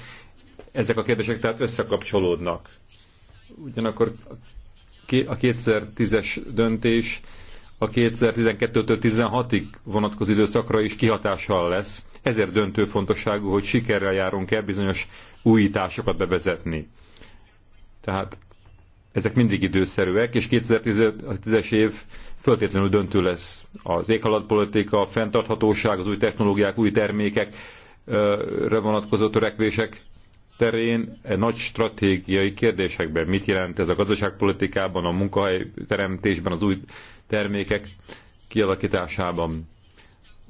Ezek a kérdések tehát összekapcsolódnak. Ugyanakkor a 2010-es döntés a 2012-től 16-ig vonatkozó időszakra is kihatással lesz. Ezért döntő fontosságú, hogy sikerrel járunk el bizonyos újításokat bevezetni. Tehát ezek mindig időszerűek, és 2010-es év föltétlenül döntő lesz az éghaladpolitika, a fenntarthatóság, az új technológiák, új termékekre vonatkozó törekvések terén e nagy stratégiai kérdésekben. Mit jelent ez a gazdaságpolitikában, a munkahelyteremtésben, az új termékek kialakításában.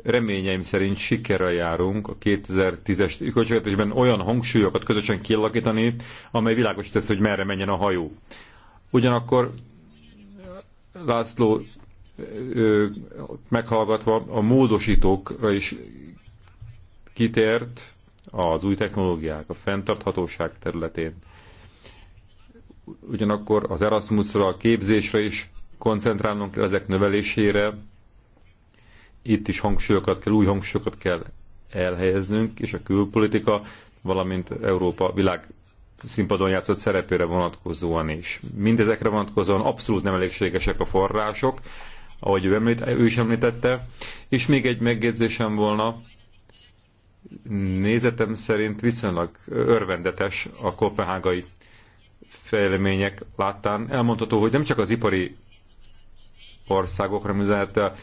Reményeim szerint sikerrel járunk a 2010-es költségvetésben olyan hangsúlyokat közösen kialakítani, amely világos tesz, hogy merre menjen a hajó. Ugyanakkor László meghallgatva a módosítókra is kitért az új technológiák, a fenntarthatóság területén. Ugyanakkor az Erasmusra, a képzésre is koncentrálnunk kell ezek növelésére, itt is hangsúlyokat kell, új hangsúlyokat kell elhelyeznünk, és a külpolitika, valamint Európa világ színpadon játszott szerepére vonatkozóan is. Mindezekre vonatkozóan abszolút nem elégségesek a források, ahogy ő, említ, ő is említette. És még egy megjegyzésem volna, nézetem szerint viszonylag örvendetes a kopenhágai fejlemények láttán. Elmondható, hogy nem csak az ipari országokra, mivel a hát,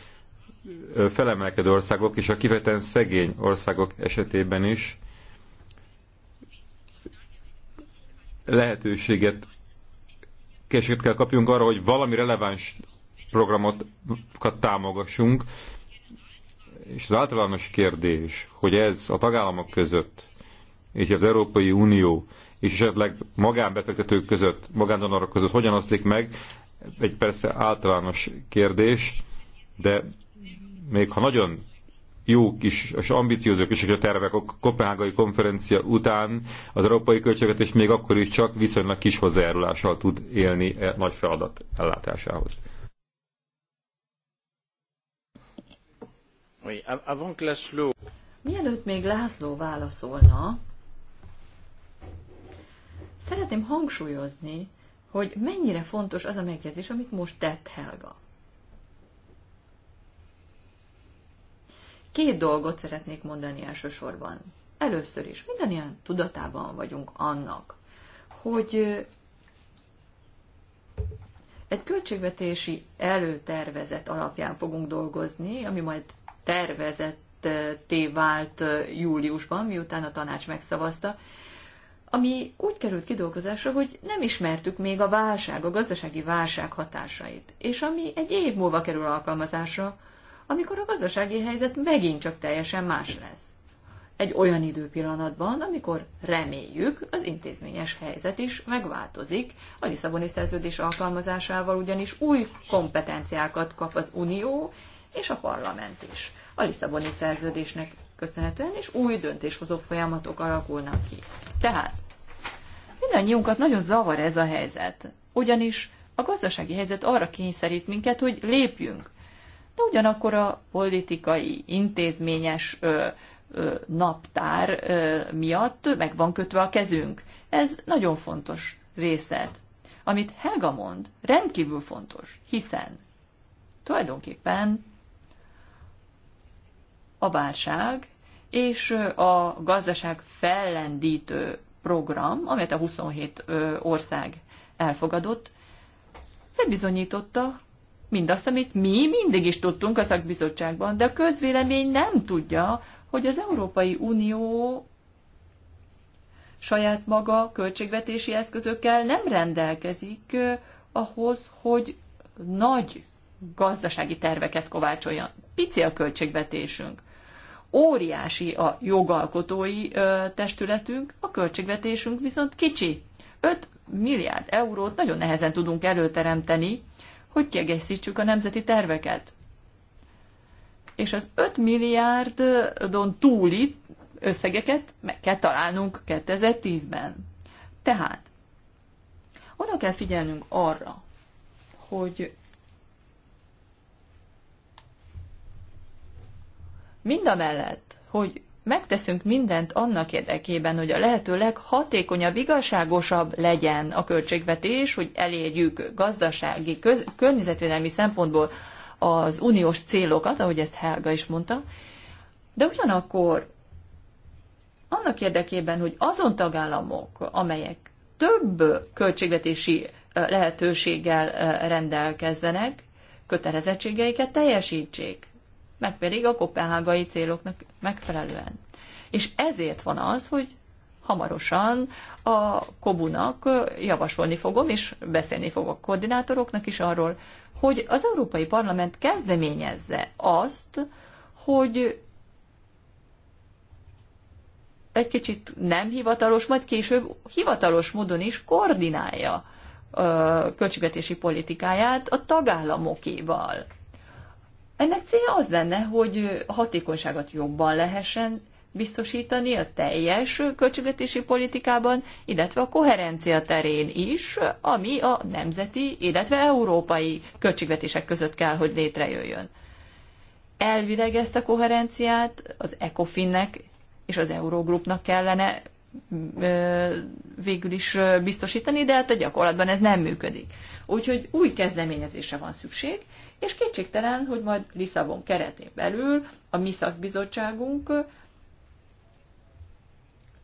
felemelkedő országok és a kifejezetten szegény országok esetében is lehetőséget készséget kell kapjunk arra, hogy valami releváns programokat támogassunk, és az általános kérdés, hogy ez a tagállamok között, és az Európai Unió, és esetleg magánbefektetők között, magándonorok között hogyan oszlik meg, egy persze általános kérdés, de még ha nagyon jók is, és ambiciózók is és a tervek a Kopenhágai konferencia után az európai költségvetés még akkor is csak viszonylag kis hozzájárulással tud élni e nagy feladat ellátásához. Mielőtt még László válaszolna, szeretném hangsúlyozni, hogy mennyire fontos az a megjegyzés, amit most tett Helga. Két dolgot szeretnék mondani elsősorban. Először is mindannyian tudatában vagyunk annak, hogy egy költségvetési előtervezet alapján fogunk dolgozni, ami majd tervezetté vált júliusban, miután a tanács megszavazta, ami úgy került kidolgozásra, hogy nem ismertük még a válság, a gazdasági válság hatásait, és ami egy év múlva kerül alkalmazásra, amikor a gazdasági helyzet megint csak teljesen más lesz. Egy olyan időpillanatban, amikor reméljük, az intézményes helyzet is megváltozik, a Lisszaboni szerződés alkalmazásával ugyanis új kompetenciákat kap az Unió és a parlament is. A Lisszaboni szerződésnek köszönhetően, és új döntéshozó folyamatok alakulnak ki. Tehát mindannyiunkat nagyon zavar ez a helyzet, ugyanis a gazdasági helyzet arra kényszerít minket, hogy lépjünk. De ugyanakkor a politikai, intézményes ö, ö, naptár ö, miatt meg van kötve a kezünk. Ez nagyon fontos részlet. Amit Helga mond, rendkívül fontos, hiszen tulajdonképpen a válság és a gazdaság fellendítő program, amelyet a 27 ország elfogadott, bebizonyította mindazt, amit mi mindig is tudtunk a szakbizottságban, de a közvélemény nem tudja, hogy az Európai Unió saját maga költségvetési eszközökkel nem rendelkezik ahhoz, hogy nagy gazdasági terveket kovácsoljon. Pici a költségvetésünk óriási a jogalkotói testületünk, a költségvetésünk viszont kicsi. 5 milliárd eurót nagyon nehezen tudunk előteremteni, hogy kiegészítsük a nemzeti terveket. És az 5 milliárdon túli összegeket meg kell találnunk 2010-ben. Tehát oda kell figyelnünk arra, hogy mind a mellett, hogy megteszünk mindent annak érdekében, hogy a lehető leghatékonyabb, igazságosabb legyen a költségvetés, hogy elérjük gazdasági, köz, környezetvédelmi szempontból az uniós célokat, ahogy ezt Helga is mondta, de ugyanakkor annak érdekében, hogy azon tagállamok, amelyek több költségvetési lehetőséggel rendelkezzenek, kötelezettségeiket teljesítsék meg pedig a kopenhágai céloknak megfelelően. És ezért van az, hogy hamarosan a kobunak javasolni fogom, és beszélni fogok a koordinátoroknak is arról, hogy az Európai Parlament kezdeményezze azt, hogy egy kicsit nem hivatalos, majd később hivatalos módon is koordinálja költségvetési politikáját a tagállamokéval. Ennek célja az lenne, hogy hatékonyságot jobban lehessen biztosítani a teljes költségvetési politikában, illetve a koherencia terén is, ami a nemzeti, illetve európai költségvetések között kell, hogy létrejöjjön. Elvileg ezt a koherenciát az ECOFIN-nek és az Eurogroupnak kellene mm, végül is biztosítani, de hát a gyakorlatban ez nem működik. Úgyhogy új kezdeményezésre van szükség, és kétségtelen, hogy majd Lisszabon keretén belül a mi szakbizottságunk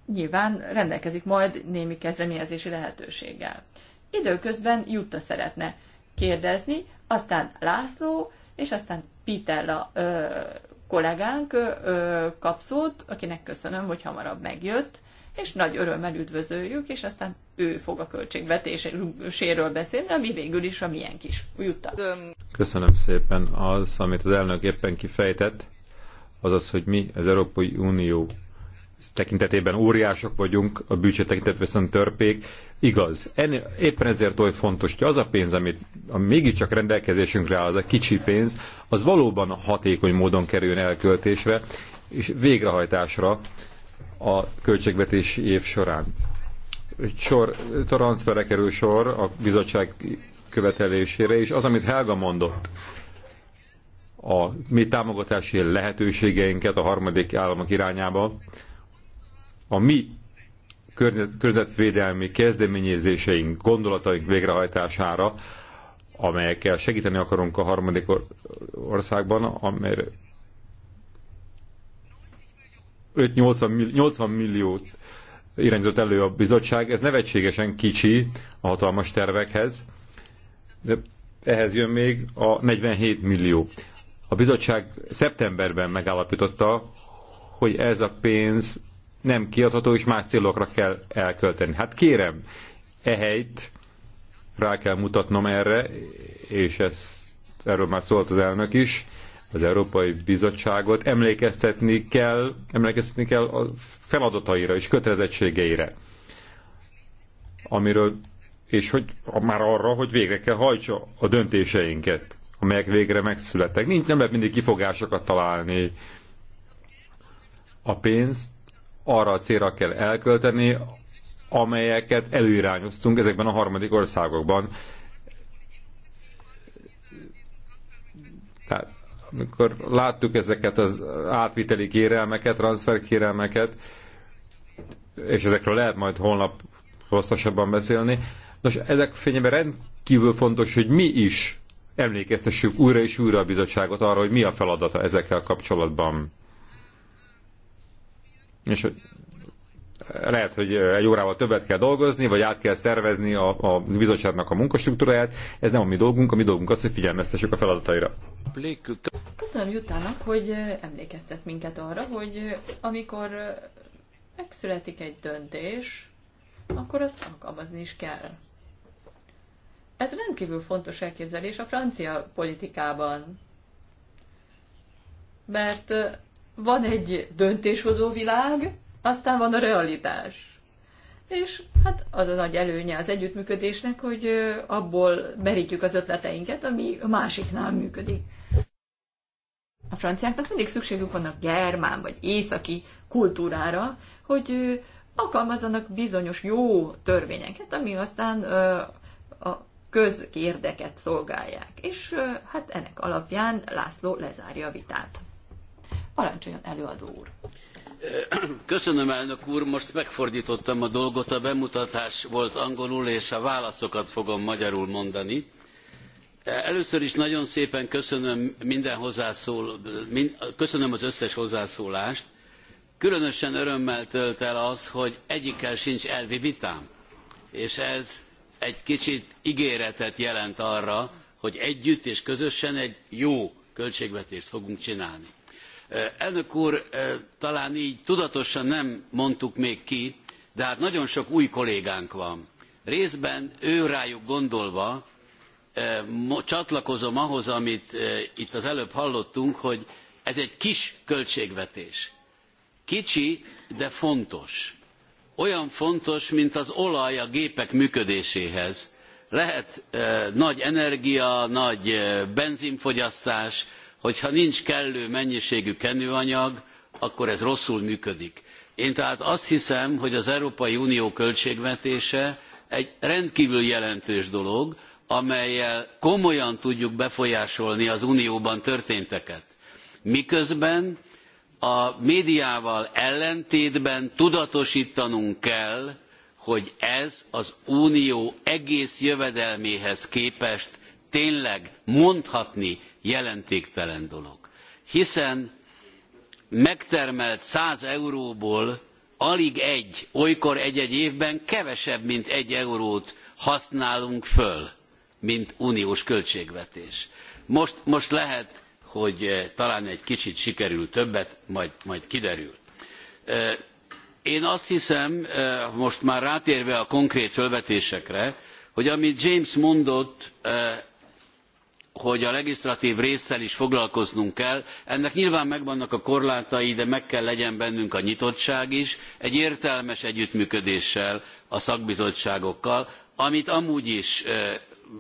nyilván rendelkezik majd némi kezdeményezési lehetőséggel. Időközben Jutta szeretne kérdezni, aztán László, és aztán Pitella kollégánk kapszót, akinek köszönöm, hogy hamarabb megjött, és nagy örömmel üdvözöljük, és aztán ő fog a költségvetéséről beszélni, ami végül is a milyen kis juttat. Köszönöm szépen az, amit az elnök éppen kifejtett, az az, hogy mi az Európai Unió tekintetében óriások vagyunk, a bűcsét tekintetében viszont törpék. Igaz, ennél, éppen ezért oly fontos, hogy az a pénz, amit a mégiscsak rendelkezésünkre áll, az a kicsi pénz, az valóban hatékony módon kerüljön elköltésre és végrehajtásra a költségvetési év során. sor transferre kerül sor a bizottság követelésére, és az, amit Helga mondott, a mi támogatási lehetőségeinket a harmadik államok irányába, a mi környezetvédelmi kezdeményezéseink, gondolataink végrehajtására, amelyekkel segíteni akarunk a harmadik országban, amelyre 80, 80 milliót irányzott elő a bizottság, ez nevetségesen kicsi a hatalmas tervekhez, de ehhez jön még a 47 millió. A bizottság szeptemberben megállapította, hogy ez a pénz nem kiadható, és más célokra kell elkölteni. Hát kérem, ehelyt rá kell mutatnom erre, és ezt, erről már szólt az elnök is, az Európai Bizottságot emlékeztetni kell, emlékeztetni kell a feladataira és kötelezettségeire, amiről, és hogy már arra, hogy végre kell hajtsa a döntéseinket, amelyek végre megszülettek. Nincs, nem lehet mindig kifogásokat találni. A pénzt arra a célra kell elkölteni, amelyeket előirányoztunk ezekben a harmadik országokban amikor láttuk ezeket az átviteli kérelmeket, kérelmeket, és ezekről lehet majd holnap hosszasabban beszélni. Nos, ezek fényében rendkívül fontos, hogy mi is emlékeztessük újra és újra a bizottságot arra, hogy mi a feladata ezekkel kapcsolatban. És hogy lehet, hogy egy órával többet kell dolgozni, vagy át kell szervezni a, a bizottságnak a munkastruktúráját. Ez nem a mi dolgunk, a mi dolgunk az, hogy figyelmeztessük a feladataira. Köszönöm Jutának, hogy emlékeztet minket arra, hogy amikor megszületik egy döntés, akkor azt alkalmazni is kell. Ez rendkívül fontos elképzelés a francia politikában. Mert van egy döntéshozó világ, aztán van a realitás. És hát az a nagy előnye az együttműködésnek, hogy abból merítjük az ötleteinket, ami a másiknál működik. A franciáknak mindig szükségük van a germán vagy északi kultúrára, hogy alkalmazzanak bizonyos jó törvényeket, ami aztán a közérdeket szolgálják. És hát ennek alapján László lezárja a vitát. Parancsoljon előadó úr! Köszönöm, elnök úr, most megfordítottam a dolgot, a bemutatás volt angolul, és a válaszokat fogom magyarul mondani. Először is nagyon szépen köszönöm minden hozzászól, mind, köszönöm az összes hozzászólást. Különösen örömmel tölt el az, hogy egyikkel sincs elvi vitám, és ez egy kicsit ígéretet jelent arra, hogy együtt és közösen egy jó költségvetést fogunk csinálni. Elnök úr, talán így tudatosan nem mondtuk még ki, de hát nagyon sok új kollégánk van. Részben ő rájuk gondolva csatlakozom ahhoz, amit itt az előbb hallottunk, hogy ez egy kis költségvetés. Kicsi, de fontos. Olyan fontos, mint az olaj a gépek működéséhez. Lehet nagy energia, nagy benzinfogyasztás, hogyha nincs kellő mennyiségű kenőanyag, akkor ez rosszul működik. Én tehát azt hiszem, hogy az Európai Unió költségvetése egy rendkívül jelentős dolog, amelyel komolyan tudjuk befolyásolni az Unióban történteket. Miközben a médiával ellentétben tudatosítanunk kell, hogy ez az Unió egész jövedelméhez képest tényleg mondhatni jelentéktelen dolog. Hiszen megtermelt 100 euróból alig egy, olykor egy-egy évben kevesebb, mint egy eurót használunk föl, mint uniós költségvetés. Most, most lehet, hogy eh, talán egy kicsit sikerül többet, majd, majd kiderül. Eh, én azt hiszem, eh, most már rátérve a konkrét fölvetésekre, hogy amit James mondott, hogy a legislatv résszel is foglalkoznunk kell. Ennek nyilván megvannak a korlátai, de meg kell legyen bennünk a nyitottság is, egy értelmes együttműködéssel a szakbizottságokkal, amit amúgy is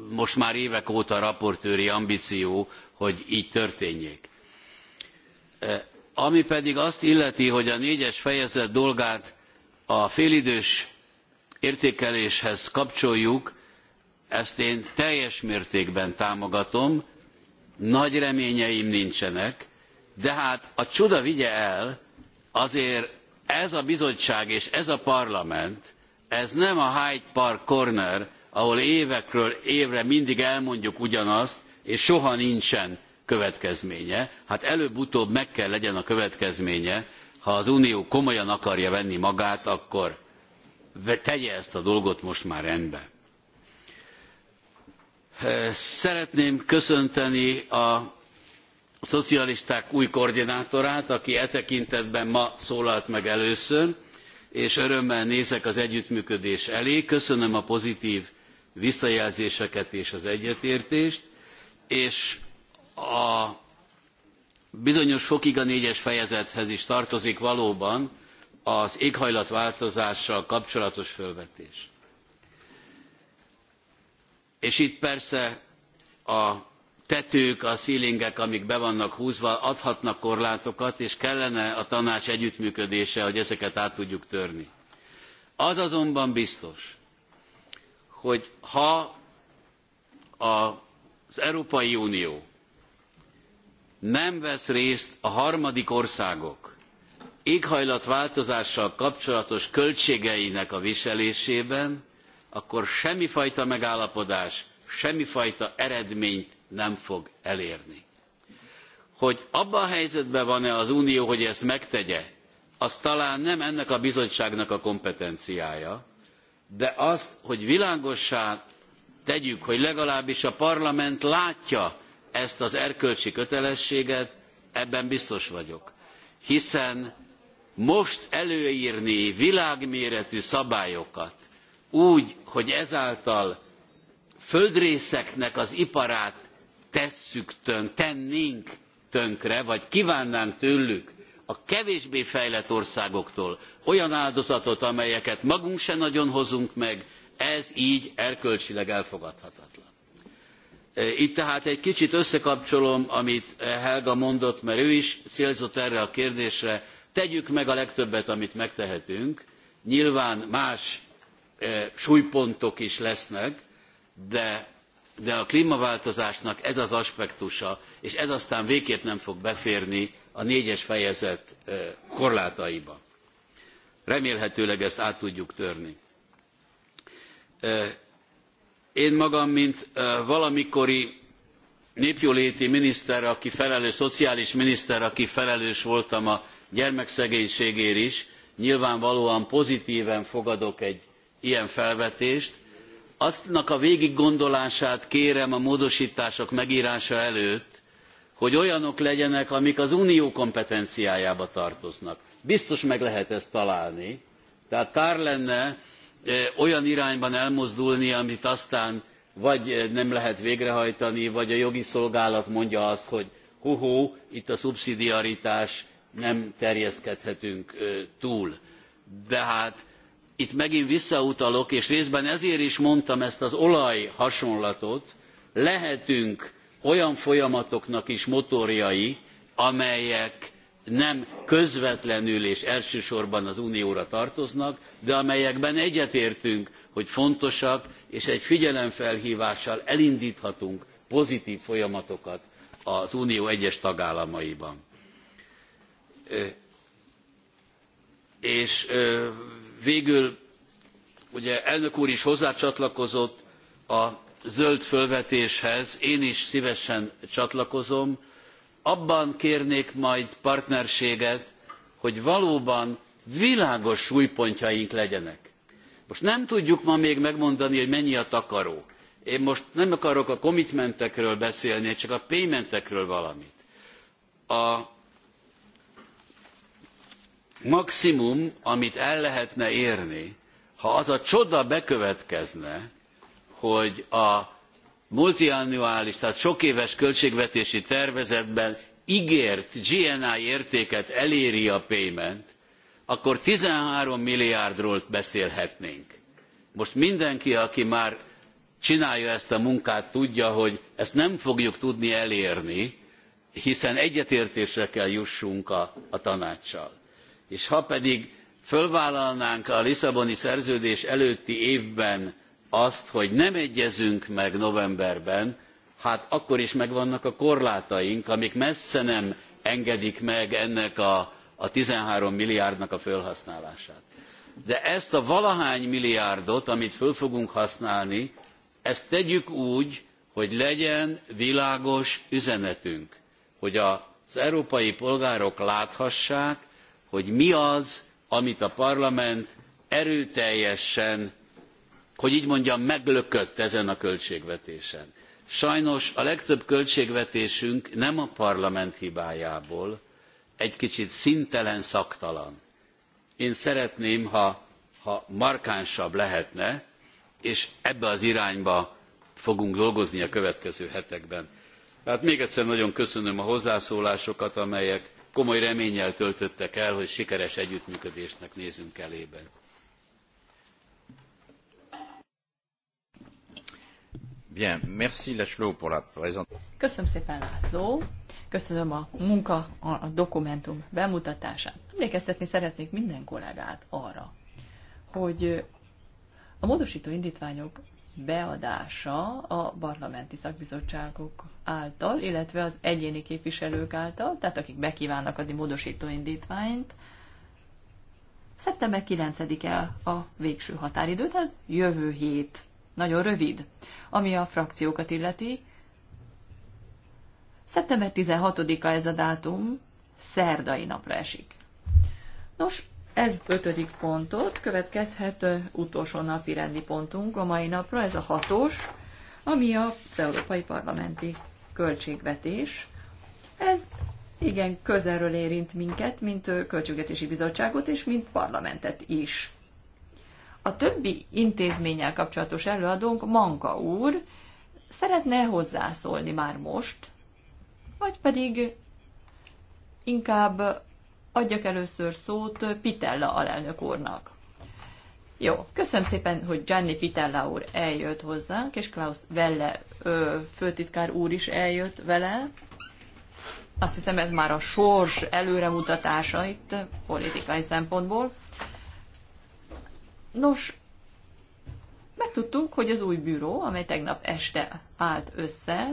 most már évek óta raportőri ambíció, hogy így történjék. Ami pedig azt illeti, hogy a négyes fejezet dolgát a félidős értékeléshez kapcsoljuk, ezt én teljes mértékben támogatom, nagy reményeim nincsenek, de hát a csuda vigye el, azért ez a bizottság és ez a parlament, ez nem a Hyde Park Corner, ahol évekről évre mindig elmondjuk ugyanazt, és soha nincsen következménye. Hát előbb-utóbb meg kell legyen a következménye, ha az Unió komolyan akarja venni magát, akkor tegye ezt a dolgot most már rendbe. Szeretném köszönteni a szocialisták új koordinátorát, aki e tekintetben ma szólalt meg először, és örömmel nézek az együttműködés elé. Köszönöm a pozitív visszajelzéseket és az egyetértést, és a bizonyos fokig a négyes fejezethez is tartozik valóban az éghajlatváltozással kapcsolatos fölvetés. És itt persze a tetők, a szílingek, amik be vannak húzva, adhatnak korlátokat, és kellene a tanács együttműködése, hogy ezeket át tudjuk törni. Az azonban biztos, hogy ha az Európai Unió nem vesz részt a harmadik országok éghajlatváltozással kapcsolatos költségeinek a viselésében, akkor semmifajta megállapodás, semmifajta eredményt nem fog elérni. Hogy abban a helyzetben van-e az Unió, hogy ezt megtegye, az talán nem ennek a bizottságnak a kompetenciája, de azt, hogy világossá tegyük, hogy legalábbis a parlament látja ezt az erkölcsi kötelességet, ebben biztos vagyok. Hiszen most előírni világméretű szabályokat, úgy, hogy ezáltal földrészeknek az iparát tesszük tön, tennénk tönkre, vagy kívánnánk tőlük a kevésbé fejlett országoktól olyan áldozatot, amelyeket magunk se nagyon hozunk meg, ez így erkölcsileg elfogadhatatlan. E, itt tehát egy kicsit összekapcsolom, amit Helga mondott, mert ő is célzott erre a kérdésre. Tegyük meg a legtöbbet, amit megtehetünk. Nyilván más súlypontok is lesznek, de, de a klímaváltozásnak ez az aspektusa, és ez aztán végképp nem fog beférni a négyes fejezet korlátaiba. Remélhetőleg ezt át tudjuk törni. Én magam, mint valamikori népjóléti miniszter, aki felelős, szociális miniszter, aki felelős voltam a gyermekszegénységért is, nyilvánvalóan pozitíven fogadok egy ilyen felvetést. Aztnak a végiggondolását kérem a módosítások megírása előtt, hogy olyanok legyenek, amik az unió kompetenciájába tartoznak. Biztos meg lehet ezt találni, tehát kár lenne e, olyan irányban elmozdulni, amit aztán vagy e, nem lehet végrehajtani, vagy a jogi szolgálat mondja azt, hogy hoho, itt a szubszidiaritás, nem terjeszkedhetünk e, túl. De hát itt megint visszautalok, és részben ezért is mondtam ezt az olaj hasonlatot, lehetünk olyan folyamatoknak is motorjai, amelyek nem közvetlenül és elsősorban az unióra tartoznak, de amelyekben egyetértünk, hogy fontosak, és egy figyelemfelhívással elindíthatunk pozitív folyamatokat az unió egyes tagállamaiban. És végül ugye elnök úr is hozzácsatlakozott a zöld fölvetéshez én is szívesen csatlakozom abban kérnék majd partnerséget hogy valóban világos súlypontjaink legyenek. most nem tudjuk ma még megmondani hogy mennyi a takaró én most nem akarok a commitmentekről beszélni csak a paymentekről valamit. a maximum, amit el lehetne érni, ha az a csoda bekövetkezne, hogy a multiannuális, tehát sokéves költségvetési tervezetben ígért GNI értéket eléri a payment, akkor 13 milliárdról beszélhetnénk. Most mindenki, aki már csinálja ezt a munkát, tudja, hogy ezt nem fogjuk tudni elérni, hiszen egyetértésre kell jussunk a, a tanácssal és ha pedig fölvállalnánk a Lisszaboni szerződés előtti évben azt, hogy nem egyezünk meg novemberben, hát akkor is megvannak a korlátaink, amik messze nem engedik meg ennek a, a 13 milliárdnak a fölhasználását. De ezt a valahány milliárdot, amit föl fogunk használni, ezt tegyük úgy, hogy legyen világos üzenetünk, hogy az európai polgárok láthassák, hogy mi az, amit a parlament erőteljesen, hogy így mondjam, meglökött ezen a költségvetésen. Sajnos a legtöbb költségvetésünk nem a parlament hibájából, egy kicsit szintelen, szaktalan. Én szeretném, ha, ha markánsabb lehetne, és ebbe az irányba fogunk dolgozni a következő hetekben. Tehát még egyszer nagyon köszönöm a hozzászólásokat, amelyek komoly reménnyel töltöttek el, hogy sikeres együttműködésnek nézünk elébe. Bien, merci László pour la Köszönöm szépen László, köszönöm a munka, a dokumentum bemutatását. Emlékeztetni szeretnék minden kollégát arra, hogy a módosító indítványok beadása a parlamenti szakbizottságok által, illetve az egyéni képviselők által, tehát akik bekívánnak adni módosító indítványt. Szeptember 9-e a végső határidő, tehát jövő hét. Nagyon rövid. Ami a frakciókat illeti, szeptember 16-a ez a dátum, szerdai napra esik. Nos, ez ötödik pontot következhet utolsó napi rendi pontunk a mai napra, ez a hatos, ami az Európai Parlamenti Költségvetés. Ez igen közelről érint minket, mint Költségvetési Bizottságot és mint parlamentet is. A többi intézménnyel kapcsolatos előadónk Manka úr szeretne hozzászólni már most, vagy pedig inkább adjak először szót Pitella alelnök úrnak. Jó, köszönöm szépen, hogy Gianni Pitella úr eljött hozzánk, és Klaus Velle ö, főtitkár úr is eljött vele. Azt hiszem ez már a sors előremutatása itt politikai szempontból. Nos, megtudtuk, hogy az új bűró, amely tegnap este állt össze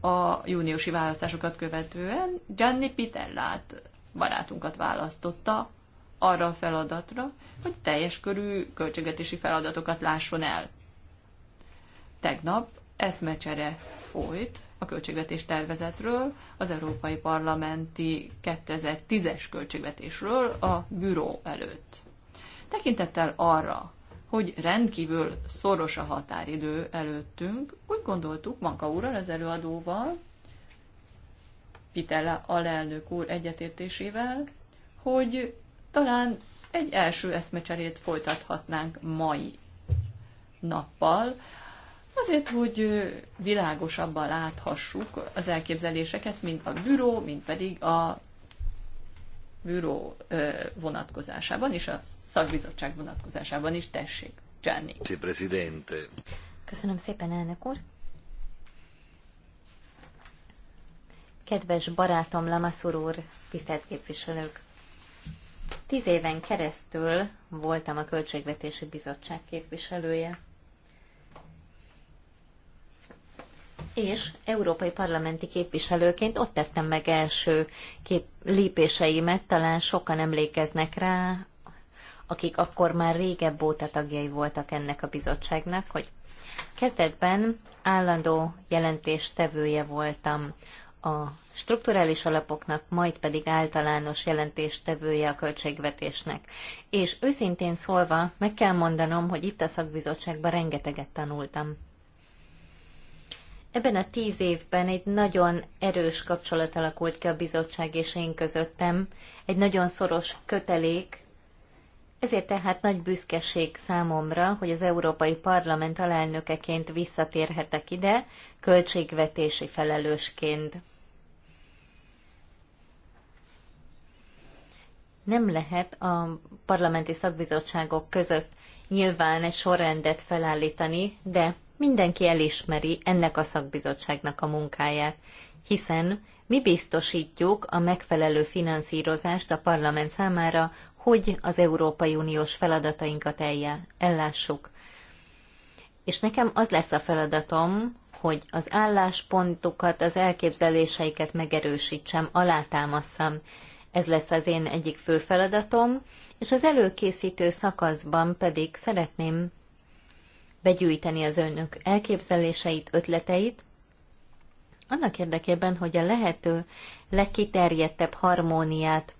a júniusi választásokat követően, Gianni Pitellát barátunkat választotta arra a feladatra, hogy teljes körű költségetési feladatokat lásson el. Tegnap eszmecsere folyt a költségvetés tervezetről, az Európai Parlamenti 2010-es költségvetésről a büró előtt. Tekintettel arra, hogy rendkívül szoros a határidő előttünk, úgy gondoltuk Manka úrral, az előadóval, Pitella alelnök úr egyetértésével, hogy talán egy első eszmecserét folytathatnánk mai nappal, azért, hogy világosabban láthassuk az elképzeléseket, mint a büró, mint pedig a büró vonatkozásában, és a szakbizottság vonatkozásában is tessék, Gianni. Köszönöm szépen, elnök úr. Kedves barátom Lamaszur úr, tisztelt képviselők! Tíz éven keresztül voltam a Költségvetési Bizottság képviselője. És európai parlamenti képviselőként ott tettem meg első kép lépéseimet, talán sokan emlékeznek rá, akik akkor már régebb óta tagjai voltak ennek a bizottságnak, hogy kezdetben állandó jelentéstevője voltam a strukturális alapoknak, majd pedig általános jelentéstevője a költségvetésnek. És őszintén szólva, meg kell mondanom, hogy itt a szakbizottságban rengeteget tanultam. Ebben a tíz évben egy nagyon erős kapcsolat alakult ki a bizottság és én közöttem, egy nagyon szoros kötelék, ezért tehát nagy büszkeség számomra, hogy az Európai Parlament alelnökeként visszatérhetek ide, költségvetési felelősként. nem lehet a parlamenti szakbizottságok között nyilván egy sorrendet felállítani, de mindenki elismeri ennek a szakbizottságnak a munkáját, hiszen mi biztosítjuk a megfelelő finanszírozást a parlament számára, hogy az Európai Uniós feladatainkat ellássuk. És nekem az lesz a feladatom, hogy az álláspontokat, az elképzeléseiket megerősítsem, alátámasszam, ez lesz az én egyik fő feladatom, és az előkészítő szakaszban pedig szeretném begyűjteni az önök elképzeléseit, ötleteit, annak érdekében, hogy a lehető legkiterjedtebb harmóniát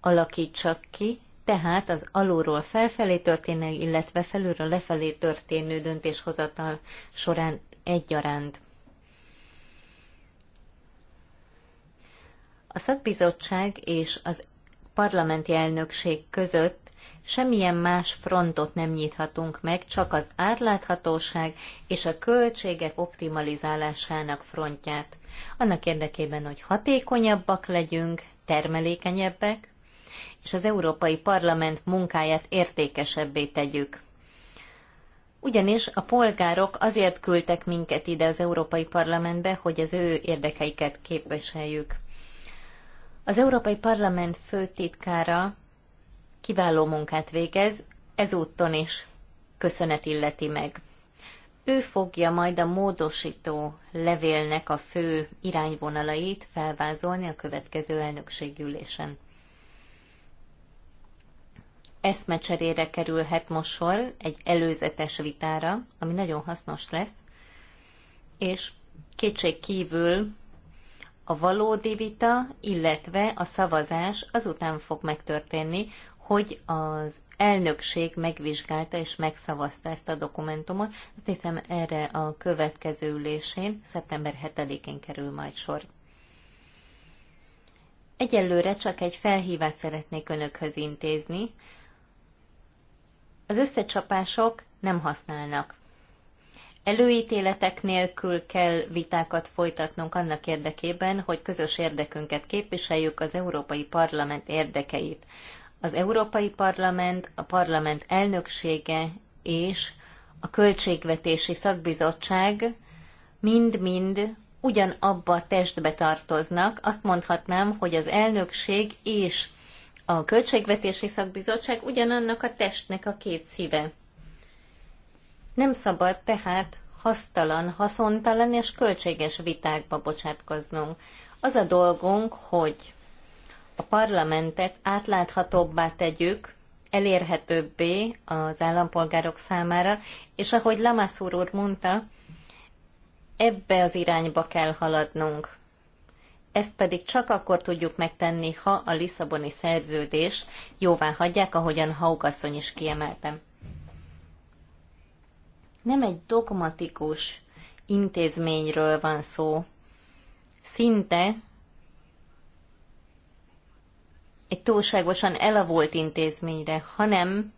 alakítsak ki, tehát az alulról felfelé történő, illetve felülről lefelé történő döntéshozatal során egyaránt. A szakbizottság és az parlamenti elnökség között semmilyen más frontot nem nyithatunk meg, csak az átláthatóság és a költségek optimalizálásának frontját. Annak érdekében, hogy hatékonyabbak legyünk, termelékenyebbek, és az Európai Parlament munkáját értékesebbé tegyük. Ugyanis a polgárok azért küldtek minket ide az Európai Parlamentbe, hogy az ő érdekeiket képviseljük. Az Európai Parlament főtitkára kiváló munkát végez, ezúton is köszönet illeti meg. Ő fogja majd a módosító levélnek a fő irányvonalait felvázolni a következő elnökségülésen. Eszmecserére kerülhet most sor egy előzetes vitára, ami nagyon hasznos lesz, és kétség kívül a valódi vita, illetve a szavazás azután fog megtörténni, hogy az elnökség megvizsgálta és megszavazta ezt a dokumentumot. Azt hiszem erre a következő ülésén, szeptember 7-én kerül majd sor. Egyelőre csak egy felhívást szeretnék önökhöz intézni. Az összecsapások nem használnak. Előítéletek nélkül kell vitákat folytatnunk annak érdekében, hogy közös érdekünket képviseljük az Európai Parlament érdekeit. Az Európai Parlament, a parlament elnöksége és a Költségvetési Szakbizottság mind-mind ugyanabba a testbe tartoznak. Azt mondhatnám, hogy az elnökség és a Költségvetési Szakbizottság ugyanannak a testnek a két szíve. Nem szabad tehát hasztalan, haszontalan és költséges vitákba bocsátkoznunk. Az a dolgunk, hogy a parlamentet átláthatóbbá tegyük, elérhetőbbé az állampolgárok számára, és ahogy Lamassur úr mondta, ebbe az irányba kell haladnunk. Ezt pedig csak akkor tudjuk megtenni, ha a Lisszaboni szerződést jóvá hagyják, ahogyan Haugasszony is kiemeltem nem egy dogmatikus intézményről van szó. Szinte egy túlságosan elavult intézményre, hanem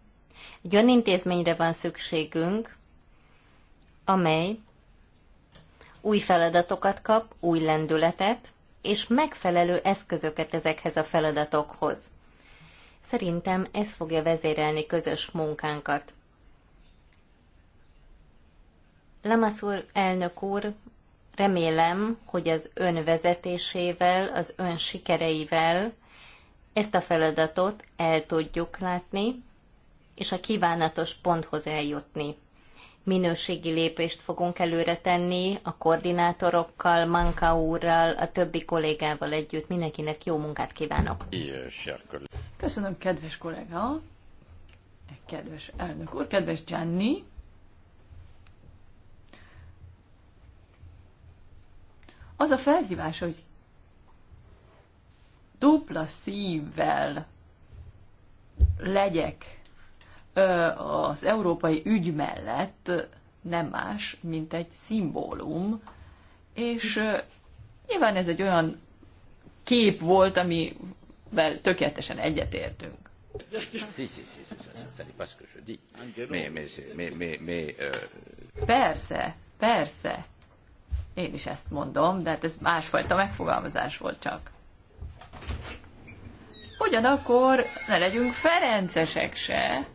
egy olyan intézményre van szükségünk, amely új feladatokat kap, új lendületet, és megfelelő eszközöket ezekhez a feladatokhoz. Szerintem ez fogja vezérelni közös munkánkat. úr, elnök úr, remélem, hogy az ön vezetésével, az ön sikereivel ezt a feladatot el tudjuk látni, és a kívánatos ponthoz eljutni. Minőségi lépést fogunk előre tenni a koordinátorokkal, Manka úrral, a többi kollégával együtt. Mindenkinek jó munkát kívánok! Köszönöm, kedves kollega! Kedves elnök úr, kedves Gianni! Az a felhívás, hogy dupla szívvel legyek az európai ügy mellett nem más, mint egy szimbólum, és nyilván ez egy olyan kép volt, amivel tökéletesen egyetértünk. Persze, persze. Én is ezt mondom, de hát ez másfajta megfogalmazás volt csak. Ugyanakkor ne legyünk ferencesek se.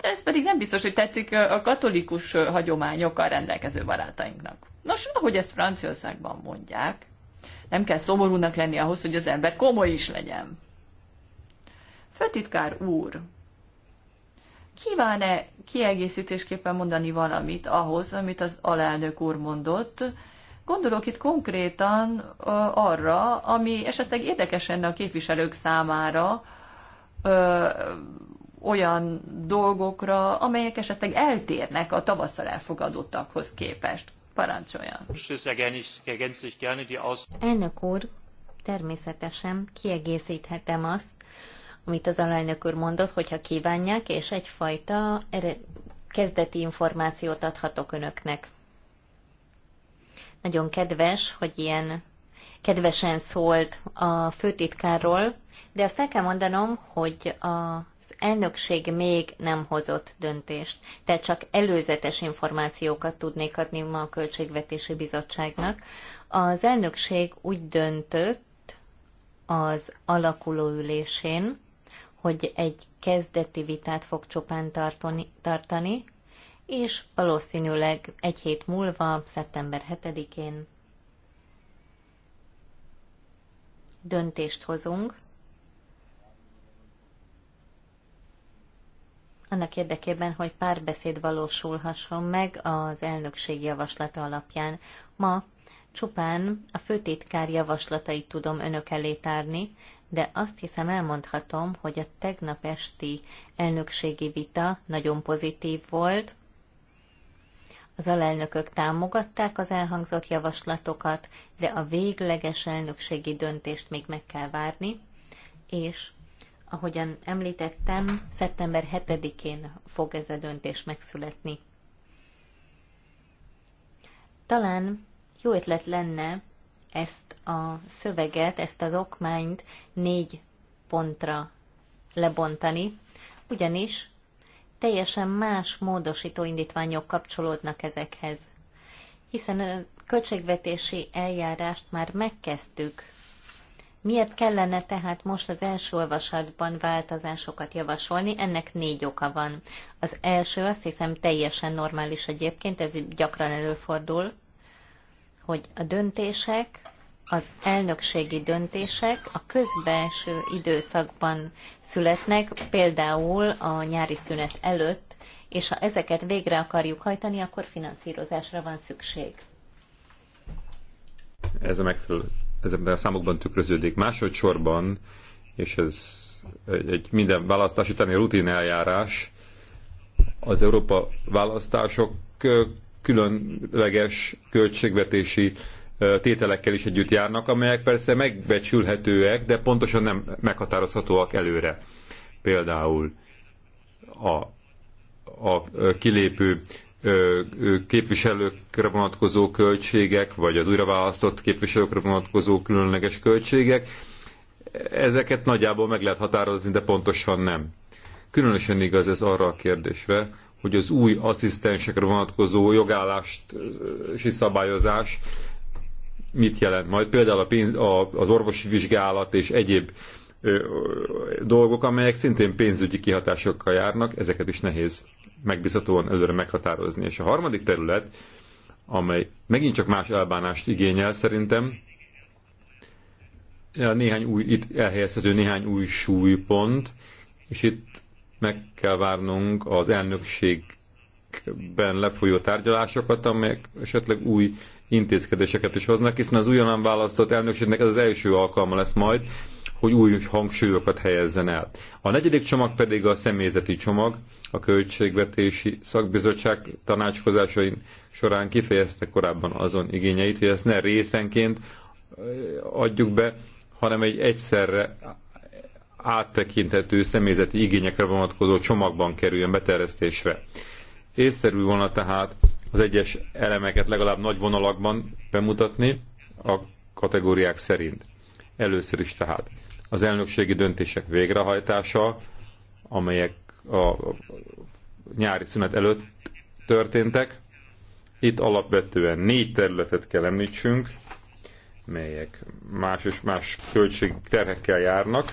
De ez pedig nem biztos, hogy tetszik a katolikus hagyományokkal rendelkező barátainknak. Nos, ahogy ezt Franciaországban mondják, nem kell szomorúnak lenni ahhoz, hogy az ember komoly is legyen. Főtitkár úr, kíván-e kiegészítésképpen mondani valamit ahhoz, amit az alelnök úr mondott. Gondolok itt konkrétan arra, ami esetleg érdekes lenne a képviselők számára, olyan dolgokra, amelyek esetleg eltérnek a tavasszal elfogadottakhoz képest. Parancsoljon! Elnök úr, természetesen kiegészíthetem azt, amit az alelnök úr mondott, hogyha kívánják, és egyfajta kezdeti információt adhatok önöknek. Nagyon kedves, hogy ilyen kedvesen szólt a főtitkárról, de azt el kell mondanom, hogy az elnökség még nem hozott döntést, tehát csak előzetes információkat tudnék adni ma a Költségvetési Bizottságnak. Az elnökség úgy döntött az alakuló ülésén, hogy egy kezdeti vitát fog csupán tartani, tartani és valószínűleg egy hét múlva, szeptember 7-én döntést hozunk, annak érdekében, hogy párbeszéd valósulhasson meg az elnökség javaslata alapján. Ma csupán a főtitkár javaslatait tudom önök elé tárni, de azt hiszem elmondhatom, hogy a tegnap esti elnökségi vita nagyon pozitív volt. Az alelnökök támogatták az elhangzott javaslatokat, de a végleges elnökségi döntést még meg kell várni, és ahogyan említettem, szeptember 7-én fog ez a döntés megszületni. Talán jó ötlet lenne ezt a szöveget, ezt az okmányt négy pontra lebontani, ugyanis teljesen más módosító indítványok kapcsolódnak ezekhez. Hiszen a költségvetési eljárást már megkezdtük. Miért kellene tehát most az első olvasatban változásokat javasolni? Ennek négy oka van. Az első azt hiszem teljesen normális egyébként, ez gyakran előfordul, hogy a döntések, az elnökségi döntések a közbelső időszakban születnek, például a nyári szünet előtt, és ha ezeket végre akarjuk hajtani, akkor finanszírozásra van szükség. Ez a megfelelő, ezekben a számokban tükröződik. Másodszorban, és ez egy minden választás utáni rutin eljárás, az Európa választások különleges költségvetési tételekkel is együtt járnak, amelyek persze megbecsülhetőek, de pontosan nem meghatározhatóak előre. Például a, a kilépő képviselőkre vonatkozó költségek, vagy az újraválasztott képviselőkre vonatkozó különleges költségek, ezeket nagyjából meg lehet határozni, de pontosan nem. Különösen igaz ez arra a kérdésre, hogy az új asszisztensekre vonatkozó jogállási szabályozás mit jelent majd. Például a pénz, a, az orvosi vizsgálat és egyéb ö, dolgok, amelyek szintén pénzügyi kihatásokkal járnak, ezeket is nehéz megbízhatóan előre meghatározni. És a harmadik terület, amely megint csak más elbánást igényel szerintem, néhány új, itt elhelyezhető néhány új súlypont, és itt meg kell várnunk az elnökségben lefolyó tárgyalásokat, amelyek esetleg új intézkedéseket is hoznak, hiszen az újonnan választott elnökségnek ez az első alkalma lesz majd, hogy új hangsúlyokat helyezzen el. A negyedik csomag pedig a személyzeti csomag, a költségvetési szakbizottság tanácskozásain során kifejezte korábban azon igényeit, hogy ezt ne részenként adjuk be, hanem egy egyszerre áttekinthető személyzeti igényekre vonatkozó csomagban kerüljön beterjesztésre. Észszerű volna tehát az egyes elemeket legalább nagy vonalakban bemutatni a kategóriák szerint. Először is tehát az elnökségi döntések végrehajtása, amelyek a nyári szünet előtt történtek. Itt alapvetően négy területet kell említsünk, melyek más és más költségterhekkel terhekkel járnak.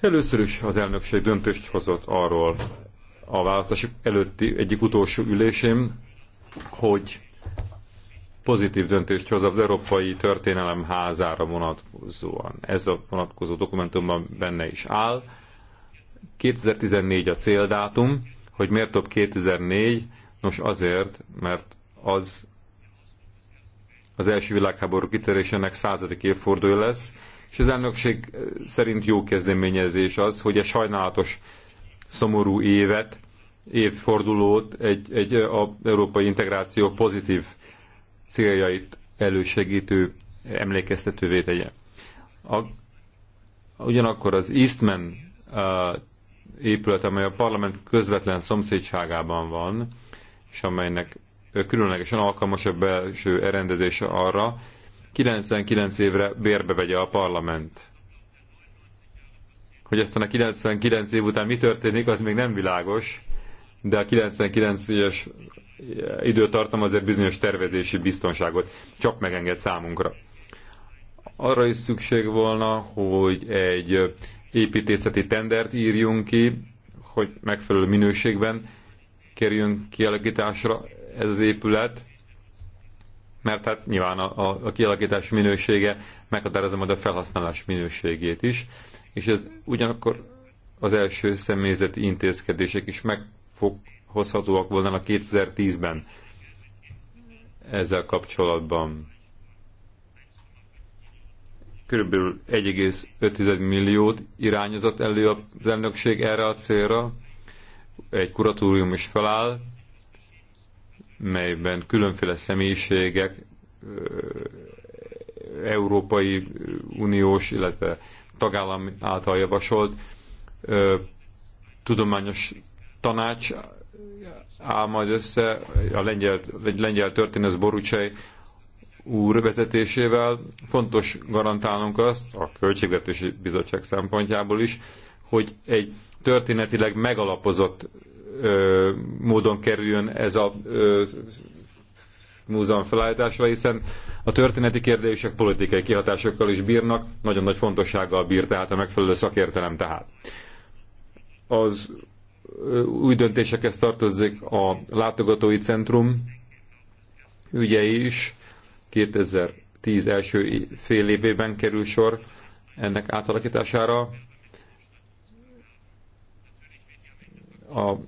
Először is az elnökség döntést hozott arról a választások előtti egyik utolsó ülésén, hogy pozitív döntést hoz az Európai Történelem házára vonatkozóan. Ez a vonatkozó dokumentumban benne is áll. 2014 a céldátum, hogy miért több 2004? Nos azért, mert az az első világháború kitörésének századik évfordulója lesz, és az elnökség eh, szerint jó kezdeményezés az, hogy a sajnálatos szomorú évet, évfordulót egy, egy eh, a európai integráció pozitív céljait elősegítő emlékeztetővé tegye. A, ugyanakkor az Eastman a, eh, épület, amely a parlament közvetlen szomszédságában van, és amelynek különlegesen alkalmas a belső elrendezése arra, 99 évre bérbe vegye a parlament. Hogy aztán a 99 év után mi történik, az még nem világos, de a 99 éves időtartam azért bizonyos tervezési biztonságot csak megenged számunkra. Arra is szükség volna, hogy egy építészeti tendert írjunk ki, hogy megfelelő minőségben kerüljön kialakításra ez az épület, mert hát nyilván a, a, a kialakítás minősége meghatározza majd a felhasználás minőségét is, és ez ugyanakkor az első személyzeti intézkedések is meghozhatóak volna 2010-ben ezzel kapcsolatban. Körülbelül 1,5 milliót irányozott elő az elnökség erre a célra, egy kuratórium is feláll, melyben különféle személyiségek Európai Uniós, illetve tagállam által javasolt tudományos tanács áll majd össze a lengyel, egy lengyel történész Borucsej úr vezetésével. Fontos garantálnunk azt, a Költségvetési Bizottság szempontjából is, hogy egy történetileg megalapozott ö, módon kerüljön ez a ö, múzeum felállításra, hiszen a történeti kérdések politikai kihatásokkal is bírnak, nagyon nagy fontossággal bír tehát a megfelelő szakértelem tehát. Az új döntésekhez tartozik a látogatói centrum ügye is, 2010 első fél évében kerül sor ennek átalakítására. a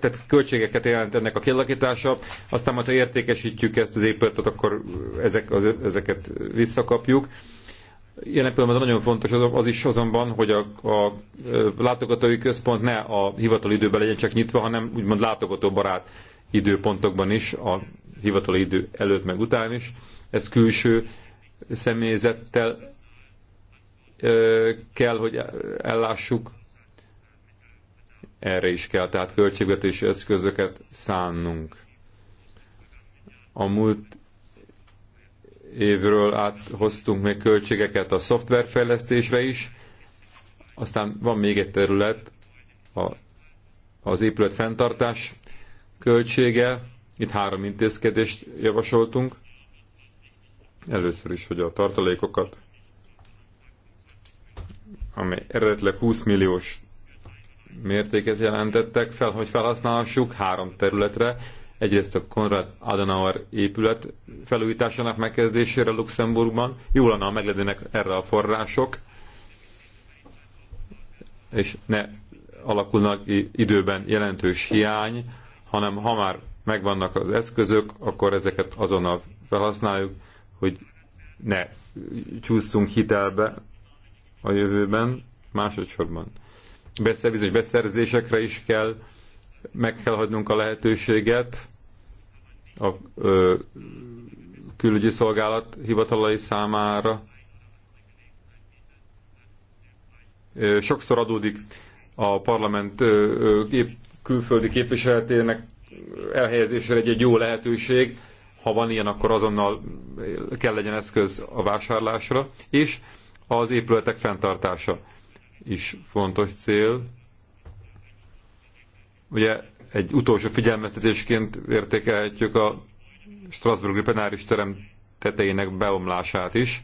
tehát költségeket jelent ennek a kialakítása, aztán majd ha értékesítjük ezt az épületet, akkor ezek, az, ezeket visszakapjuk. Jelen pillanatban nagyon fontos az, az is azonban, hogy a, a látogatói központ ne a hivatali időben legyen csak nyitva, hanem úgymond látogatóbarát időpontokban is, a hivatali idő előtt meg után is. Ez külső személyzettel kell, hogy ellássuk. Erre is kell, tehát költségvetési eszközöket szánnunk. A múlt évről áthoztunk még költségeket a szoftverfejlesztésre is, aztán van még egy terület, a, az épület fenntartás költsége, itt három intézkedést javasoltunk. Először is, hogy a tartalékokat amely eredetileg 20 milliós mértéket jelentettek fel, hogy felhasználhassuk három területre. Egyrészt a Konrad Adenauer épület felújításának megkezdésére Luxemburgban. Jó lenne, ha erre a források, és ne alakulnak időben jelentős hiány, hanem ha már megvannak az eszközök, akkor ezeket azonnal felhasználjuk, hogy ne csúszunk hitelbe, a jövőben, másodszorban. Beszer, bizony beszerzésekre is kell, meg kell hagynunk a lehetőséget a ö, külügyi szolgálat hivatalai számára. Ö, sokszor adódik a parlament ö, ö, kép, külföldi képviseletének elhelyezésre egy, egy jó lehetőség, ha van ilyen, akkor azonnal kell legyen eszköz a vásárlásra, és az épületek fenntartása is fontos cél. Ugye egy utolsó figyelmeztetésként értékelhetjük a Strasbourg penáris terem tetejének beomlását is.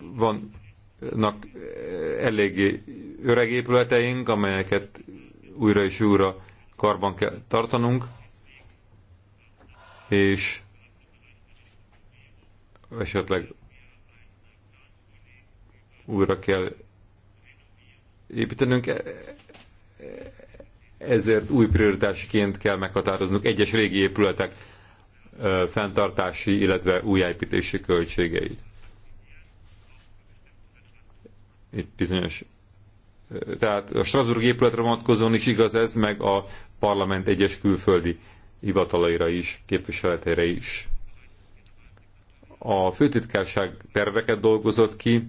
Vannak eléggé öreg épületeink, amelyeket újra és újra karban kell tartanunk, és esetleg újra kell építenünk, e, e, ezért új prioritásként kell meghatároznunk egyes régi épületek e, fenntartási, illetve újjáépítési költségeit. Itt bizonyos tehát a Strasbourg épületre vonatkozóan is igaz ez, meg a parlament egyes külföldi hivatalaira is, képviseletére is. A főtitkárság terveket dolgozott ki,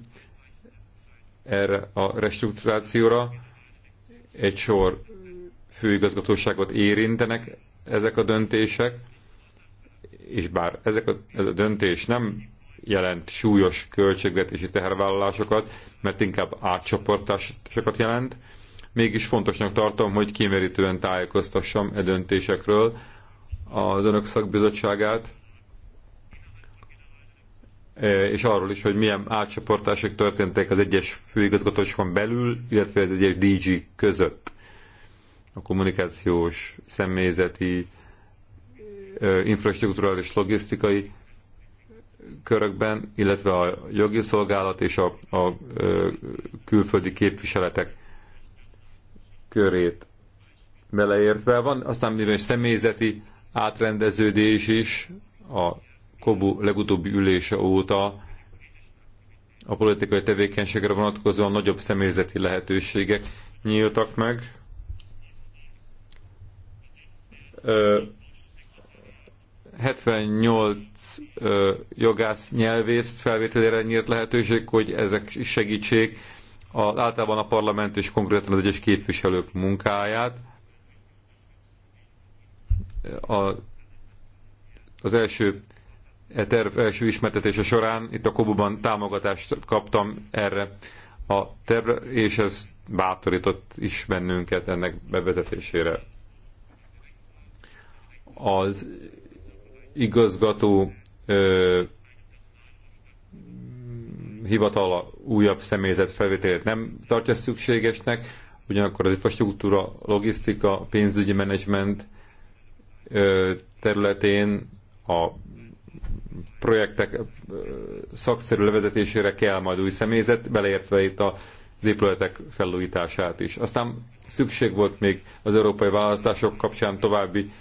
erre a restrukturációra, Egy sor főigazgatóságot érintenek ezek a döntések, és bár ezek a, ez a döntés nem jelent súlyos költségvetési tehervállalásokat, mert inkább átcsoportásokat jelent, mégis fontosnak tartom, hogy kimerítően tájékoztassam e döntésekről az önök szakbizottságát, Eh, és arról is, hogy milyen átcsoportások történtek az egyes főigazgatóságon belül, illetve az egyes DG között. A kommunikációs, személyzeti, eh, infrastruktúrális, logisztikai körökben, illetve a jogi szolgálat és a, a, eh, külföldi képviseletek körét beleértve. Van aztán mivel személyzeti átrendeződés is a Kobu legutóbbi ülése óta a politikai tevékenységre vonatkozóan nagyobb személyzeti lehetőségek nyíltak meg. Ö, 78 ö, jogász nyelvészt felvételére nyílt lehetőség, hogy ezek segítsék a általában a parlament és konkrétan az egyes képviselők munkáját. A, az első e terv első ismertetése során itt a Kobuban támogatást kaptam erre a tervre, és ez bátorított is bennünket ennek bevezetésére. Az igazgató ö, hivatala újabb személyzet felvételét nem tartja szükségesnek, ugyanakkor az infrastruktúra, logisztika, pénzügyi menedzsment területén a projektek szakszerű levezetésére kell majd új személyzet, beleértve itt a épületek felújítását is. Aztán szükség volt még az európai választások kapcsán további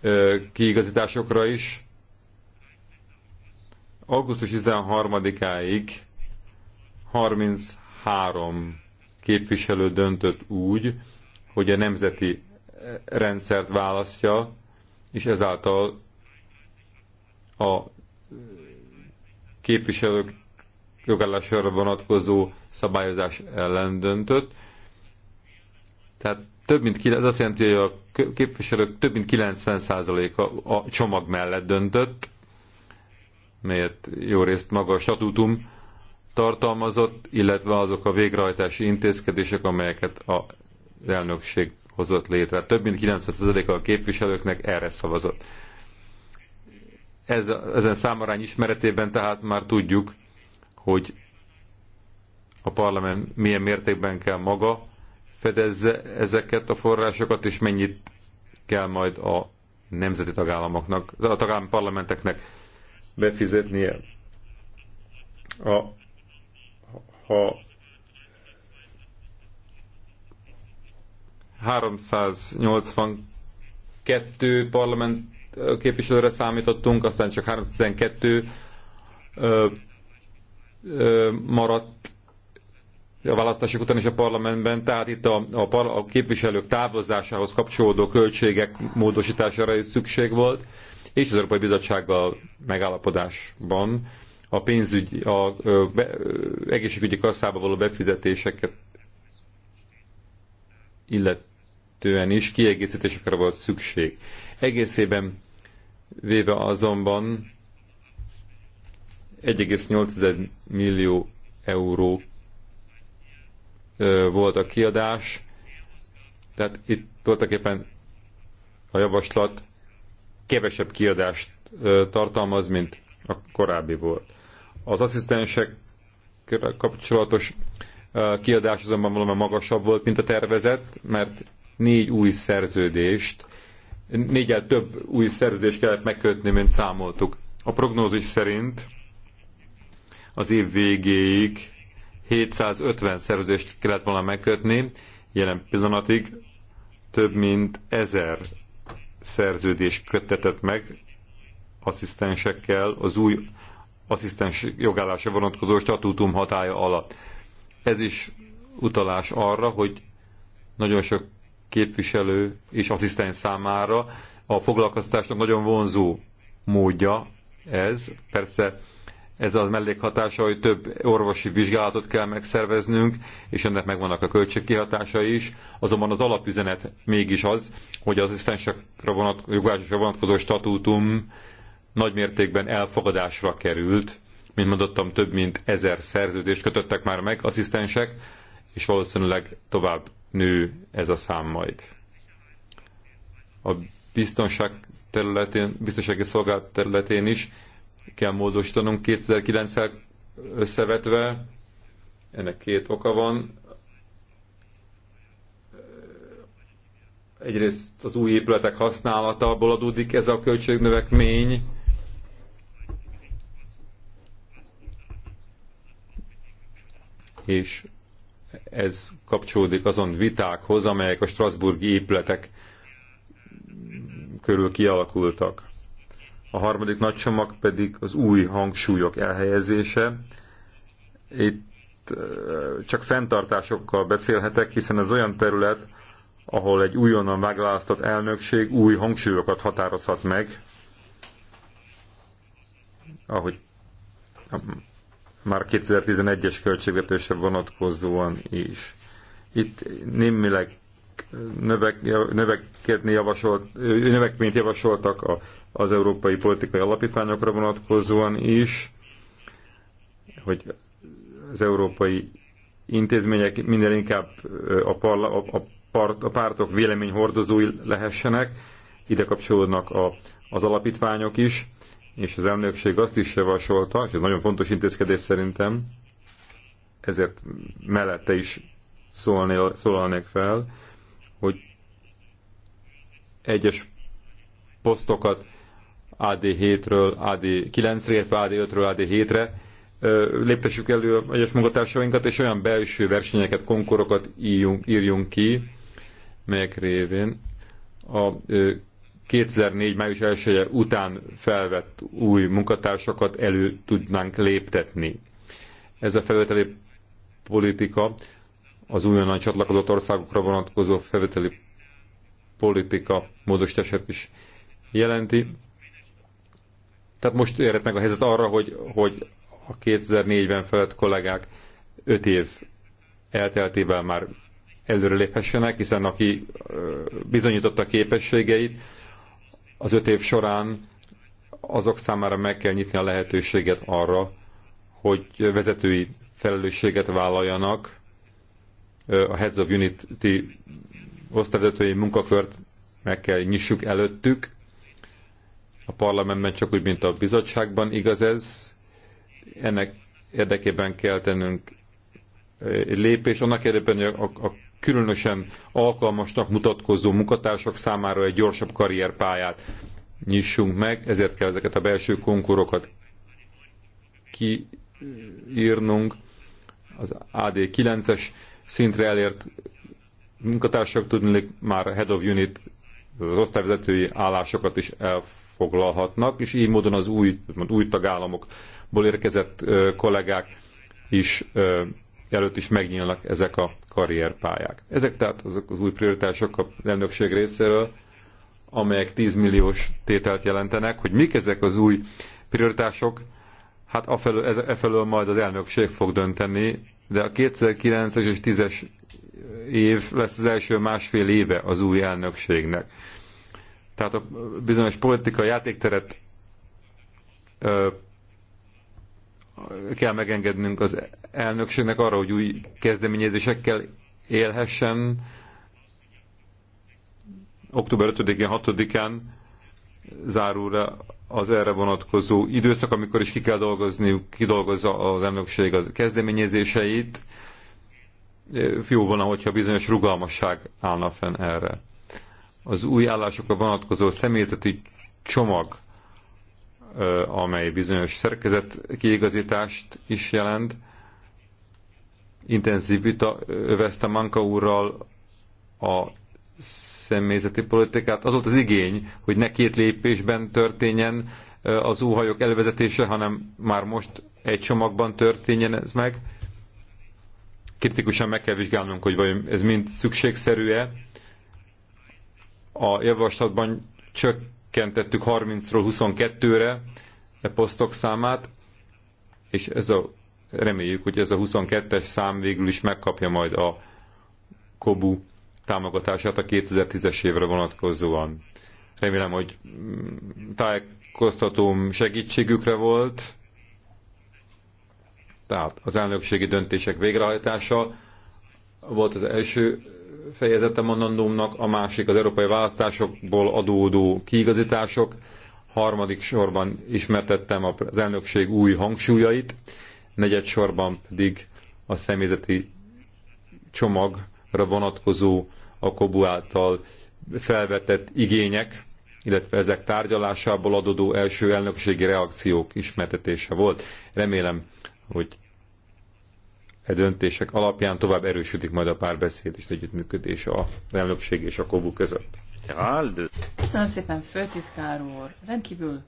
ö, kiigazításokra is. Augusztus 13-áig 33 képviselő döntött úgy, hogy a nemzeti rendszert választja, és ezáltal a képviselők jogállására vonatkozó szabályozás ellen döntött. Tehát több mint, ez azt jelenti, hogy a képviselők több mint 90%-a a csomag mellett döntött, melyet jó részt maga a statútum tartalmazott, illetve azok a végrehajtási intézkedések, amelyeket a elnökség hozott létre. Több mint 90%-a a képviselőknek erre szavazott. Ez, ezen számarány ismeretében tehát már tudjuk, hogy a parlament milyen mértékben kell maga fedezze ezeket a forrásokat, és mennyit kell majd a nemzeti tagállamoknak, a tagállami parlamenteknek befizetnie. A, ha 382 parlament képviselőre számítottunk, aztán csak 312 ö, ö, maradt a választások után is a parlamentben, tehát itt a, a, par, a képviselők távozásához kapcsolódó költségek módosítására is szükség volt, és az Európai Bizottsággal megállapodásban a pénzügy, a ö, be, ö, egészségügyi kasszába való befizetéseket illetően is kiegészítésekre volt szükség. Egészében véve azonban 1,8 millió euró volt a kiadás, tehát itt tulajdonképpen a javaslat kevesebb kiadást tartalmaz, mint a korábbi volt. Az asszisztensek kapcsolatos kiadás azonban valami magasabb volt, mint a tervezet, mert négy új szerződést négyel több új szerződést kellett megkötni, mint számoltuk. A prognózis szerint az év végéig 750 szerződést kellett volna megkötni, jelen pillanatig több mint 1000 szerződés köttetett meg asszisztensekkel az új asszisztens jogállása vonatkozó statútum hatája alatt. Ez is utalás arra, hogy nagyon sok képviselő és asszisztens számára a foglalkoztatásnak nagyon vonzó módja ez. Persze ez az mellékhatása, hogy több orvosi vizsgálatot kell megszerveznünk, és ennek megvannak a költségkihatása is. Azonban az alapüzenet mégis az, hogy az asszisztensekre vonat, vonatkozó statútum nagy mértékben elfogadásra került. Mint mondottam, több mint ezer szerződést kötöttek már meg asszisztensek, és valószínűleg tovább nő ez a szám majd. A biztonság területén, biztonsági szolgált területén is kell módosítanunk 2009-el összevetve. Ennek két oka van. Egyrészt az új épületek használatából adódik ez a költségnövekmény, és ez kapcsolódik azon vitákhoz, amelyek a Strasburgi épületek körül kialakultak. A harmadik nagy csomag pedig az új hangsúlyok elhelyezése. Itt csak fenntartásokkal beszélhetek, hiszen ez olyan terület, ahol egy újonnan megválasztott elnökség új hangsúlyokat határozhat meg, ahogy már 2011-es költségvetésre vonatkozóan is. Itt némileg növek, növekedni javasolt, növekményt javasoltak a, az európai politikai alapítványokra vonatkozóan is, hogy az európai intézmények minden inkább a, parla, a, a, part, a pártok véleményhordozói lehessenek, ide kapcsolódnak a, az alapítványok is, és az elnökség azt is javasolta, és ez nagyon fontos intézkedés szerintem, ezért mellette is szólnél, szólalnék fel, hogy egyes posztokat AD7-ről AD9-re, illetve AD5-ről AD7-re léptessük elő a egyes munkatársainkat, és olyan belső versenyeket, konkorokat írjunk, írjunk ki, melyek révén a 2004. május 1 -e után felvett új munkatársakat elő tudnánk léptetni. Ez a felvételi politika az újonnan csatlakozott országokra vonatkozó felvételi politika módosítását is jelenti. Tehát most érhet meg a helyzet arra, hogy, hogy a 2004-ben felett kollégák 5 év elteltével már előre léphessenek, hiszen aki bizonyította képességeit, az öt év során azok számára meg kell nyitni a lehetőséget arra, hogy vezetői felelősséget vállaljanak a Heads of Unity osztályvezetői munkakört meg kell nyissuk előttük. A parlamentben csak úgy, mint a bizottságban igaz ez. Ennek érdekében kell tennünk lépés. Annak érdekében, hogy a, a különösen alkalmasnak mutatkozó munkatársak számára egy gyorsabb karrierpályát nyissunk meg, ezért kell ezeket a belső konkurokat kiírnunk. Az AD9-es szintre elért munkatársak tudnék már head of unit, az osztályvezetői állásokat is elfoglalhatnak, és így módon az új, új tagállamokból érkezett kollégák is előtt is megnyílnak ezek a karrierpályák. Ezek tehát azok az új prioritások a elnökség részéről, amelyek 10 milliós tételt jelentenek, hogy mik ezek az új prioritások, hát afelől, ez, efelől majd az elnökség fog dönteni, de a 2009-es és 10-es év lesz az első másfél éve az új elnökségnek. Tehát a bizonyos politikai játékteret kell megengednünk az elnökségnek arra, hogy új kezdeményezésekkel élhessen. Október 5-én, 6-án zárulra az erre vonatkozó időszak, amikor is ki kell dolgozniuk, kidolgozza az elnökség az kezdeményezéseit. Jó volna, hogyha bizonyos rugalmasság állna fenn erre. Az új állásokra vonatkozó személyzeti csomag amely bizonyos szerkezet kiigazítást is jelent. Intenzív vita övezte Manka úrral a személyzeti politikát. Az volt az igény, hogy ne két lépésben történjen az óhajok elvezetése, hanem már most egy csomagban történjen ez meg. Kritikusan meg kell vizsgálnunk, hogy vajon ez mind szükségszerű-e. A javaslatban csak csökkentettük 30-ról 22-re a posztok számát, és ez a, reméljük, hogy ez a 22-es szám végül is megkapja majd a KOBU támogatását a 2010-es évre vonatkozóan. Remélem, hogy tájékoztatóm segítségükre volt, tehát az elnökségi döntések végrehajtása volt az első fejezete mondandómnak, a másik az európai választásokból adódó kiigazítások, harmadik sorban ismertettem az elnökség új hangsúlyait, negyed sorban pedig a személyzeti csomagra vonatkozó a Kobu által felvetett igények, illetve ezek tárgyalásából adódó első elnökségi reakciók ismertetése volt. Remélem, hogy E döntések alapján tovább erősödik majd a párbeszéd és együttműködés a elnökség és a kobu között. Köszönöm szépen, főtitkár úr! Rendkívül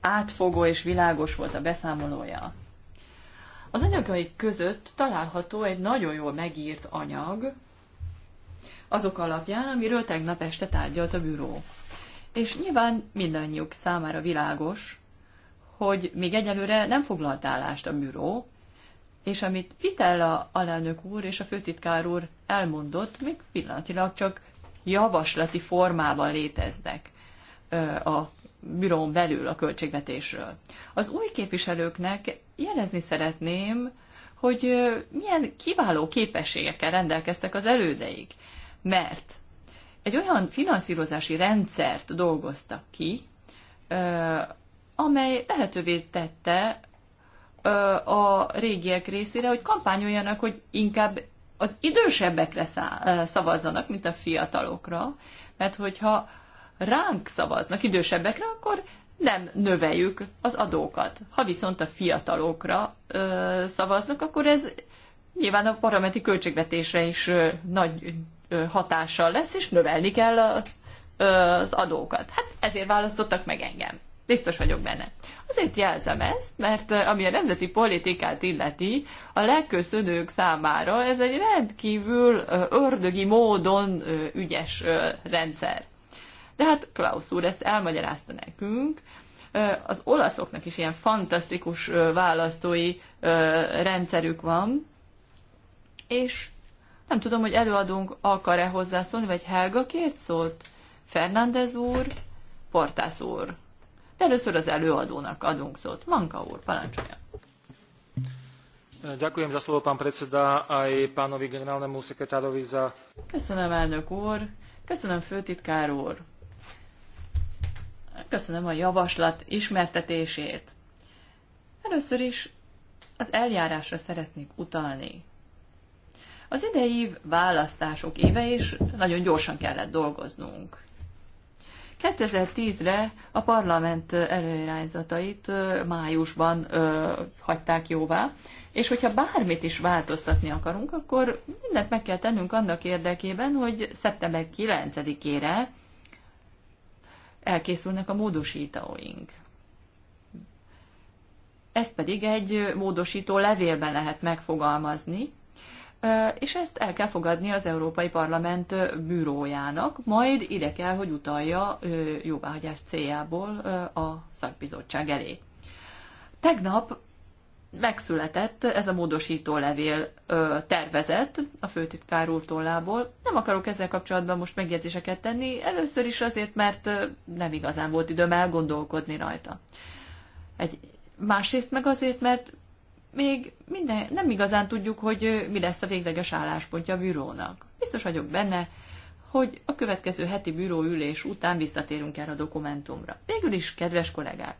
átfogó és világos volt a beszámolója. Az anyagai között található egy nagyon jól megírt anyag, azok alapján, amiről tegnap este tárgyalt a bűró. És nyilván mindannyiuk számára világos, hogy még egyelőre nem foglalt állást a bűró, és amit Pitella alelnök úr és a főtitkár úr elmondott, még pillanatilag csak javaslati formában léteznek a bürón belül a költségvetésről. Az új képviselőknek jelezni szeretném, hogy milyen kiváló képességekkel rendelkeztek az elődeik, mert egy olyan finanszírozási rendszert dolgoztak ki, amely lehetővé tette a régiek részére, hogy kampányoljanak, hogy inkább az idősebbekre szavazzanak, mint a fiatalokra, mert hogyha ránk szavaznak idősebbekre, akkor nem növeljük az adókat. Ha viszont a fiatalokra ö, szavaznak, akkor ez nyilván a parlamenti költségvetésre is ö, nagy ö, hatással lesz, és növelni kell a, ö, az adókat. Hát ezért választottak meg engem. Biztos vagyok benne. Azért jelzem ezt, mert eh, ami a nemzeti politikát illeti, a legköszönők számára ez egy rendkívül eh, ördögi módon eh, ügyes rendszer. De hát Klaus úr ezt elmagyarázta nekünk, az olaszoknak is ilyen fantasztikus választói rendszerük van, és nem tudom, hogy előadunk akar-e hozzászólni, vagy Helga két szót? Fernández úr, Portász úr de először az előadónak adunk szót. Manka úr, parancsolja. Ďakujem za slovo, pán predseda, aj pánovi generálnemu sekretárovi za... Köszönöm, elnök úr. Köszönöm, főtitkár úr. Köszönöm a javaslat ismertetését. Először is az eljárásra szeretnék utalni. Az idei év választások éve, is nagyon gyorsan kellett dolgoznunk. 2010-re a parlament előirányzatait májusban ö, hagyták jóvá, és hogyha bármit is változtatni akarunk, akkor mindent meg kell tennünk annak érdekében, hogy szeptember 9-ére elkészülnek a módosítóink. Ezt pedig egy módosító levélben lehet megfogalmazni, és ezt el kell fogadni az Európai Parlament bűrójának, majd ide kell, hogy utalja jóváhagyás céljából a szakbizottság elé. Tegnap megszületett ez a módosító levél tervezet a főtitkár úr tollából. Nem akarok ezzel kapcsolatban most megjegyzéseket tenni, először is azért, mert nem igazán volt időm elgondolkodni rajta. Egy, másrészt meg azért, mert még minden, nem igazán tudjuk, hogy mi lesz a végleges álláspontja a bűrónak. Biztos vagyok benne, hogy a következő heti bűróülés után visszatérünk erre a dokumentumra. Végül is, kedves kollégák,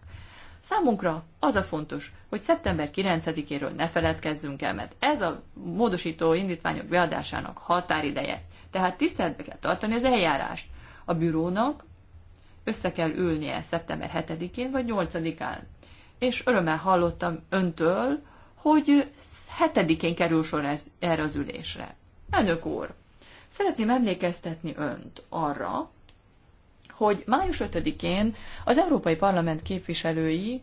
számunkra az a fontos, hogy szeptember 9-éről ne feledkezzünk el, mert ez a módosító indítványok beadásának határideje. Tehát tiszteletbe kell tartani az eljárást. A bűrónak össze kell ülnie szeptember 7-én vagy 8-án. És örömmel hallottam öntől, hogy hetedikén kerül sor ez, erre az ülésre. Önök úr, szeretném emlékeztetni önt arra, hogy május 5-én az Európai Parlament képviselői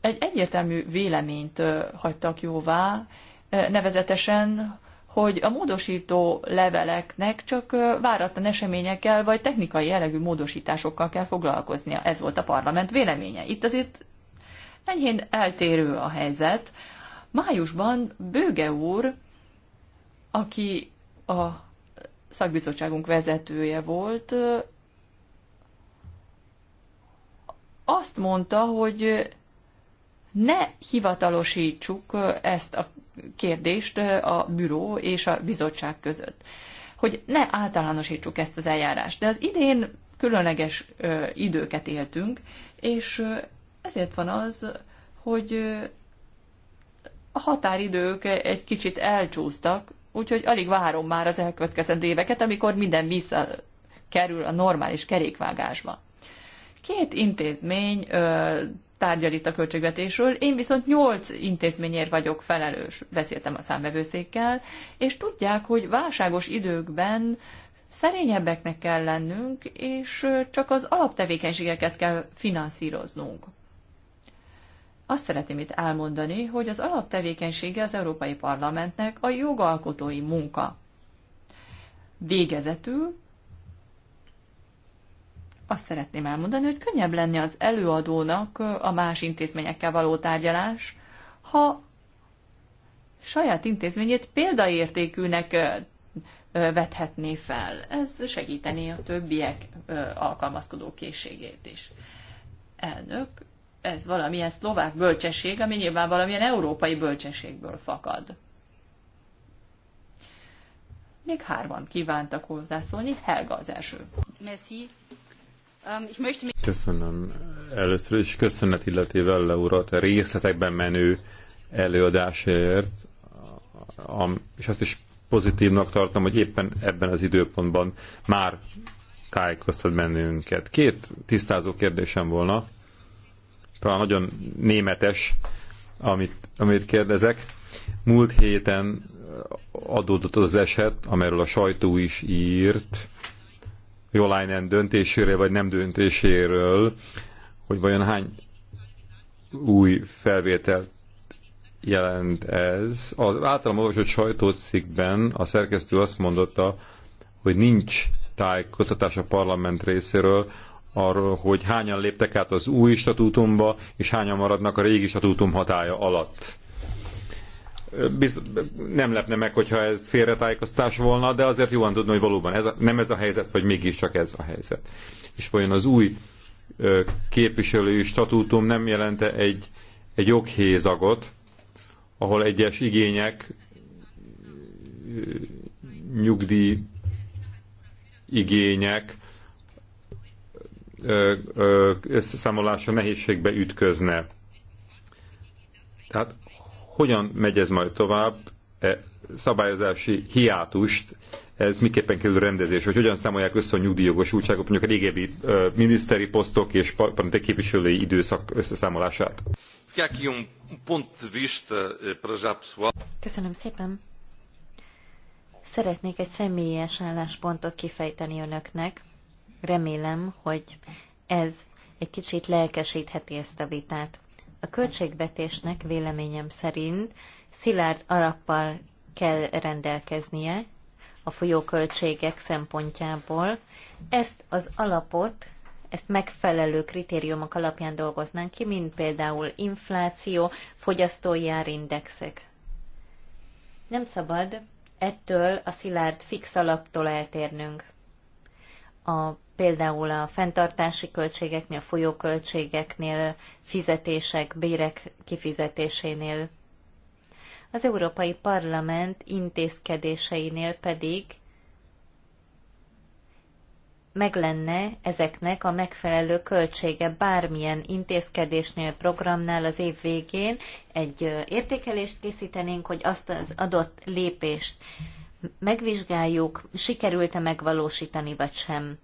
egy egyértelmű véleményt hagytak jóvá, nevezetesen, hogy a módosító leveleknek csak váratlan eseményekkel vagy technikai jellegű módosításokkal kell foglalkoznia. Ez volt a parlament véleménye. Itt azért Enyhén eltérő a helyzet. Májusban Bőge úr, aki a szakbizottságunk vezetője volt, azt mondta, hogy ne hivatalosítsuk ezt a kérdést a büró és a bizottság között, hogy ne általánosítsuk ezt az eljárást. De az idén különleges időket éltünk, és ezért van az, hogy a határidők egy kicsit elcsúsztak, úgyhogy alig várom már az elkövetkezendő éveket, amikor minden visszakerül a normális kerékvágásba. Két intézmény ö, tárgyal itt a költségvetésről, én viszont nyolc intézményért vagyok felelős, beszéltem a számvevőszékkel, és tudják, hogy válságos időkben szerényebbeknek kell lennünk, és csak az alaptevékenységeket kell finanszíroznunk. Azt szeretném itt elmondani, hogy az alaptevékenysége az Európai Parlamentnek a jogalkotói munka. Végezetül azt szeretném elmondani, hogy könnyebb lenne az előadónak a más intézményekkel való tárgyalás, ha saját intézményét példaértékűnek vethetné fel. Ez segítené a többiek alkalmazkodó készségét is. Elnök, ez valamilyen szlovák bölcsesség, ami nyilván valamilyen európai bölcsességből fakad. Még hárman kívántak hozzászólni, Helga az első. Merci. Um, Köszönöm először is köszönet illetével Le urat a részletekben menő előadásért, és azt is pozitívnak tartom, hogy éppen ebben az időpontban már tájékoztat bennünket. Két tisztázó kérdésem volna talán nagyon németes, amit, amit kérdezek. Múlt héten adódott az eset, amelyről a sajtó is írt, Jolainen döntéséről vagy nem döntéséről, hogy vajon hány új felvétel jelent ez. Az általam olvasott sajtócikkben a szerkesztő azt mondotta, hogy nincs tájékoztatás a parlament részéről arról, hogy hányan léptek át az új statútumba, és hányan maradnak a régi statútum hatája alatt. Biz, nem lepne meg, hogyha ez félretájékoztás volna, de azért jóan tudni, hogy valóban ez a, nem ez a helyzet, vagy mégiscsak ez a helyzet. És vajon az új képviselői statútum nem jelente egy, egy joghézagot, ahol egyes igények nyugdíj igények összeszámolása nehézségbe ütközne. Tehát hogyan megy ez majd tovább, e szabályozási hiátust, ez miképpen kerül rendezés, hogy hogyan számolják össze a nyugdíjjogosultságok, mondjuk a régebbi ö, miniszteri posztok és parlamenti képviselői időszak összeszámolását. Eh, Köszönöm szépen. Szeretnék egy személyes álláspontot kifejteni önöknek. Remélem, hogy ez egy kicsit lelkesítheti ezt a vitát. A költségvetésnek véleményem szerint szilárd alappal kell rendelkeznie a folyóköltségek szempontjából. Ezt az alapot, ezt megfelelő kritériumok alapján dolgoznánk ki, mint például infláció, fogyasztói árindexek. Nem szabad ettől a szilárd fix alaptól eltérnünk. A például a fenntartási költségeknél, folyóköltségeknél, fizetések, bérek kifizetésénél. Az Európai Parlament intézkedéseinél pedig meg lenne ezeknek a megfelelő költsége bármilyen intézkedésnél, programnál az év végén egy értékelést készítenénk, hogy azt az adott lépést megvizsgáljuk, sikerült-e megvalósítani vagy sem.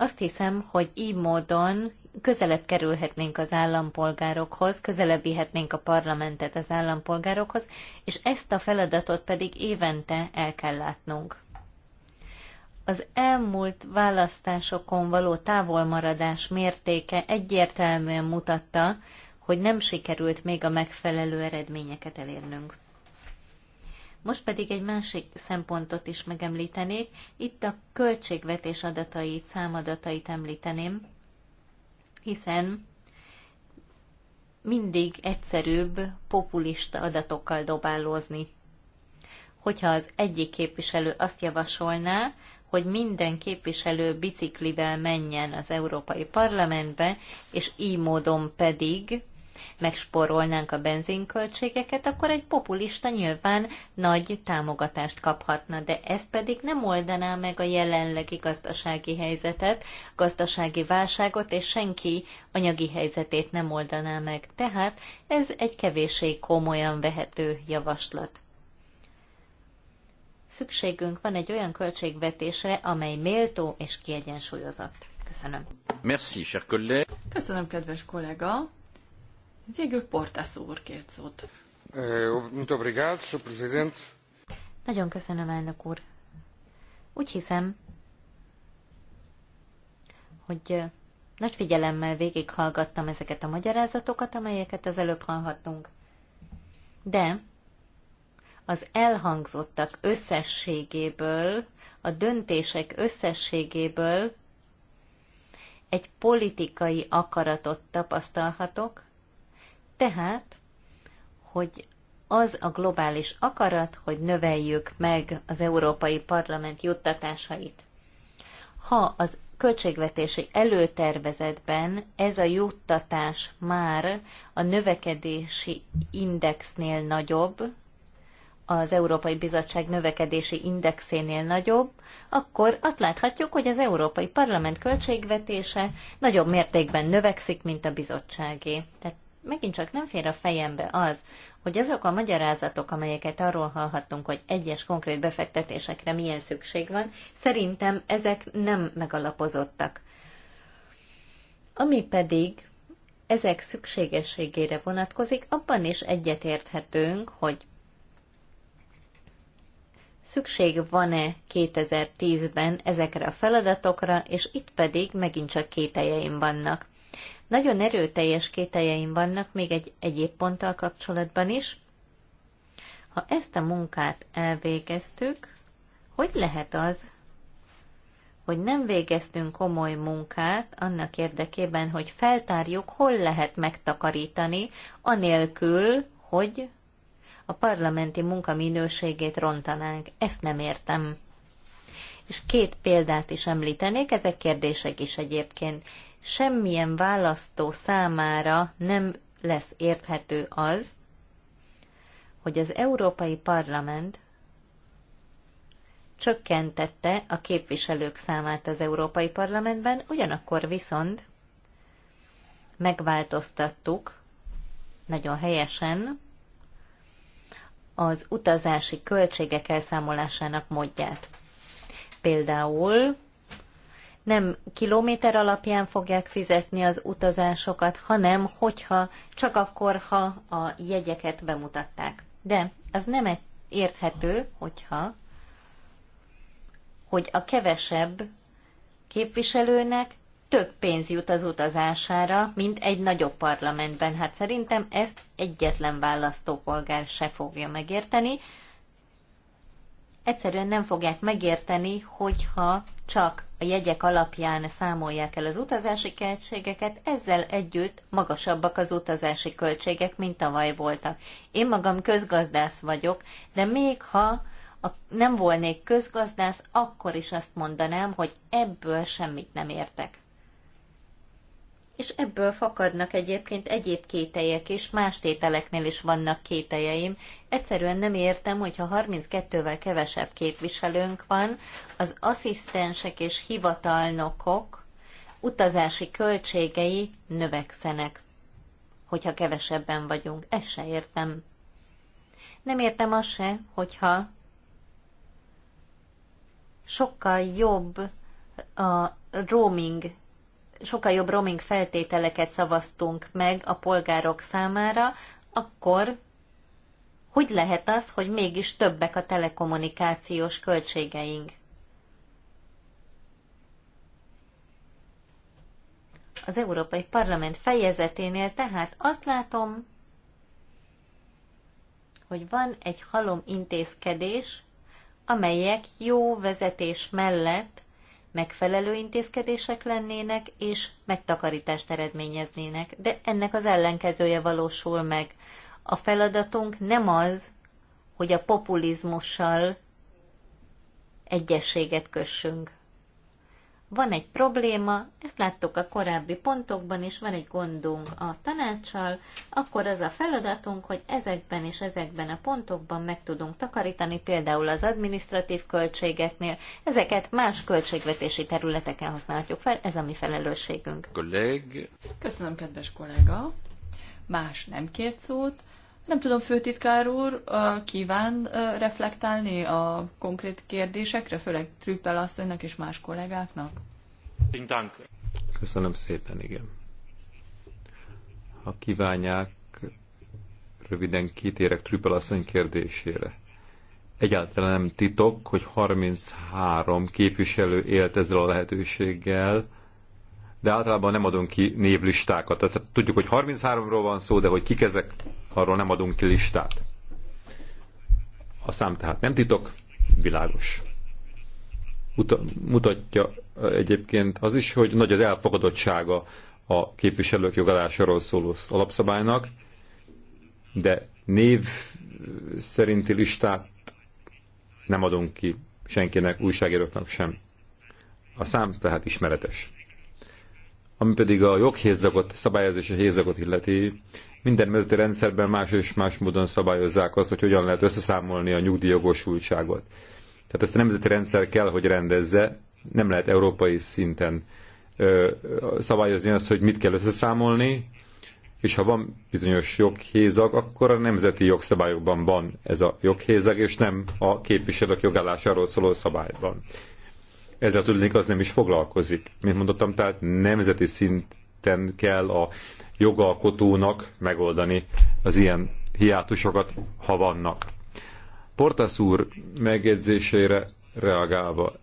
Azt hiszem, hogy így módon közelebb kerülhetnénk az állampolgárokhoz, közelebb vihetnénk a parlamentet az állampolgárokhoz, és ezt a feladatot pedig évente el kell látnunk. Az elmúlt választásokon való távolmaradás mértéke egyértelműen mutatta, hogy nem sikerült még a megfelelő eredményeket elérnünk. Most pedig egy másik szempontot is megemlítenék, itt a költségvetés adatait, számadatait említeném, hiszen mindig egyszerűbb populista adatokkal dobálózni. Hogyha az egyik képviselő azt javasolná, hogy minden képviselő biciklivel menjen az Európai Parlamentbe, és így módon pedig megspórolnánk a benzinköltségeket, akkor egy populista nyilván nagy támogatást kaphatna, de ez pedig nem oldaná meg a jelenlegi gazdasági helyzetet, gazdasági válságot, és senki anyagi helyzetét nem oldaná meg. Tehát ez egy kevéssé komolyan vehető javaslat szükségünk van egy olyan költségvetésre, amely méltó és kiegyensúlyozott. Köszönöm. Merci, cher collègue. Köszönöm, kedves kollega. Végül Portász úr kért szót. Eh, muito obrigado, Sr. Presidente. Nagyon köszönöm, elnök úr. Úgy hiszem, hogy eh, nagy figyelemmel végighallgattam ezeket a magyarázatokat, amelyeket az előbb hallhattunk. De az elhangzottak összességéből, a döntések összességéből egy politikai akaratot tapasztalhatok, tehát, hogy az a globális akarat, hogy növeljük meg az Európai Parlament juttatásait. Ha az költségvetési előtervezetben ez a juttatás már a növekedési indexnél nagyobb, az Európai Bizottság növekedési indexénél nagyobb, akkor azt láthatjuk, hogy az Európai Parlament költségvetése nagyobb mértékben növekszik, mint a bizottságé. Tehát megint csak nem fér a fejembe az, hogy azok a magyarázatok, amelyeket arról hallhattunk, hogy egyes konkrét befektetésekre milyen szükség van, szerintem ezek nem megalapozottak. Ami pedig ezek szükségességére vonatkozik, abban is egyetérthetünk, hogy szükség van-e 2010-ben ezekre a feladatokra, és itt pedig megint csak kételjeim vannak. Nagyon erőteljes kételjeim vannak még egy egyéb ponttal kapcsolatban is. Ha ezt a munkát elvégeztük, hogy lehet az, hogy nem végeztünk komoly munkát annak érdekében, hogy feltárjuk, hol lehet megtakarítani, anélkül, hogy a parlamenti munka minőségét rontanánk. Ezt nem értem. És két példát is említenék, ezek kérdések is egyébként semmilyen választó számára nem lesz érthető az, hogy az Európai Parlament csökkentette a képviselők számát az Európai Parlamentben, ugyanakkor viszont megváltoztattuk nagyon helyesen az utazási költségek elszámolásának módját. Például nem kilométer alapján fogják fizetni az utazásokat, hanem hogyha csak akkor, ha a jegyeket bemutatták. De az nem érthető, hogyha hogy a kevesebb képviselőnek több pénz jut az utazására, mint egy nagyobb parlamentben. Hát szerintem ezt egyetlen választópolgár se fogja megérteni. Egyszerűen nem fogják megérteni, hogyha csak a jegyek alapján számolják el az utazási költségeket, ezzel együtt magasabbak az utazási költségek, mint tavaly voltak. Én magam közgazdász vagyok, de még ha a, nem volnék közgazdász, akkor is azt mondanám, hogy ebből semmit nem értek és ebből fakadnak egyébként egyéb kételyek, és más tételeknél is vannak kételjeim. Egyszerűen nem értem, hogyha 32-vel kevesebb képviselőnk van, az asszisztensek és hivatalnokok utazási költségei növekszenek, hogyha kevesebben vagyunk. Ezt se értem. Nem értem azt se, hogyha sokkal jobb a roaming sokkal jobb roaming feltételeket szavaztunk meg a polgárok számára, akkor hogy lehet az, hogy mégis többek a telekommunikációs költségeink? Az Európai Parlament fejezeténél tehát azt látom, hogy van egy halom intézkedés, amelyek jó vezetés mellett megfelelő intézkedések lennének, és megtakarítást eredményeznének, de ennek az ellenkezője valósul meg. A feladatunk nem az, hogy a populizmussal egyességet kössünk. Van egy probléma, ezt láttuk a korábbi pontokban is, van egy gondunk a tanácssal, akkor az a feladatunk, hogy ezekben és ezekben a pontokban meg tudunk takarítani, például az administratív költségeknél, ezeket más költségvetési területeken használhatjuk fel, ez a mi felelősségünk. Kolleg. Köszönöm, kedves kollega. Más nem kért szót, nem tudom, főtitkár úr, kíván reflektálni a konkrét kérdésekre, főleg Trüppel asszonynak és más kollégáknak? Köszönöm szépen, igen. Ha kívánják, röviden kitérek Trüppel asszony kérdésére. Egyáltalán nem titok, hogy 33 képviselő élt ezzel a lehetőséggel, de általában nem adunk ki névlistákat. Tehát tudjuk, hogy 33-ról van szó, de hogy kik ezek, arról nem adunk ki listát. A szám tehát nem titok, világos. Uta, mutatja egyébként az is, hogy nagy az elfogadottsága a képviselők jogadásáról szóló alapszabálynak, de név szerinti listát nem adunk ki senkinek, újságíróknak sem. A szám tehát ismeretes. Ami pedig a joghézzagot, szabályozási hézzagot illeti, minden mezeti rendszerben más és más módon szabályozzák azt, hogy hogyan lehet összeszámolni a nyugdíjogosultságot. Tehát ezt a nemzeti rendszer kell, hogy rendezze, nem lehet európai szinten ö, szabályozni azt, hogy mit kell összeszámolni, és ha van bizonyos joghézag, akkor a nemzeti jogszabályokban van ez a joghézag, és nem a képviselők jogállásáról szóló szabályban ezzel tudnék, az nem is foglalkozik. Mint mondottam, tehát nemzeti szinten kell a jogalkotónak megoldani az ilyen hiátusokat, ha vannak. Portas úr megjegyzésére reagálva,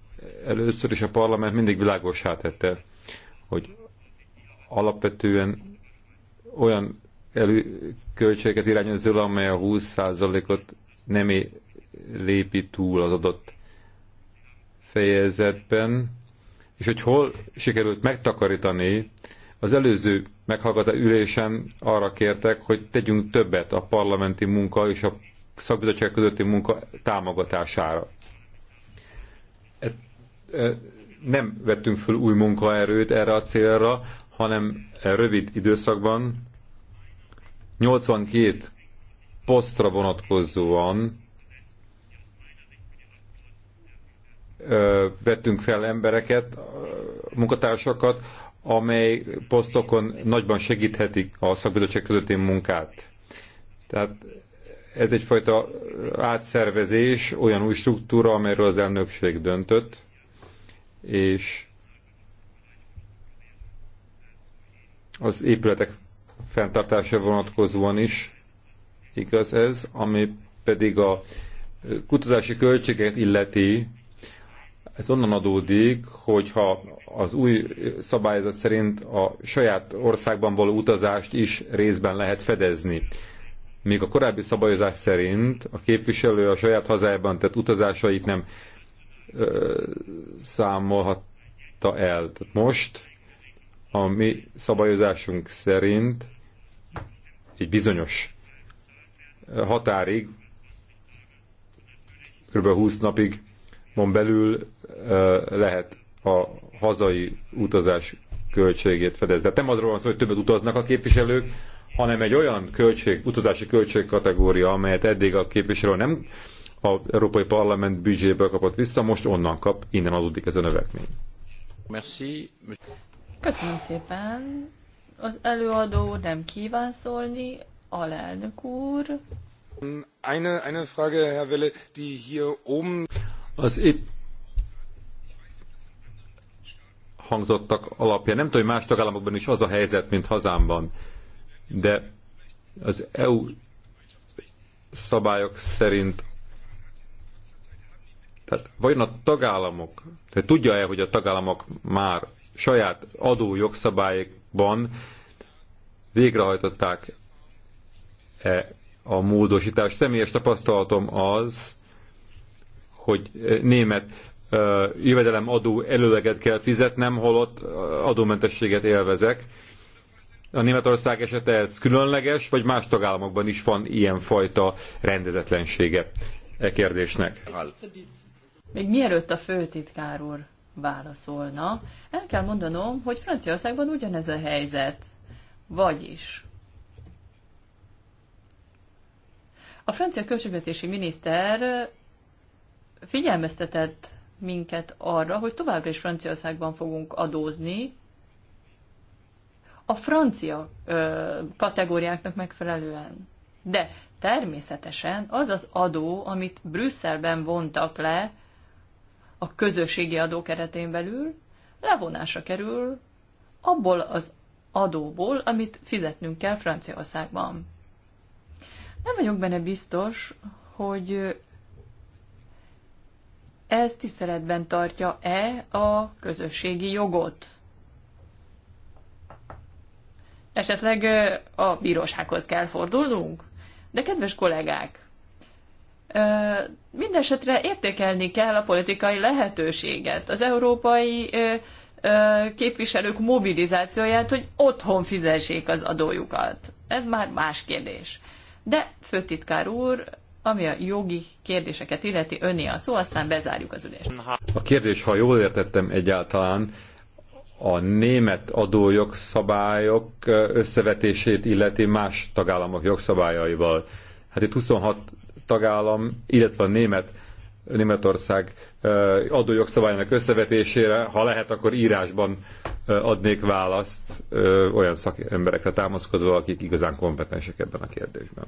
először is a parlament mindig világosá tette, hogy alapvetően olyan elő, költségeket irányoz amely a 20%-ot nem lépi túl az adott fejezetben, és hogy hol sikerült megtakarítani, az előző meghallgató ülésen arra kértek, hogy tegyünk többet a parlamenti munka és a szakbizottság közötti munka támogatására. E, e, nem vettünk föl új munkaerőt erre a célra, hanem e, rövid időszakban 82 posztra vonatkozóan vettünk fel embereket, munkatársakat, amely posztokon nagyban segíthetik a szakbizottság közötti munkát. Tehát ez egyfajta átszervezés, olyan új struktúra, amelyről az elnökség döntött, és az épületek fenntartása vonatkozóan is igaz ez, ami pedig a kutatási költséget illeti, ez onnan adódik, hogyha az új szabályzat szerint a saját országban való utazást is részben lehet fedezni. Míg a korábbi szabályozás szerint a képviselő a saját hazájában tett utazásait nem ö, számolhatta el. Tehát most a mi szabályozásunk szerint egy bizonyos határig, kb. 20 napig mon belül lehet a hazai utazás költségét fedezni. Tehát nem azról van szó, hogy többet utaznak a képviselők, hanem egy olyan költség, utazási költségkategória, amelyet eddig a képviselő nem az Európai Parlament büdzséből kapott vissza, most onnan kap, innen adódik ez a növekmény. Merci. Köszönöm szépen. Az előadó nem kíván szólni, alelnök úr. Eine, eine Frage, Herr Welle, die hier oben... Az itt hangzottak alapja. Nem tudom, hogy más tagállamokban is az a helyzet, mint hazámban, de az EU szabályok szerint tehát vajon a tagállamok, tehát tudja-e, hogy a tagállamok már saját adó jogszabályokban végrehajtották -e a módosítást? Személyes tapasztalatom az, hogy német jövedelemadó előleget kell fizetnem, holott adómentességet élvezek. A Németország esete ez különleges, vagy más tagállamokban is van ilyenfajta rendezetlensége e kérdésnek? Még mielőtt a főtitkár úr válaszolna, el kell mondanom, hogy Franciaországban ugyanez a helyzet. Vagyis a francia költségvetési miniszter figyelmeztetett minket arra, hogy továbbra is Franciaországban fogunk adózni, a francia ö, kategóriáknak megfelelően. De természetesen az az adó, amit Brüsszelben vontak le a közösségi adó keretén belül, levonásra kerül abból az adóból, amit fizetnünk kell Franciaországban. Nem vagyok benne biztos, hogy ez tiszteletben tartja-e a közösségi jogot? Esetleg a bírósághoz kell fordulnunk? De kedves kollégák, mindesetre értékelni kell a politikai lehetőséget, az európai képviselők mobilizációját, hogy otthon fizessék az adójukat. Ez már más kérdés. De főtitkár úr, ami a jogi kérdéseket illeti, öné a szó, aztán bezárjuk az ülést. A kérdés, ha jól értettem egyáltalán, a német adójogszabályok összevetését illeti más tagállamok jogszabályaival. Hát itt 26 tagállam, illetve a német Németország adójogszabálynak összevetésére, ha lehet, akkor írásban adnék választ olyan szakemberekre támaszkodva, akik igazán kompetensek ebben a kérdésben.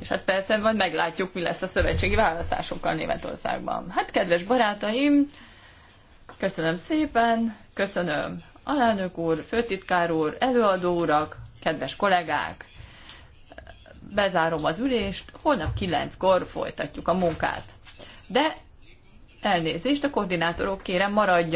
És hát persze, majd meglátjuk, mi lesz a szövetségi választásokkal Németországban. Hát kedves barátaim, köszönöm szépen, köszönöm alelnök úr, főtitkár úr, előadó urak, kedves kollégák! bezárom az ülést, holnap kilenckor folytatjuk a munkát. De elnézést, a koordinátorok kérem maradj.